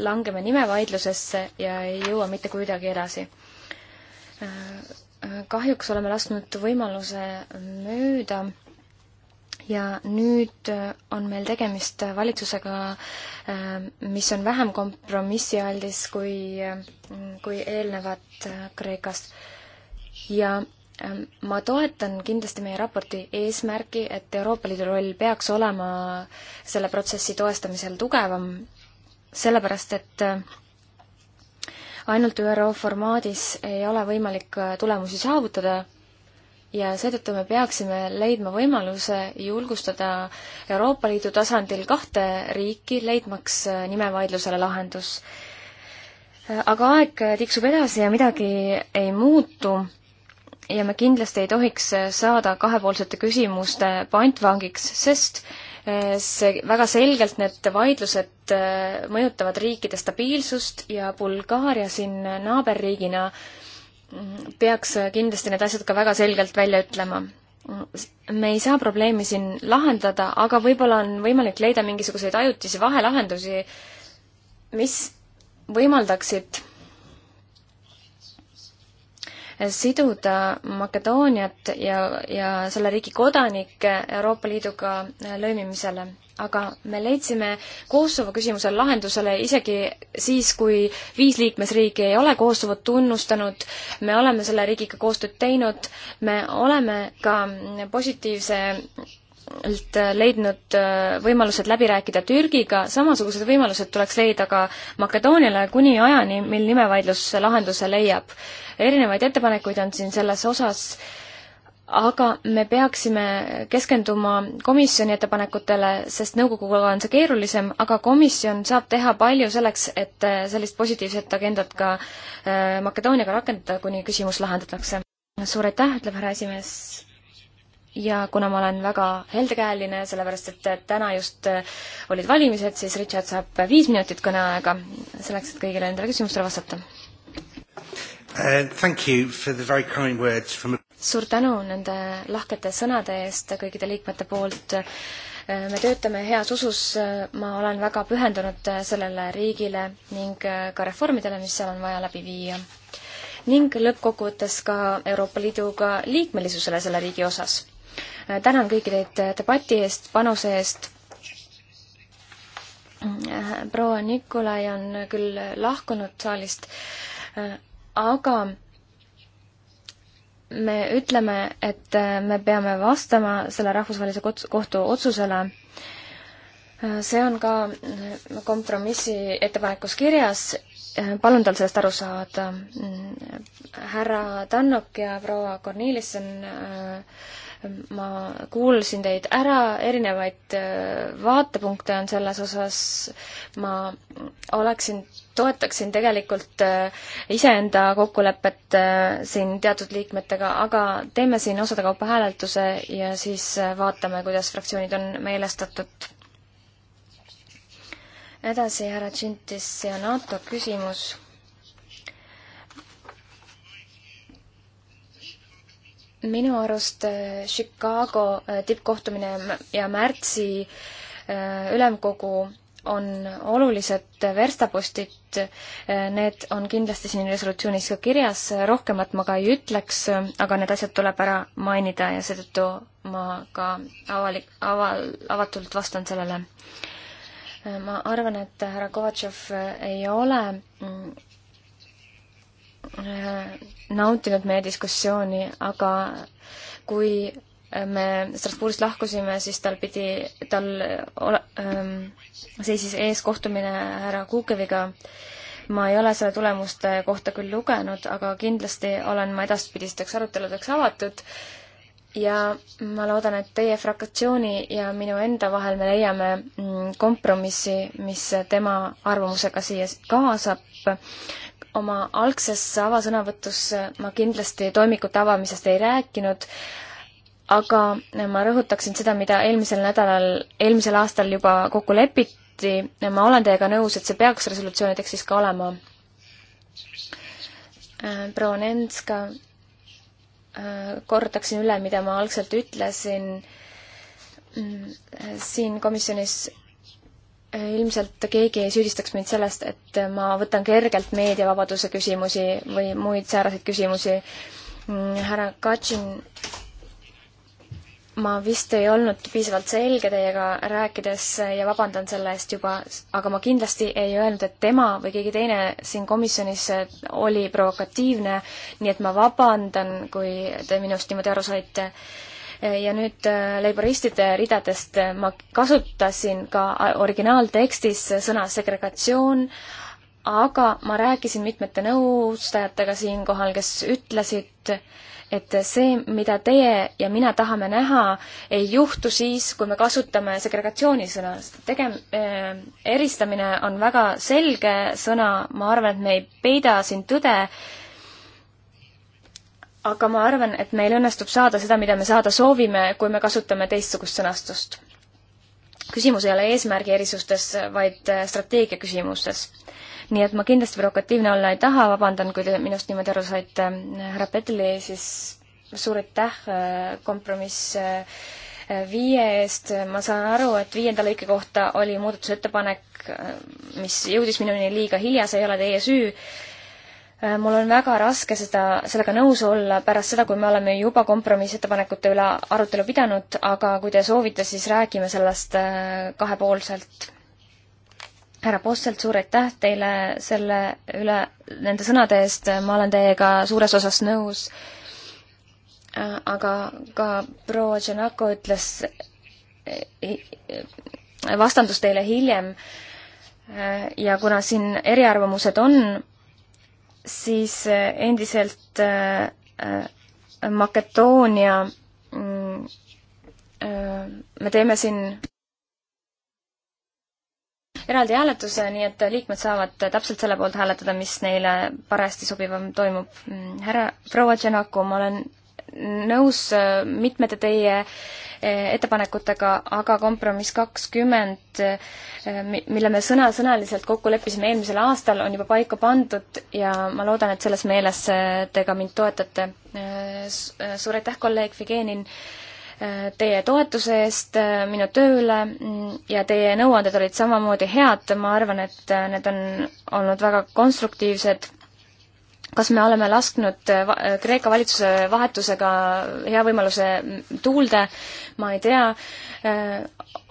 langeme nimevaidlusesse ja ei jõua mitte kuidagi edasi. Äh, kahjuks oleme lasknud võimaluse mööda ja nüüd on meil tegemist valitsusega, mis on vähem kompromissialdis kui, kui eelnevad Kreekast. ja Ähm, ma toetan kindlasti meie raporti eesmärki, et Euroopa Liidu roll peaks olema selle protsessi toestamisel tugevam, sellepärast et äh, ainult ÜRO formaadis ei ole võimalik äh, tulemusi saavutada ja seetõttu me peaksime leidma võimaluse julgustada Euroopa Liidu tasandil kahte riiki, leidmaks äh, nimevaidlusele lahendus. aga aeg tiksub edasi ja midagi ei muutu ja me kindlasti ei tohiks äh, saada kahepoolsete küsimuste pantvangiks, sest äh, see väga selgelt need vaidlused äh, mõjutavad riikide stabiilsust ja Bulgaaria siin naaberriigina mm, peaks kindlasti need asjad ka väga selgelt välja ütlema. Mm, me ei saa probleemi siin lahendada, aga võib-olla on võimalik leida mingisuguseid ajutisi vahelahendusi, mis võimaldaksid siduda Makedooniat ja, ja selle riigi kodanikke Euroopa Liiduga äh, lõimimisele. aga me leidsime Kosovo küsimusele lahendusele isegi siis, kui viis liikmesriiki ei ole Kosovot tunnustanud, me oleme selle riigiga koostööd teinud, me oleme ka positiivse leidnud äh, võimalused läbi rääkida Türgiga, samasugused võimalused tuleks leida ka Makedooniale kuni ajani, mil nimevaidlus lahenduse leiab. erinevaid ettepanekuid on siin selles osas, aga me peaksime keskenduma komisjoni ettepanekutele, sest nõukoguga on see keerulisem, aga komisjon saab teha palju selleks, et äh, sellist positiivset agendat ka äh, Makedooniaga rakendada, kuni küsimus lahendatakse. suur aitäh, ütleb härra esimees ja kuna ma olen väga heldekäeline, sellepärast et täna just äh, olid valimised, siis Richard saab viis minutit kõneaega selleks, et kõigile nendele küsimustele vastata uh,. From... suur tänu nende lahkete sõnade eest kõikide liikmete poolt. Äh, me töötame heas usus, äh, ma olen väga pühendunud sellele riigile ning ka reformidele, mis seal on vaja läbi viia ning lõppkokkuvõttes ka Euroopa Liiduga liikmelisusele selle riigi osas tänan kõiki teid debati eest, panuse eest. proua Nikolai on küll lahkunud saalist, aga me ütleme, et me peame vastama selle rahvusvahelise kohtu otsusele. see on ka kompromissi ettepanekus kirjas. palun tal sellest aru saada. härra Tannok ja proua Kornelissen äh, ma kuulsin teid ära, erinevaid äh, vaatepunkte on selles osas, ma oleksin, toetaksin tegelikult äh, iseenda kokkulepet äh, siin teatud liikmetega, aga teeme siin osade kaupa hääletuse ja siis vaatame, kuidas fraktsioonid on meelestatud. edasi härra Tšintis ja NATO küsimus minu arust äh, Chicago äh, tippkohtumine ja märtsi äh, ülemkogu on olulised verstapostid, need on kindlasti siin resolutsioonis ka kirjas, rohkemat ma ka ei ütleks, aga need asjad tuleb ära mainida ja seetõttu ma ka avalik, aval-, avatult vastan sellele. ma arvan, et härra Kovatšov ei ole mm, Äh, nautinud meie diskussiooni, aga kui me Strasbourgist lahkusime, siis tal pidi, tal ole, ähm, seisis ees kohtumine härra Kuukeviga. ma ei ole selle tulemuste kohta küll lugenud, aga kindlasti olen ma edaspidisteks aruteludeks avatud ja ma loodan, et teie fraktsiooni ja minu enda vahel me leiame mm, kompromissi, mis tema arvamusega siia kaasab oma algses avasõnavõtus ma kindlasti toimikute avamisest ei rääkinud, aga ma rõhutaksin seda, mida eelmisel nädalal, eelmisel aastal juba kokku lepiti, ma olen teiega nõus, et see peaks resolutsioonideks siis ka olema. Äh, proua Nenska, äh, korrutaksin üle, mida ma algselt ütlesin, mm, siin komisjonis ilmselt keegi ei süüdistaks mind sellest, et ma võtan kergelt meediavabaduse küsimusi või muid sääraseid küsimusi. Mm, härra Katšin, ma vist ei olnud piisavalt selge teiega rääkides ja vabandan selle eest juba, aga ma kindlasti ei öelnud, et tema või keegi teine siin komisjonis oli provokatiivne, nii et ma vabandan, kui te minust niimoodi aru saite ja nüüd äh, laboristide ridadest ma kasutasin ka originaaltekstis sõna segregatsioon, aga ma rääkisin mitmete nõustajatega siinkohal, kes ütlesid, et see, mida teie ja mina tahame näha, ei juhtu siis, kui me kasutame segregatsiooni sõna. tegem- äh,, eristamine on väga selge sõna, ma arvan, et me ei peida siin tõde äh, aga ma arvan, et meil õnnestub saada seda, mida me saada soovime, kui me kasutame teistsugust sõnastust. küsimus ei ole eesmärgi erisustes, vaid äh, strateegia küsimustes. nii et ma kindlasti provokatiivne olla ei taha, vabandan, kui te minust niimoodi aru saite, äh, härra Petli, siis suur aitäh, äh, kompromiss viie eest, ma saan aru, et viienda lõike kohta oli muudatusettepanek, mis jõudis minuni liiga hilja, see ei ole teie süü, Äh, mul on väga raske seda, sellega nõus olla pärast seda, kui me oleme juba kompromissettepanekute üle arutelu pidanud, aga kui te soovite, siis räägime sellest äh, kahepoolselt. härra Postelt, suur aitäh teile selle üle, nende sõnade eest, ma olen teiega suures osas nõus. Äh, aga ka proua Tšenako ütles vastandus teile hiljem ja kuna siin eriarvamused on, siis äh, endiselt äh, äh, Makedoonia mm, me teeme siin eraldi hääletuse, nii et liikmed saavad täpselt selle poolt hääletada, mis neile parajasti sobivam toimub. Mm, härra proua Tšenaku, ma olen nõus äh, mitmete teie äh, ettepanekutega, aga kompromiss kakskümmend, äh, mille me sõna-sõnaliselt kokku leppisime eelmisel aastal, on juba paika pandud ja ma loodan, et selles meeles te ka mind toetate. suur aitäh, kolleeg Vigenin, teie toetuse eest minu tööle mm, ja teie nõuanded olid samamoodi head, ma arvan, et need on olnud väga konstruktiivsed kas me oleme lasknud eh, eh, Kreeka valitsuse vahetusega hea võimaluse tuulde, ma ei tea. Eh,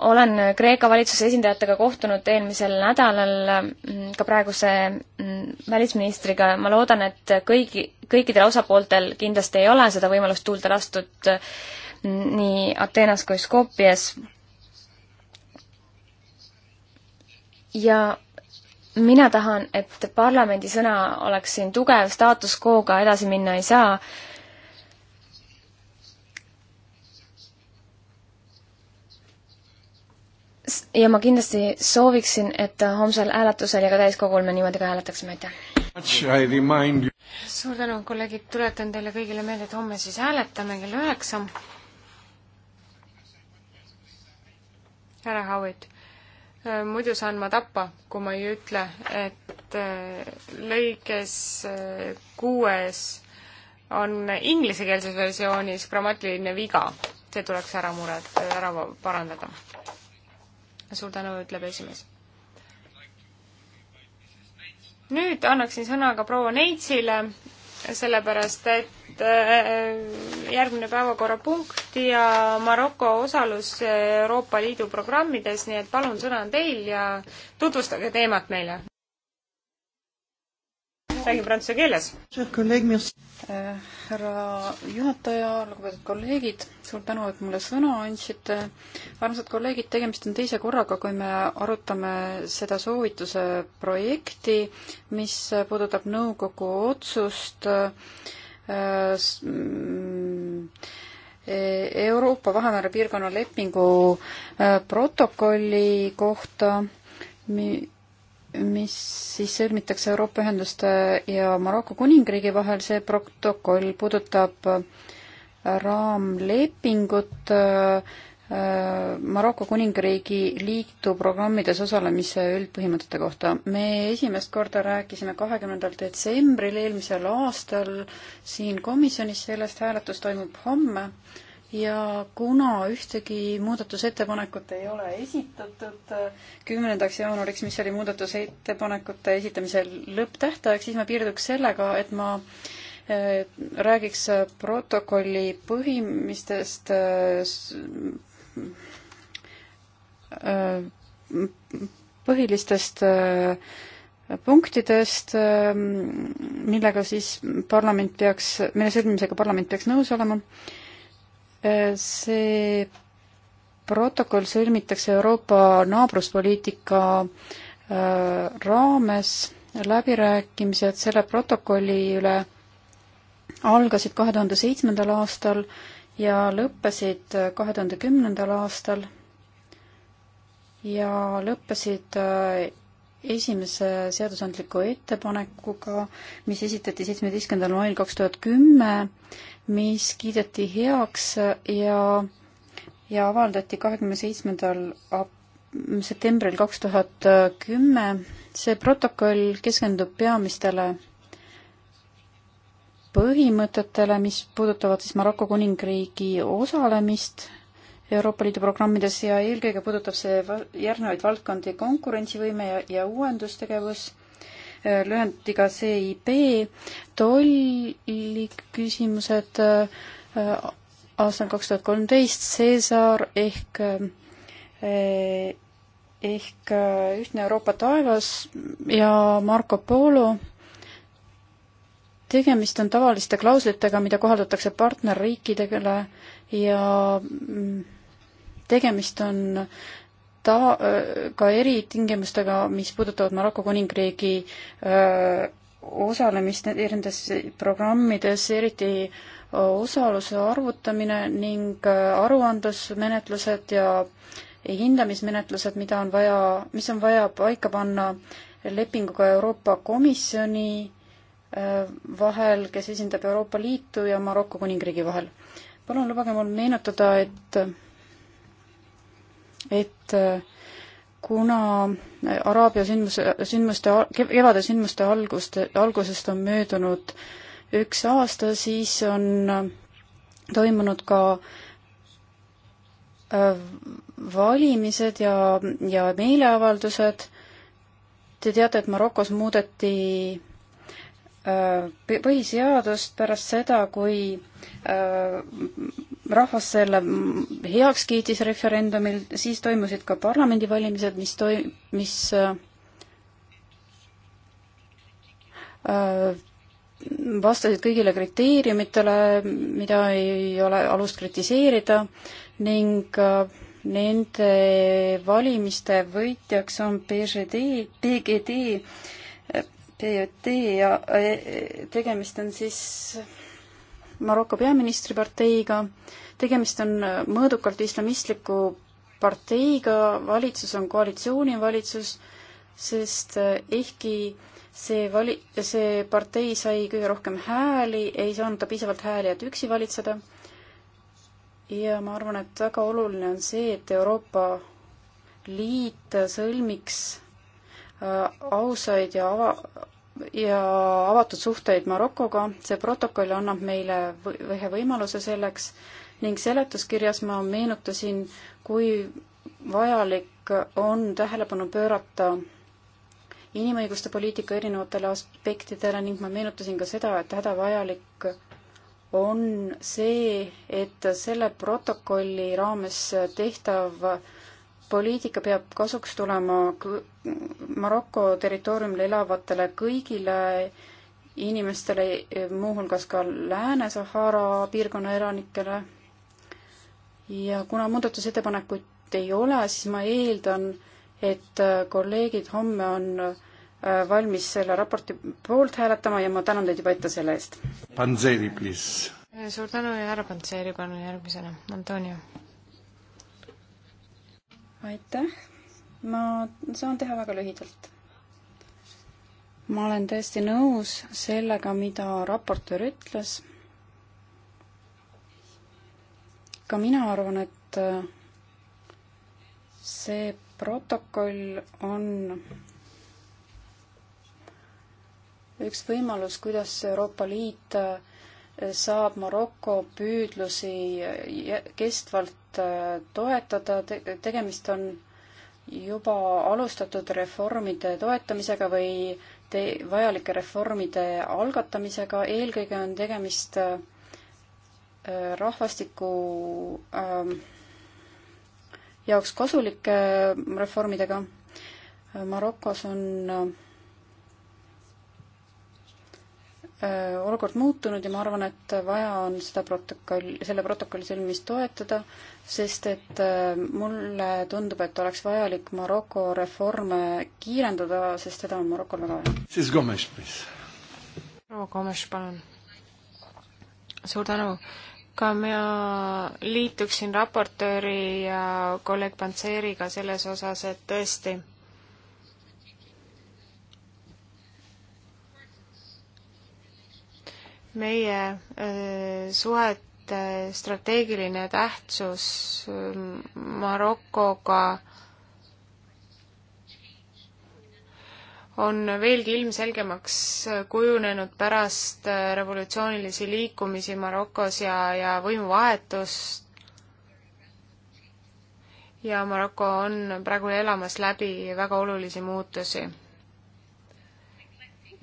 olen Kreeka valitsuse esindajatega kohtunud eelmisel nädalal mm, ka praeguse mm, välisministriga, ma loodan, et kõigi, kõikidel osapooltel kindlasti ei ole seda võimalust tuulde lastud mm, nii Ateenas kui Skopjes. ja mina tahan, et parlamendi sõna oleks siin tugev, staatus quo'ga edasi minna ei saa. ja ma kindlasti sooviksin, et homsel hääletusel ja ka täiskogul me niimoodi ka hääletaksime, aitäh! suur tänu, kolleegid, tuletan teile kõigile meelde, et homme siis hääletame kell üheksa. härra Howitt Äh, muidu saan ma tappa, kui ma ei ütle, et äh, lõikes äh, kuues on inglisekeelses versioonis grammatiline viga. see tuleks ära mured, ära parandada. suur tänu, ütleb esimees. nüüd annaksin sõna ka proua Neitsile, sellepärast et äh, järgmine päevakorrapunkt ja Maroko osalus Euroopa Liidu programmides, nii et palun, sõna on teil ja tutvustage teemat meile räägin prantsuse keeles. Eh, härra juhataja, lugupeetud kolleegid, suur tänu, et mulle sõna andsite. armsad kolleegid, tegemist on teise korraga, kui me arutame seda soovituse projekti, mis puudutab nõukogu otsust eh, mm, e-, Euroopa Vahemere piirkonna lepingu eh, protokolli kohta, mis siis sõlmitakse Euroopa Ühenduste ja Maroko Kuningriigi vahel, see protokoll puudutab äh, raamlepingut äh, Maroko Kuningriigi liitu programmides osalemise üldpõhimõtete kohta. me esimest korda rääkisime kahekümnendal detsembril eelmisel aastal siin komisjonis, sellest hääletus toimub homme ja kuna ühtegi muudatusettepanekut ei ole esitatud kümnendaks jaanuariks, mis oli muudatusettepanekute esitamise lõpptähtaeg, siis ma piirduks sellega, et ma eh, räägiks protokolli põhimistest eh, põhilistest eh, punktidest, millega siis parlament peaks, mille sõlmimisega parlament peaks nõus olema Äh, see protokoll sõlmitakse Euroopa naabruspoliitika äh, raames. läbirääkimised selle protokolli üle algasid kahe tuhande seitsmendal aastal ja lõppesid äh, kahe tuhande kümnendal aastal ja lõppesid esimese seadusandliku ettepanekuga, mis esitati seitsmeteistkümnendal mail kaks tuhat kümme mis kiideti heaks ja, ja avaldati kahekümne seitsmendal septembril kaks tuhat kümme. see protokoll keskendub peamistele põhimõtetele, mis puudutavad siis Maroko kuningriigi osalemist Euroopa Liidu programmides ja eelkõige puudutab see järgnevaid valdkondi konkurentsivõime ja, ja uuendustegevus lühendiga CIP, tolliküsimused äh, aastal kaks tuhat kolmteist, Cesar ehk äh, ehk äh, Ühtne Euroopa taevas ja Marco Polo. tegemist on tavaliste klauslitega, mida kohaldatakse partnerriikidele ja mm, tegemist on äh, ta-, ka eritingimustega, mis puudutavad Maroko kuningriigi öö, osalemist nendes programmides, eriti osaluse arvutamine ning aruandlusmenetlused ja hindamismenetlused, mida on vaja, mis on vaja paika panna lepinguga Euroopa Komisjoni vahel, kes esindab Euroopa Liitu ja Maroko Kuningriigi vahel. palun lubage mul meenutada, et et äh, kuna Araabia sündmuse, sündmuste, kevade sündmuste algust, algusest on möödunud üks aasta, siis on äh, toimunud ka äh, valimised ja, ja meeleavaldused. Te teate, et Marokos muudeti põhiseadust pärast seda, kui rahvas selle heaks kiitis referendumil, siis toimusid ka parlamendivalimised, mis toi-, mis äh, vastasid kõigile kriteeriumitele, mida ei ole alust kritiseerida ning äh, nende valimiste võitjaks on PGD, PGD, PJD ja äh, tegemist on siis Maroko peaministriparteiga. tegemist on mõõdukalt islamistliku parteiga, valitsus on koalitsioonivalitsus, sest eh, ehkki see vali-, see partei sai kõige rohkem hääli, ei saanud ta piisavalt hääli, et üksi valitseda. ja ma arvan, et väga oluline on see, et Euroopa Liit sõlmiks eh, ausaid ja ava-, ja avatud suhteid Marokoga. see protokoll annab meile ühe võimaluse selleks ning seletuskirjas ma meenutasin, kui vajalik on tähelepanu pöörata inimõiguste poliitika erinevatele aspektidele ning ma meenutasin ka seda, et hädavajalik on see, et selle protokolli raames tehtav poliitika peab kasuks tulema Maroko territooriumil elavatele kõigile inimestele, muuhulgas ka Lääne-Sahara piirkonna elanikele. ja kuna muudatusettepanekuid ei ole, siis ma eeldan, et kolleegid homme on äh, valmis selle raporti poolt hääletama ja ma tänan teid juba ette selle eest. Panseri, please. Äh, suur tänu ja härra Panseri, palun järgmisena, Antonio. aitäh ma saan teha väga lühidalt. ma olen täiesti nõus sellega, mida raportöör ütles. ka mina arvan, et äh, see protokoll on üks võimalus, kuidas Euroopa Liit äh, saab Maroko püüdlusi äh, kestvalt toetada, tegemist on äh, juba alustatud reformide toetamisega või te-, vajalike reformide algatamisega, eelkõige on tegemist äh, rahvastiku ähm, jaoks kasulike äh, reformidega. Äh, Marokos on äh, Äh, olukord muutunud ja ma arvan, et vaja on seda protokolli, selle protokolli sõlmimist toetada, sest et äh, mulle tundub, et oleks vajalik Maroko reforme kiirendada, sest seda on Marokol väga vaja. siis Gomes, please. proua Gomes, palun. suur tänu. ka mina liituksin raportööri ja kolleeg Pantseriga selles osas, et tõesti meie äh, suhete strateegiline tähtsus ähm, Marokoga on veelgi ilmselgemaks äh, kujunenud pärast äh, revolutsioonilisi liikumisi Marokos ja, ja võimuvahetust. ja Maroko on praegu elamas läbi väga olulisi muutusi.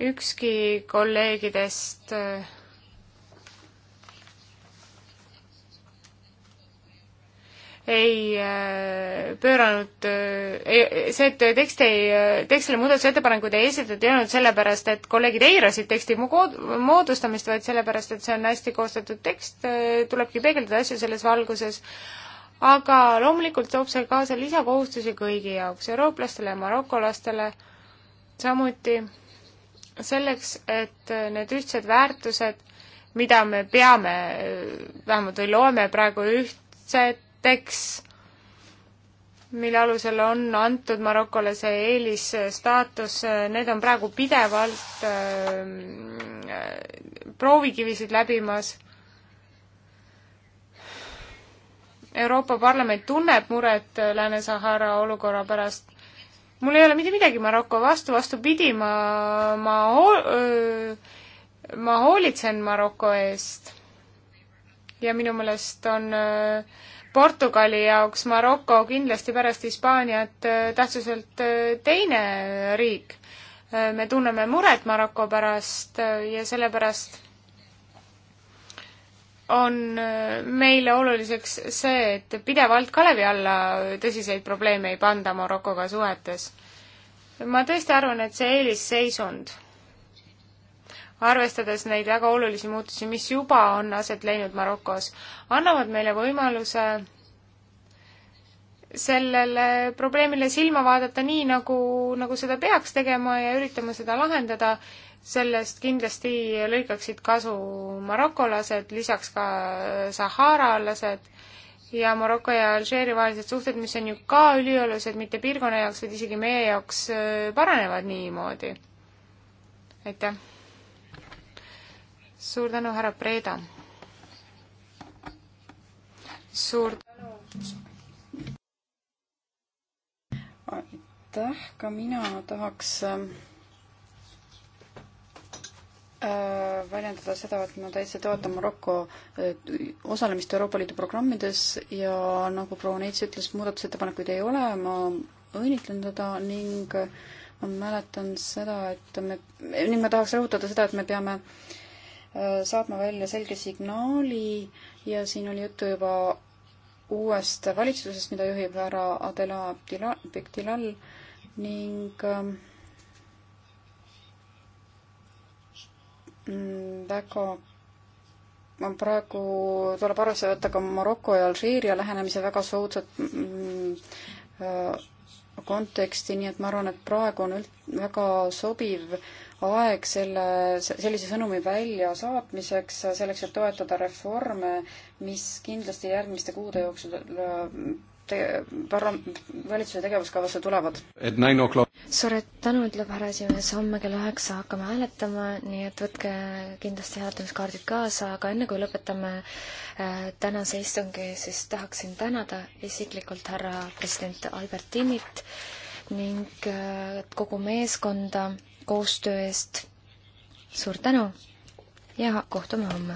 ükski kolleegidest ei äh, pööranud, äh, see, et tekst ei, äh, tekstile muudatusettepanekuid ei esitatud, ei olnud sellepärast, et kolleegid eirasid teksti moodustamist, vaid sellepärast, et see on hästi koostatud tekst, tulebki peegeldada asju selles valguses. aga loomulikult toob see kaasa lisakohustusi kõigi jaoks, eurooplastele ja marokolastele samuti selleks, et need ühtsed väärtused, mida me peame, vähemalt või loome praegu ühtset näiteks, mille alusel on antud Marokole see eelisstaatus, need on praegu pidevalt äh, proovikivisid läbimas. Euroopa Parlament tunneb muret Lääne-Sahara olukorra pärast. mul ei ole mitte midagi Maroko vastu, vastupidi, ma, ma öö, ma hoolitsen Maroko eest ja minu meelest on öö, Portugali jaoks Maroko kindlasti pärast Hispaaniat äh, tähtsuselt äh, teine riik. Äh, me tunneme muret Maroko pärast ja sellepärast on meile oluliseks see, et pidevalt kalevi alla tõsiseid probleeme ei panda Marokoga suhetes. ma tõesti arvan, et see eelisseisund arvestades neid väga olulisi muutusi, mis juba on aset leidnud Marokos, annavad meile võimaluse sellele probleemile silma vaadata nii, nagu, nagu seda peaks tegema ja üritama seda lahendada, sellest kindlasti lõikaksid kasu marokolased, lisaks ka sahaaralased ja Maroko ja Alžeeri vahelised suhted, mis on ju ka üliolulised mitte piirkonna jaoks, vaid isegi meie jaoks, äh, paranevad niimoodi. aitäh! suur tänu, härra Preeda. suur tänu. aitäh, ka mina tahaks ähm, äh, väljendada seda, et ma täitsa toetan Maroko äh, osalemist Euroopa Liidu programmides ja nagu proua Neits ütles, muudatusettepanekuid ei ole, ma õnnitlen teda ning ma mäletan seda, et me, ning ma tahaks rõhutada seda, et me peame äh, saatma välja selge signaali ja siin oli juttu juba uuest valitsusest, mida juhib härra Adela Biktilal ning ähm, mm, väga praegu tuleb arvesse võtta ka Maroko ja Alžeeria lähenemise väga soodsat mm, äh, konteksti, nii et ma arvan, et praegu on üld-, väga sobiv äh, aeg selle, sellise sõnumi väljasaatmiseks, selleks, et toetada reforme, mis kindlasti järgmiste kuude jooksul äh, te-, parla-, valitsuse tegevuskavasse tulevad. suur tänu, ütleb härra esimees, homme kell üheksa hakkame hääletama, nii et võtke kindlasti hääletamiskaardid kaasa, aga enne kui lõpetame äh, tänase istungi, siis tahaksin tänada isiklikult härra president Albertinit ning äh, kogu meeskonda koostöö eest. suur tänu ja kohtume homme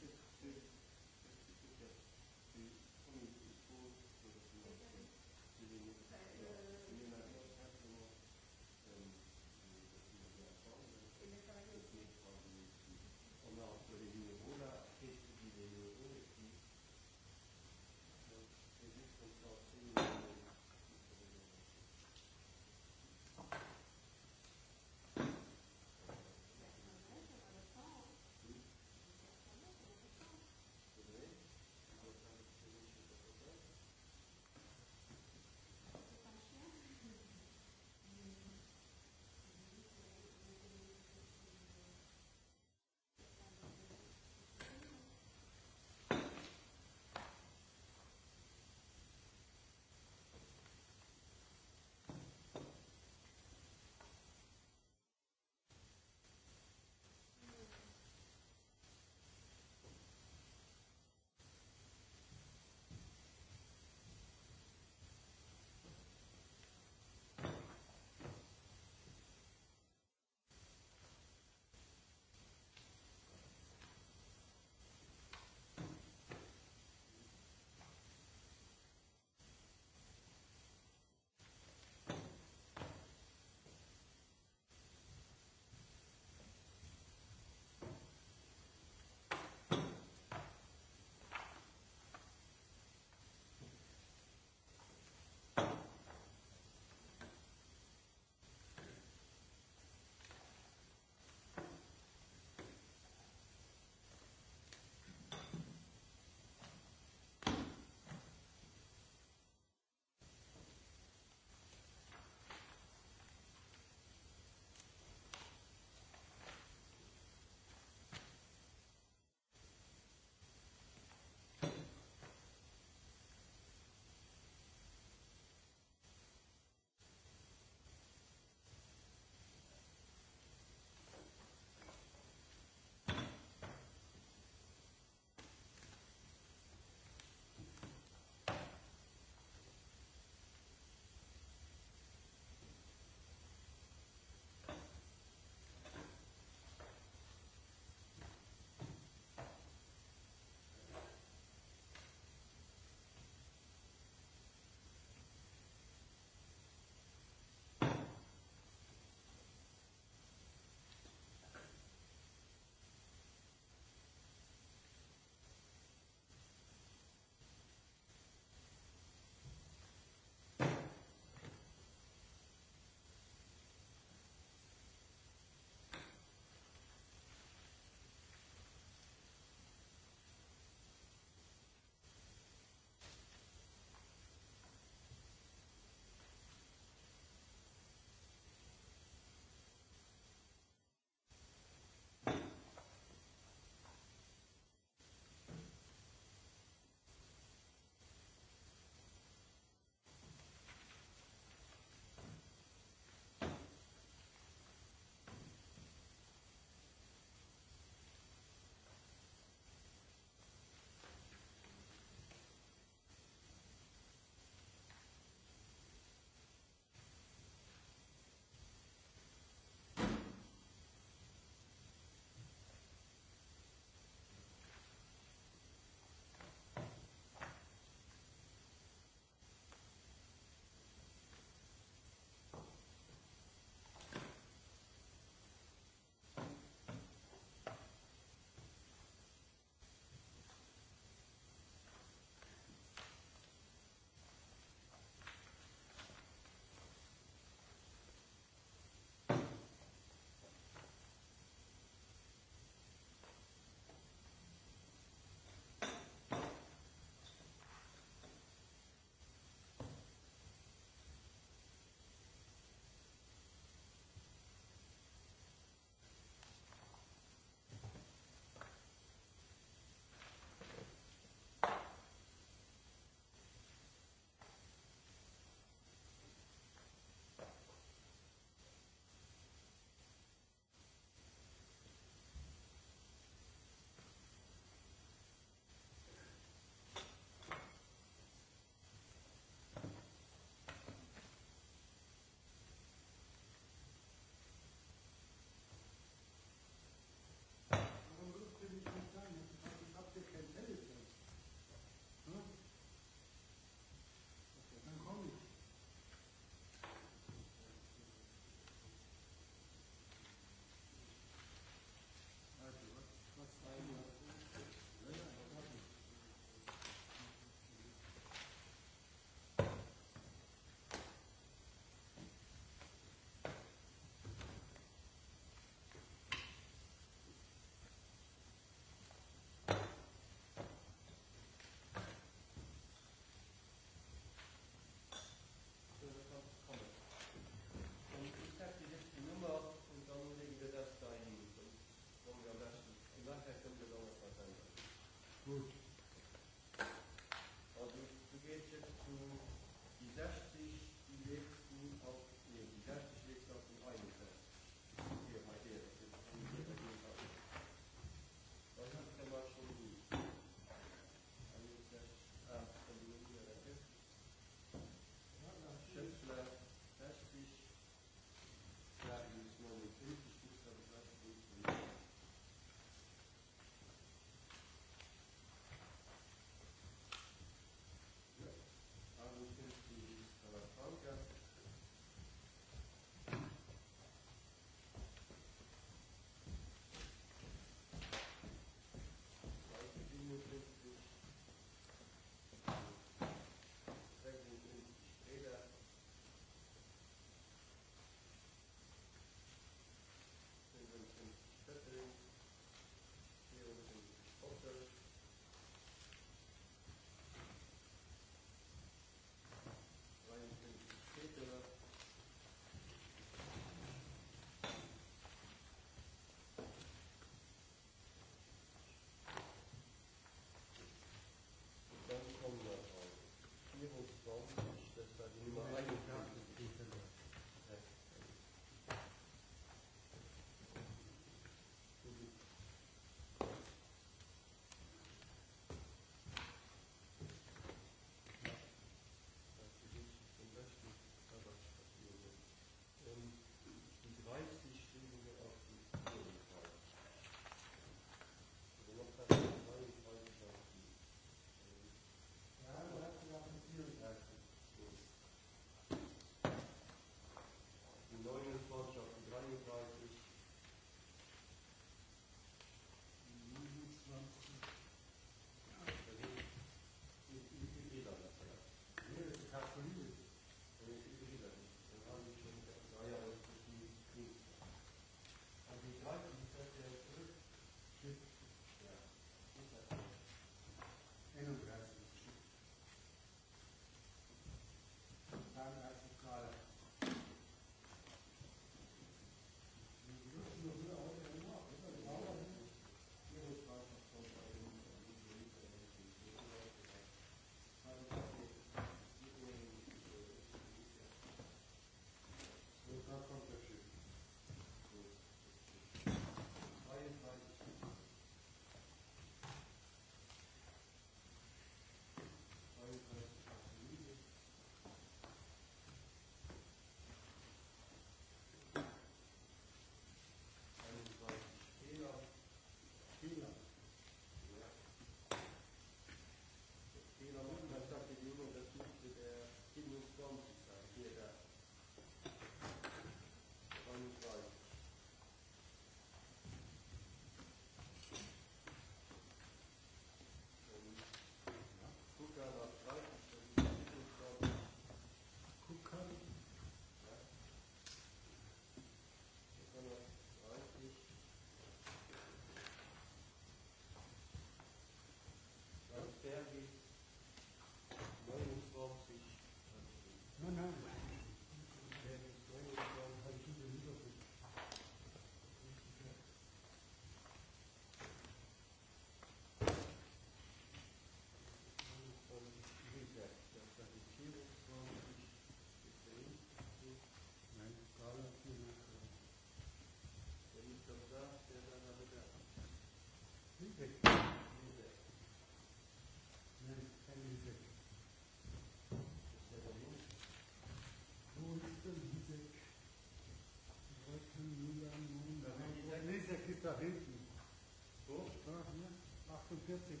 40.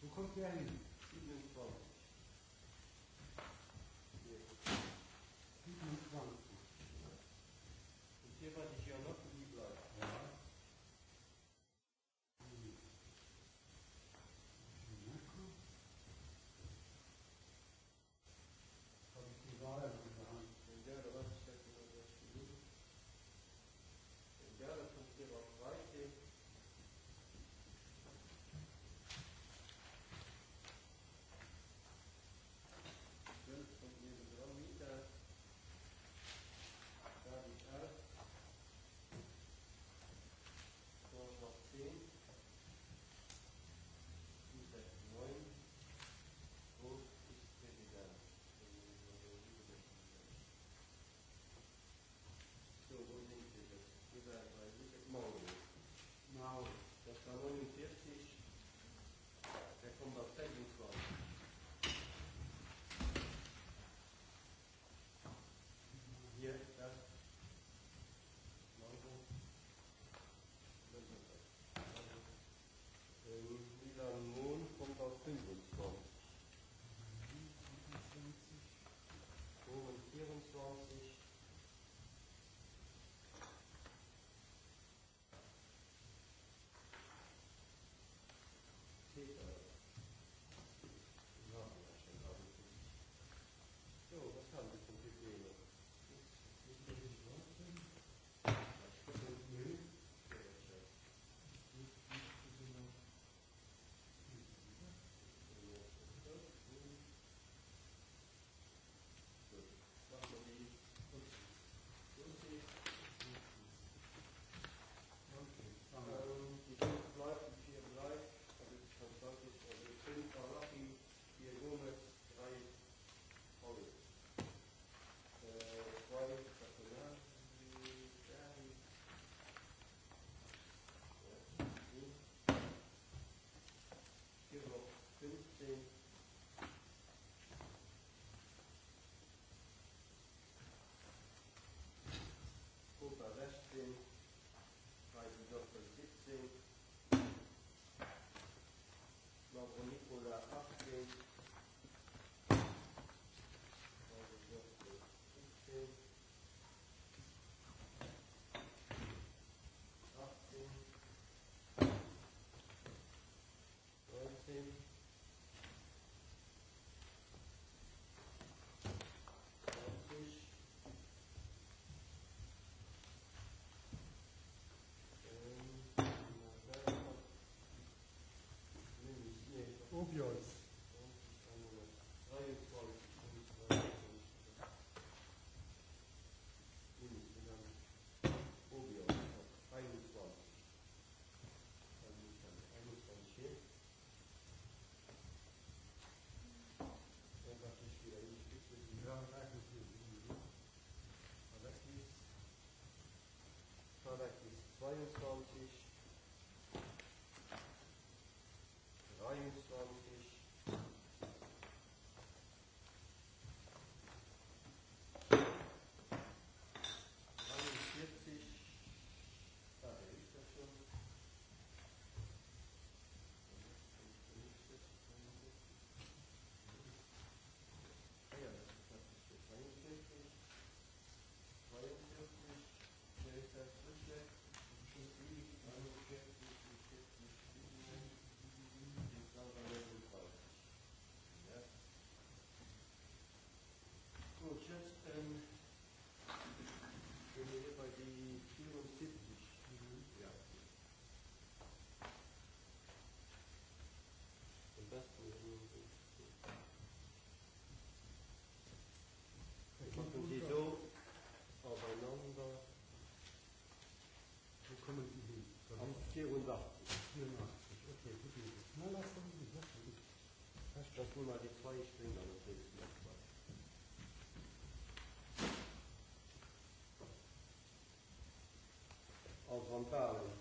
Wo kommt der hin? called frontale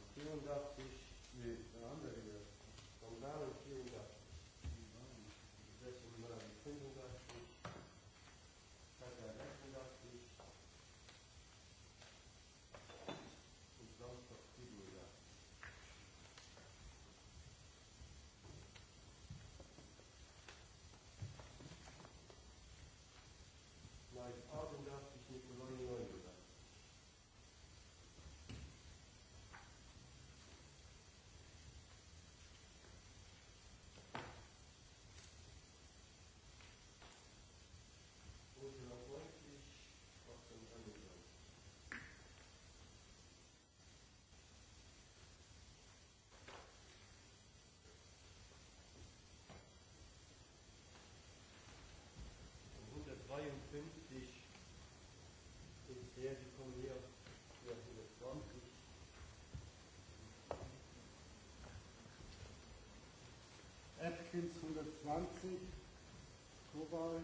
Atkins 120, Kobal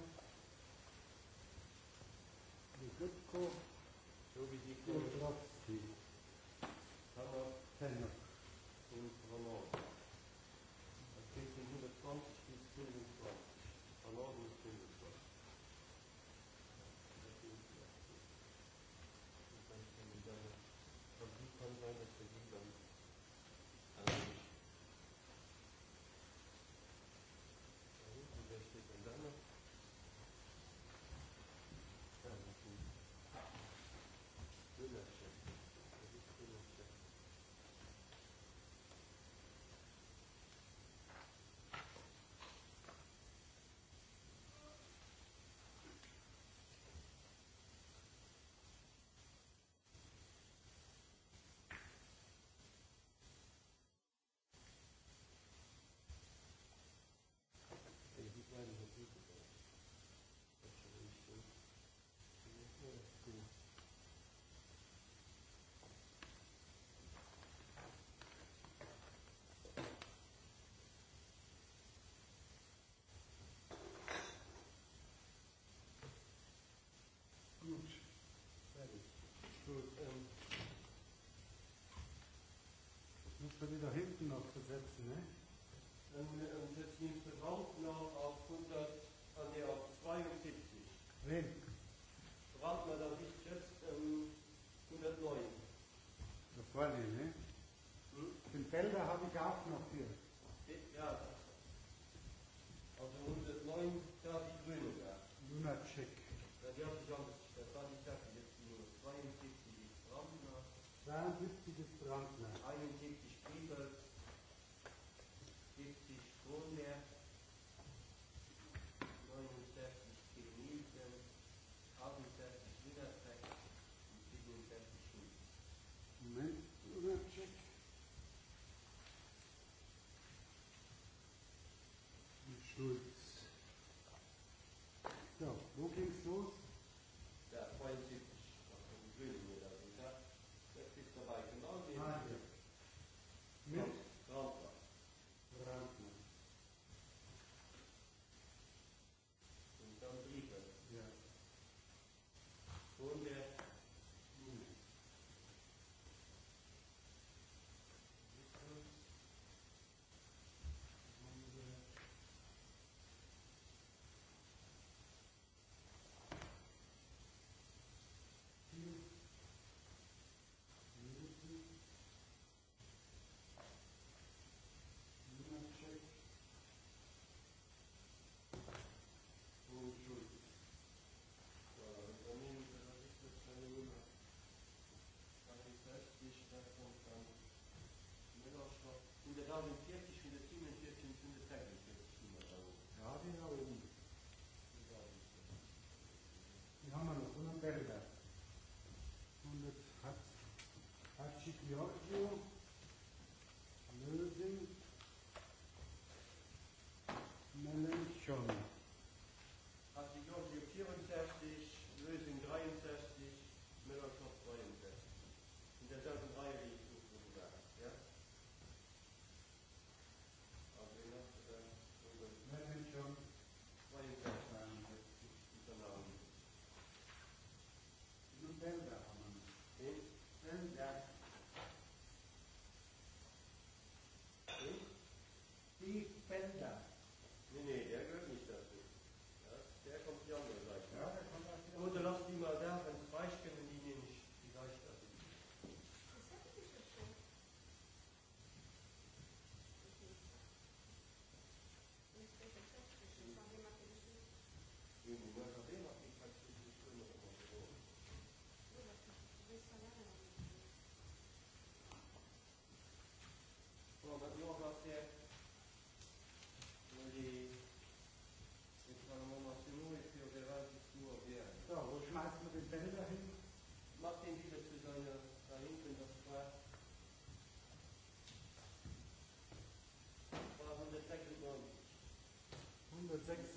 abzusetzen. Ne? Und das nimmt Brandner auf 100, nee, auf 72. Wen? Brandner, äh, das ist jetzt ähm, 109. Da vorne, ne? Hm? Den Felder habe ich auch noch hier. Ja. Also 109, da die Grüne da. Lunacek. Ja, die hat sich auch, das war nicht das, jetzt nur 72 ist Brandner. 72 ist Brandner. 71 good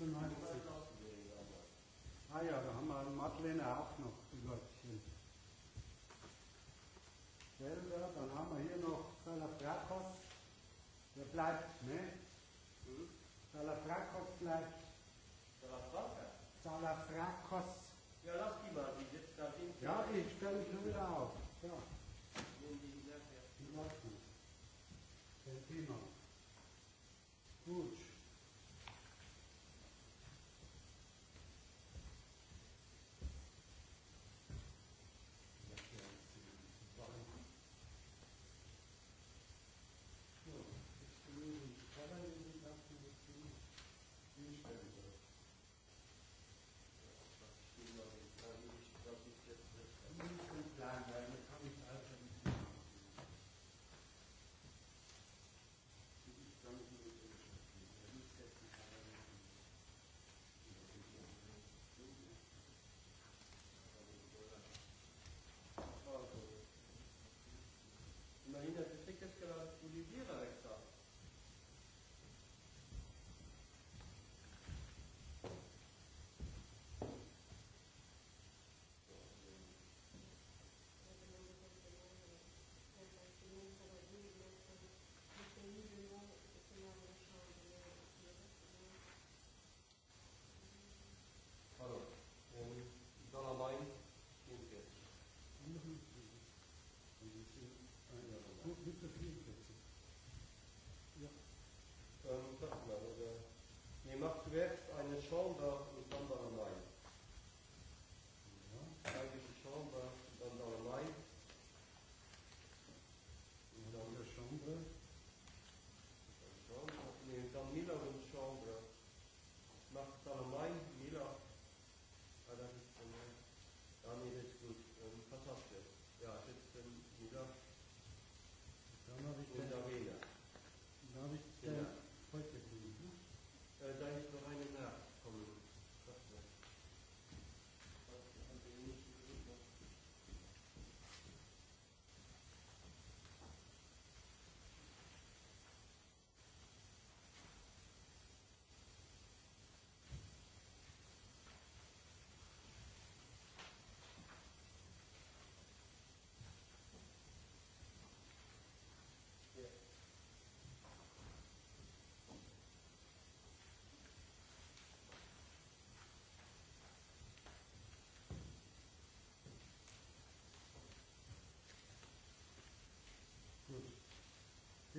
96. Ah ja, da haben wir an Madeleine auch noch die Leutchen. Selber, dann haben wir hier noch Salafrakos. Der bleibt, ne? Mhm. Salafrakos bleibt. Salafrakos? Salafrakos. Ja, lass die mal, die sitzt da hinten. Ja, ich stelle mich nur wieder auf. Ja. Die Leutchen. Der Thema.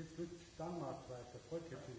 Jetzt wird Standard weiter, Vollkette.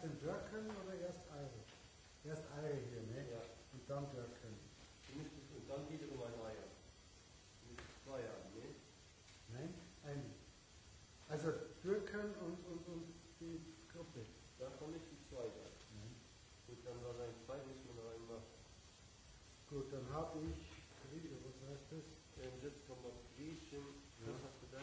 erst den Dörken oder erst Eire? Erst Eire hier, ne? Ja. Und dann Dörken. Und dann wiederum ein Eier. Mit zwei Eiern, ne? Nein, ein. Also Dürken und, und, und die Gruppe. Da komme ich die zweite. Nein. Gut, dann war ein zweites Mal reinmachen. Gut, dann habe ich, was heißt das? Ähm, jetzt kommen wir Griechen.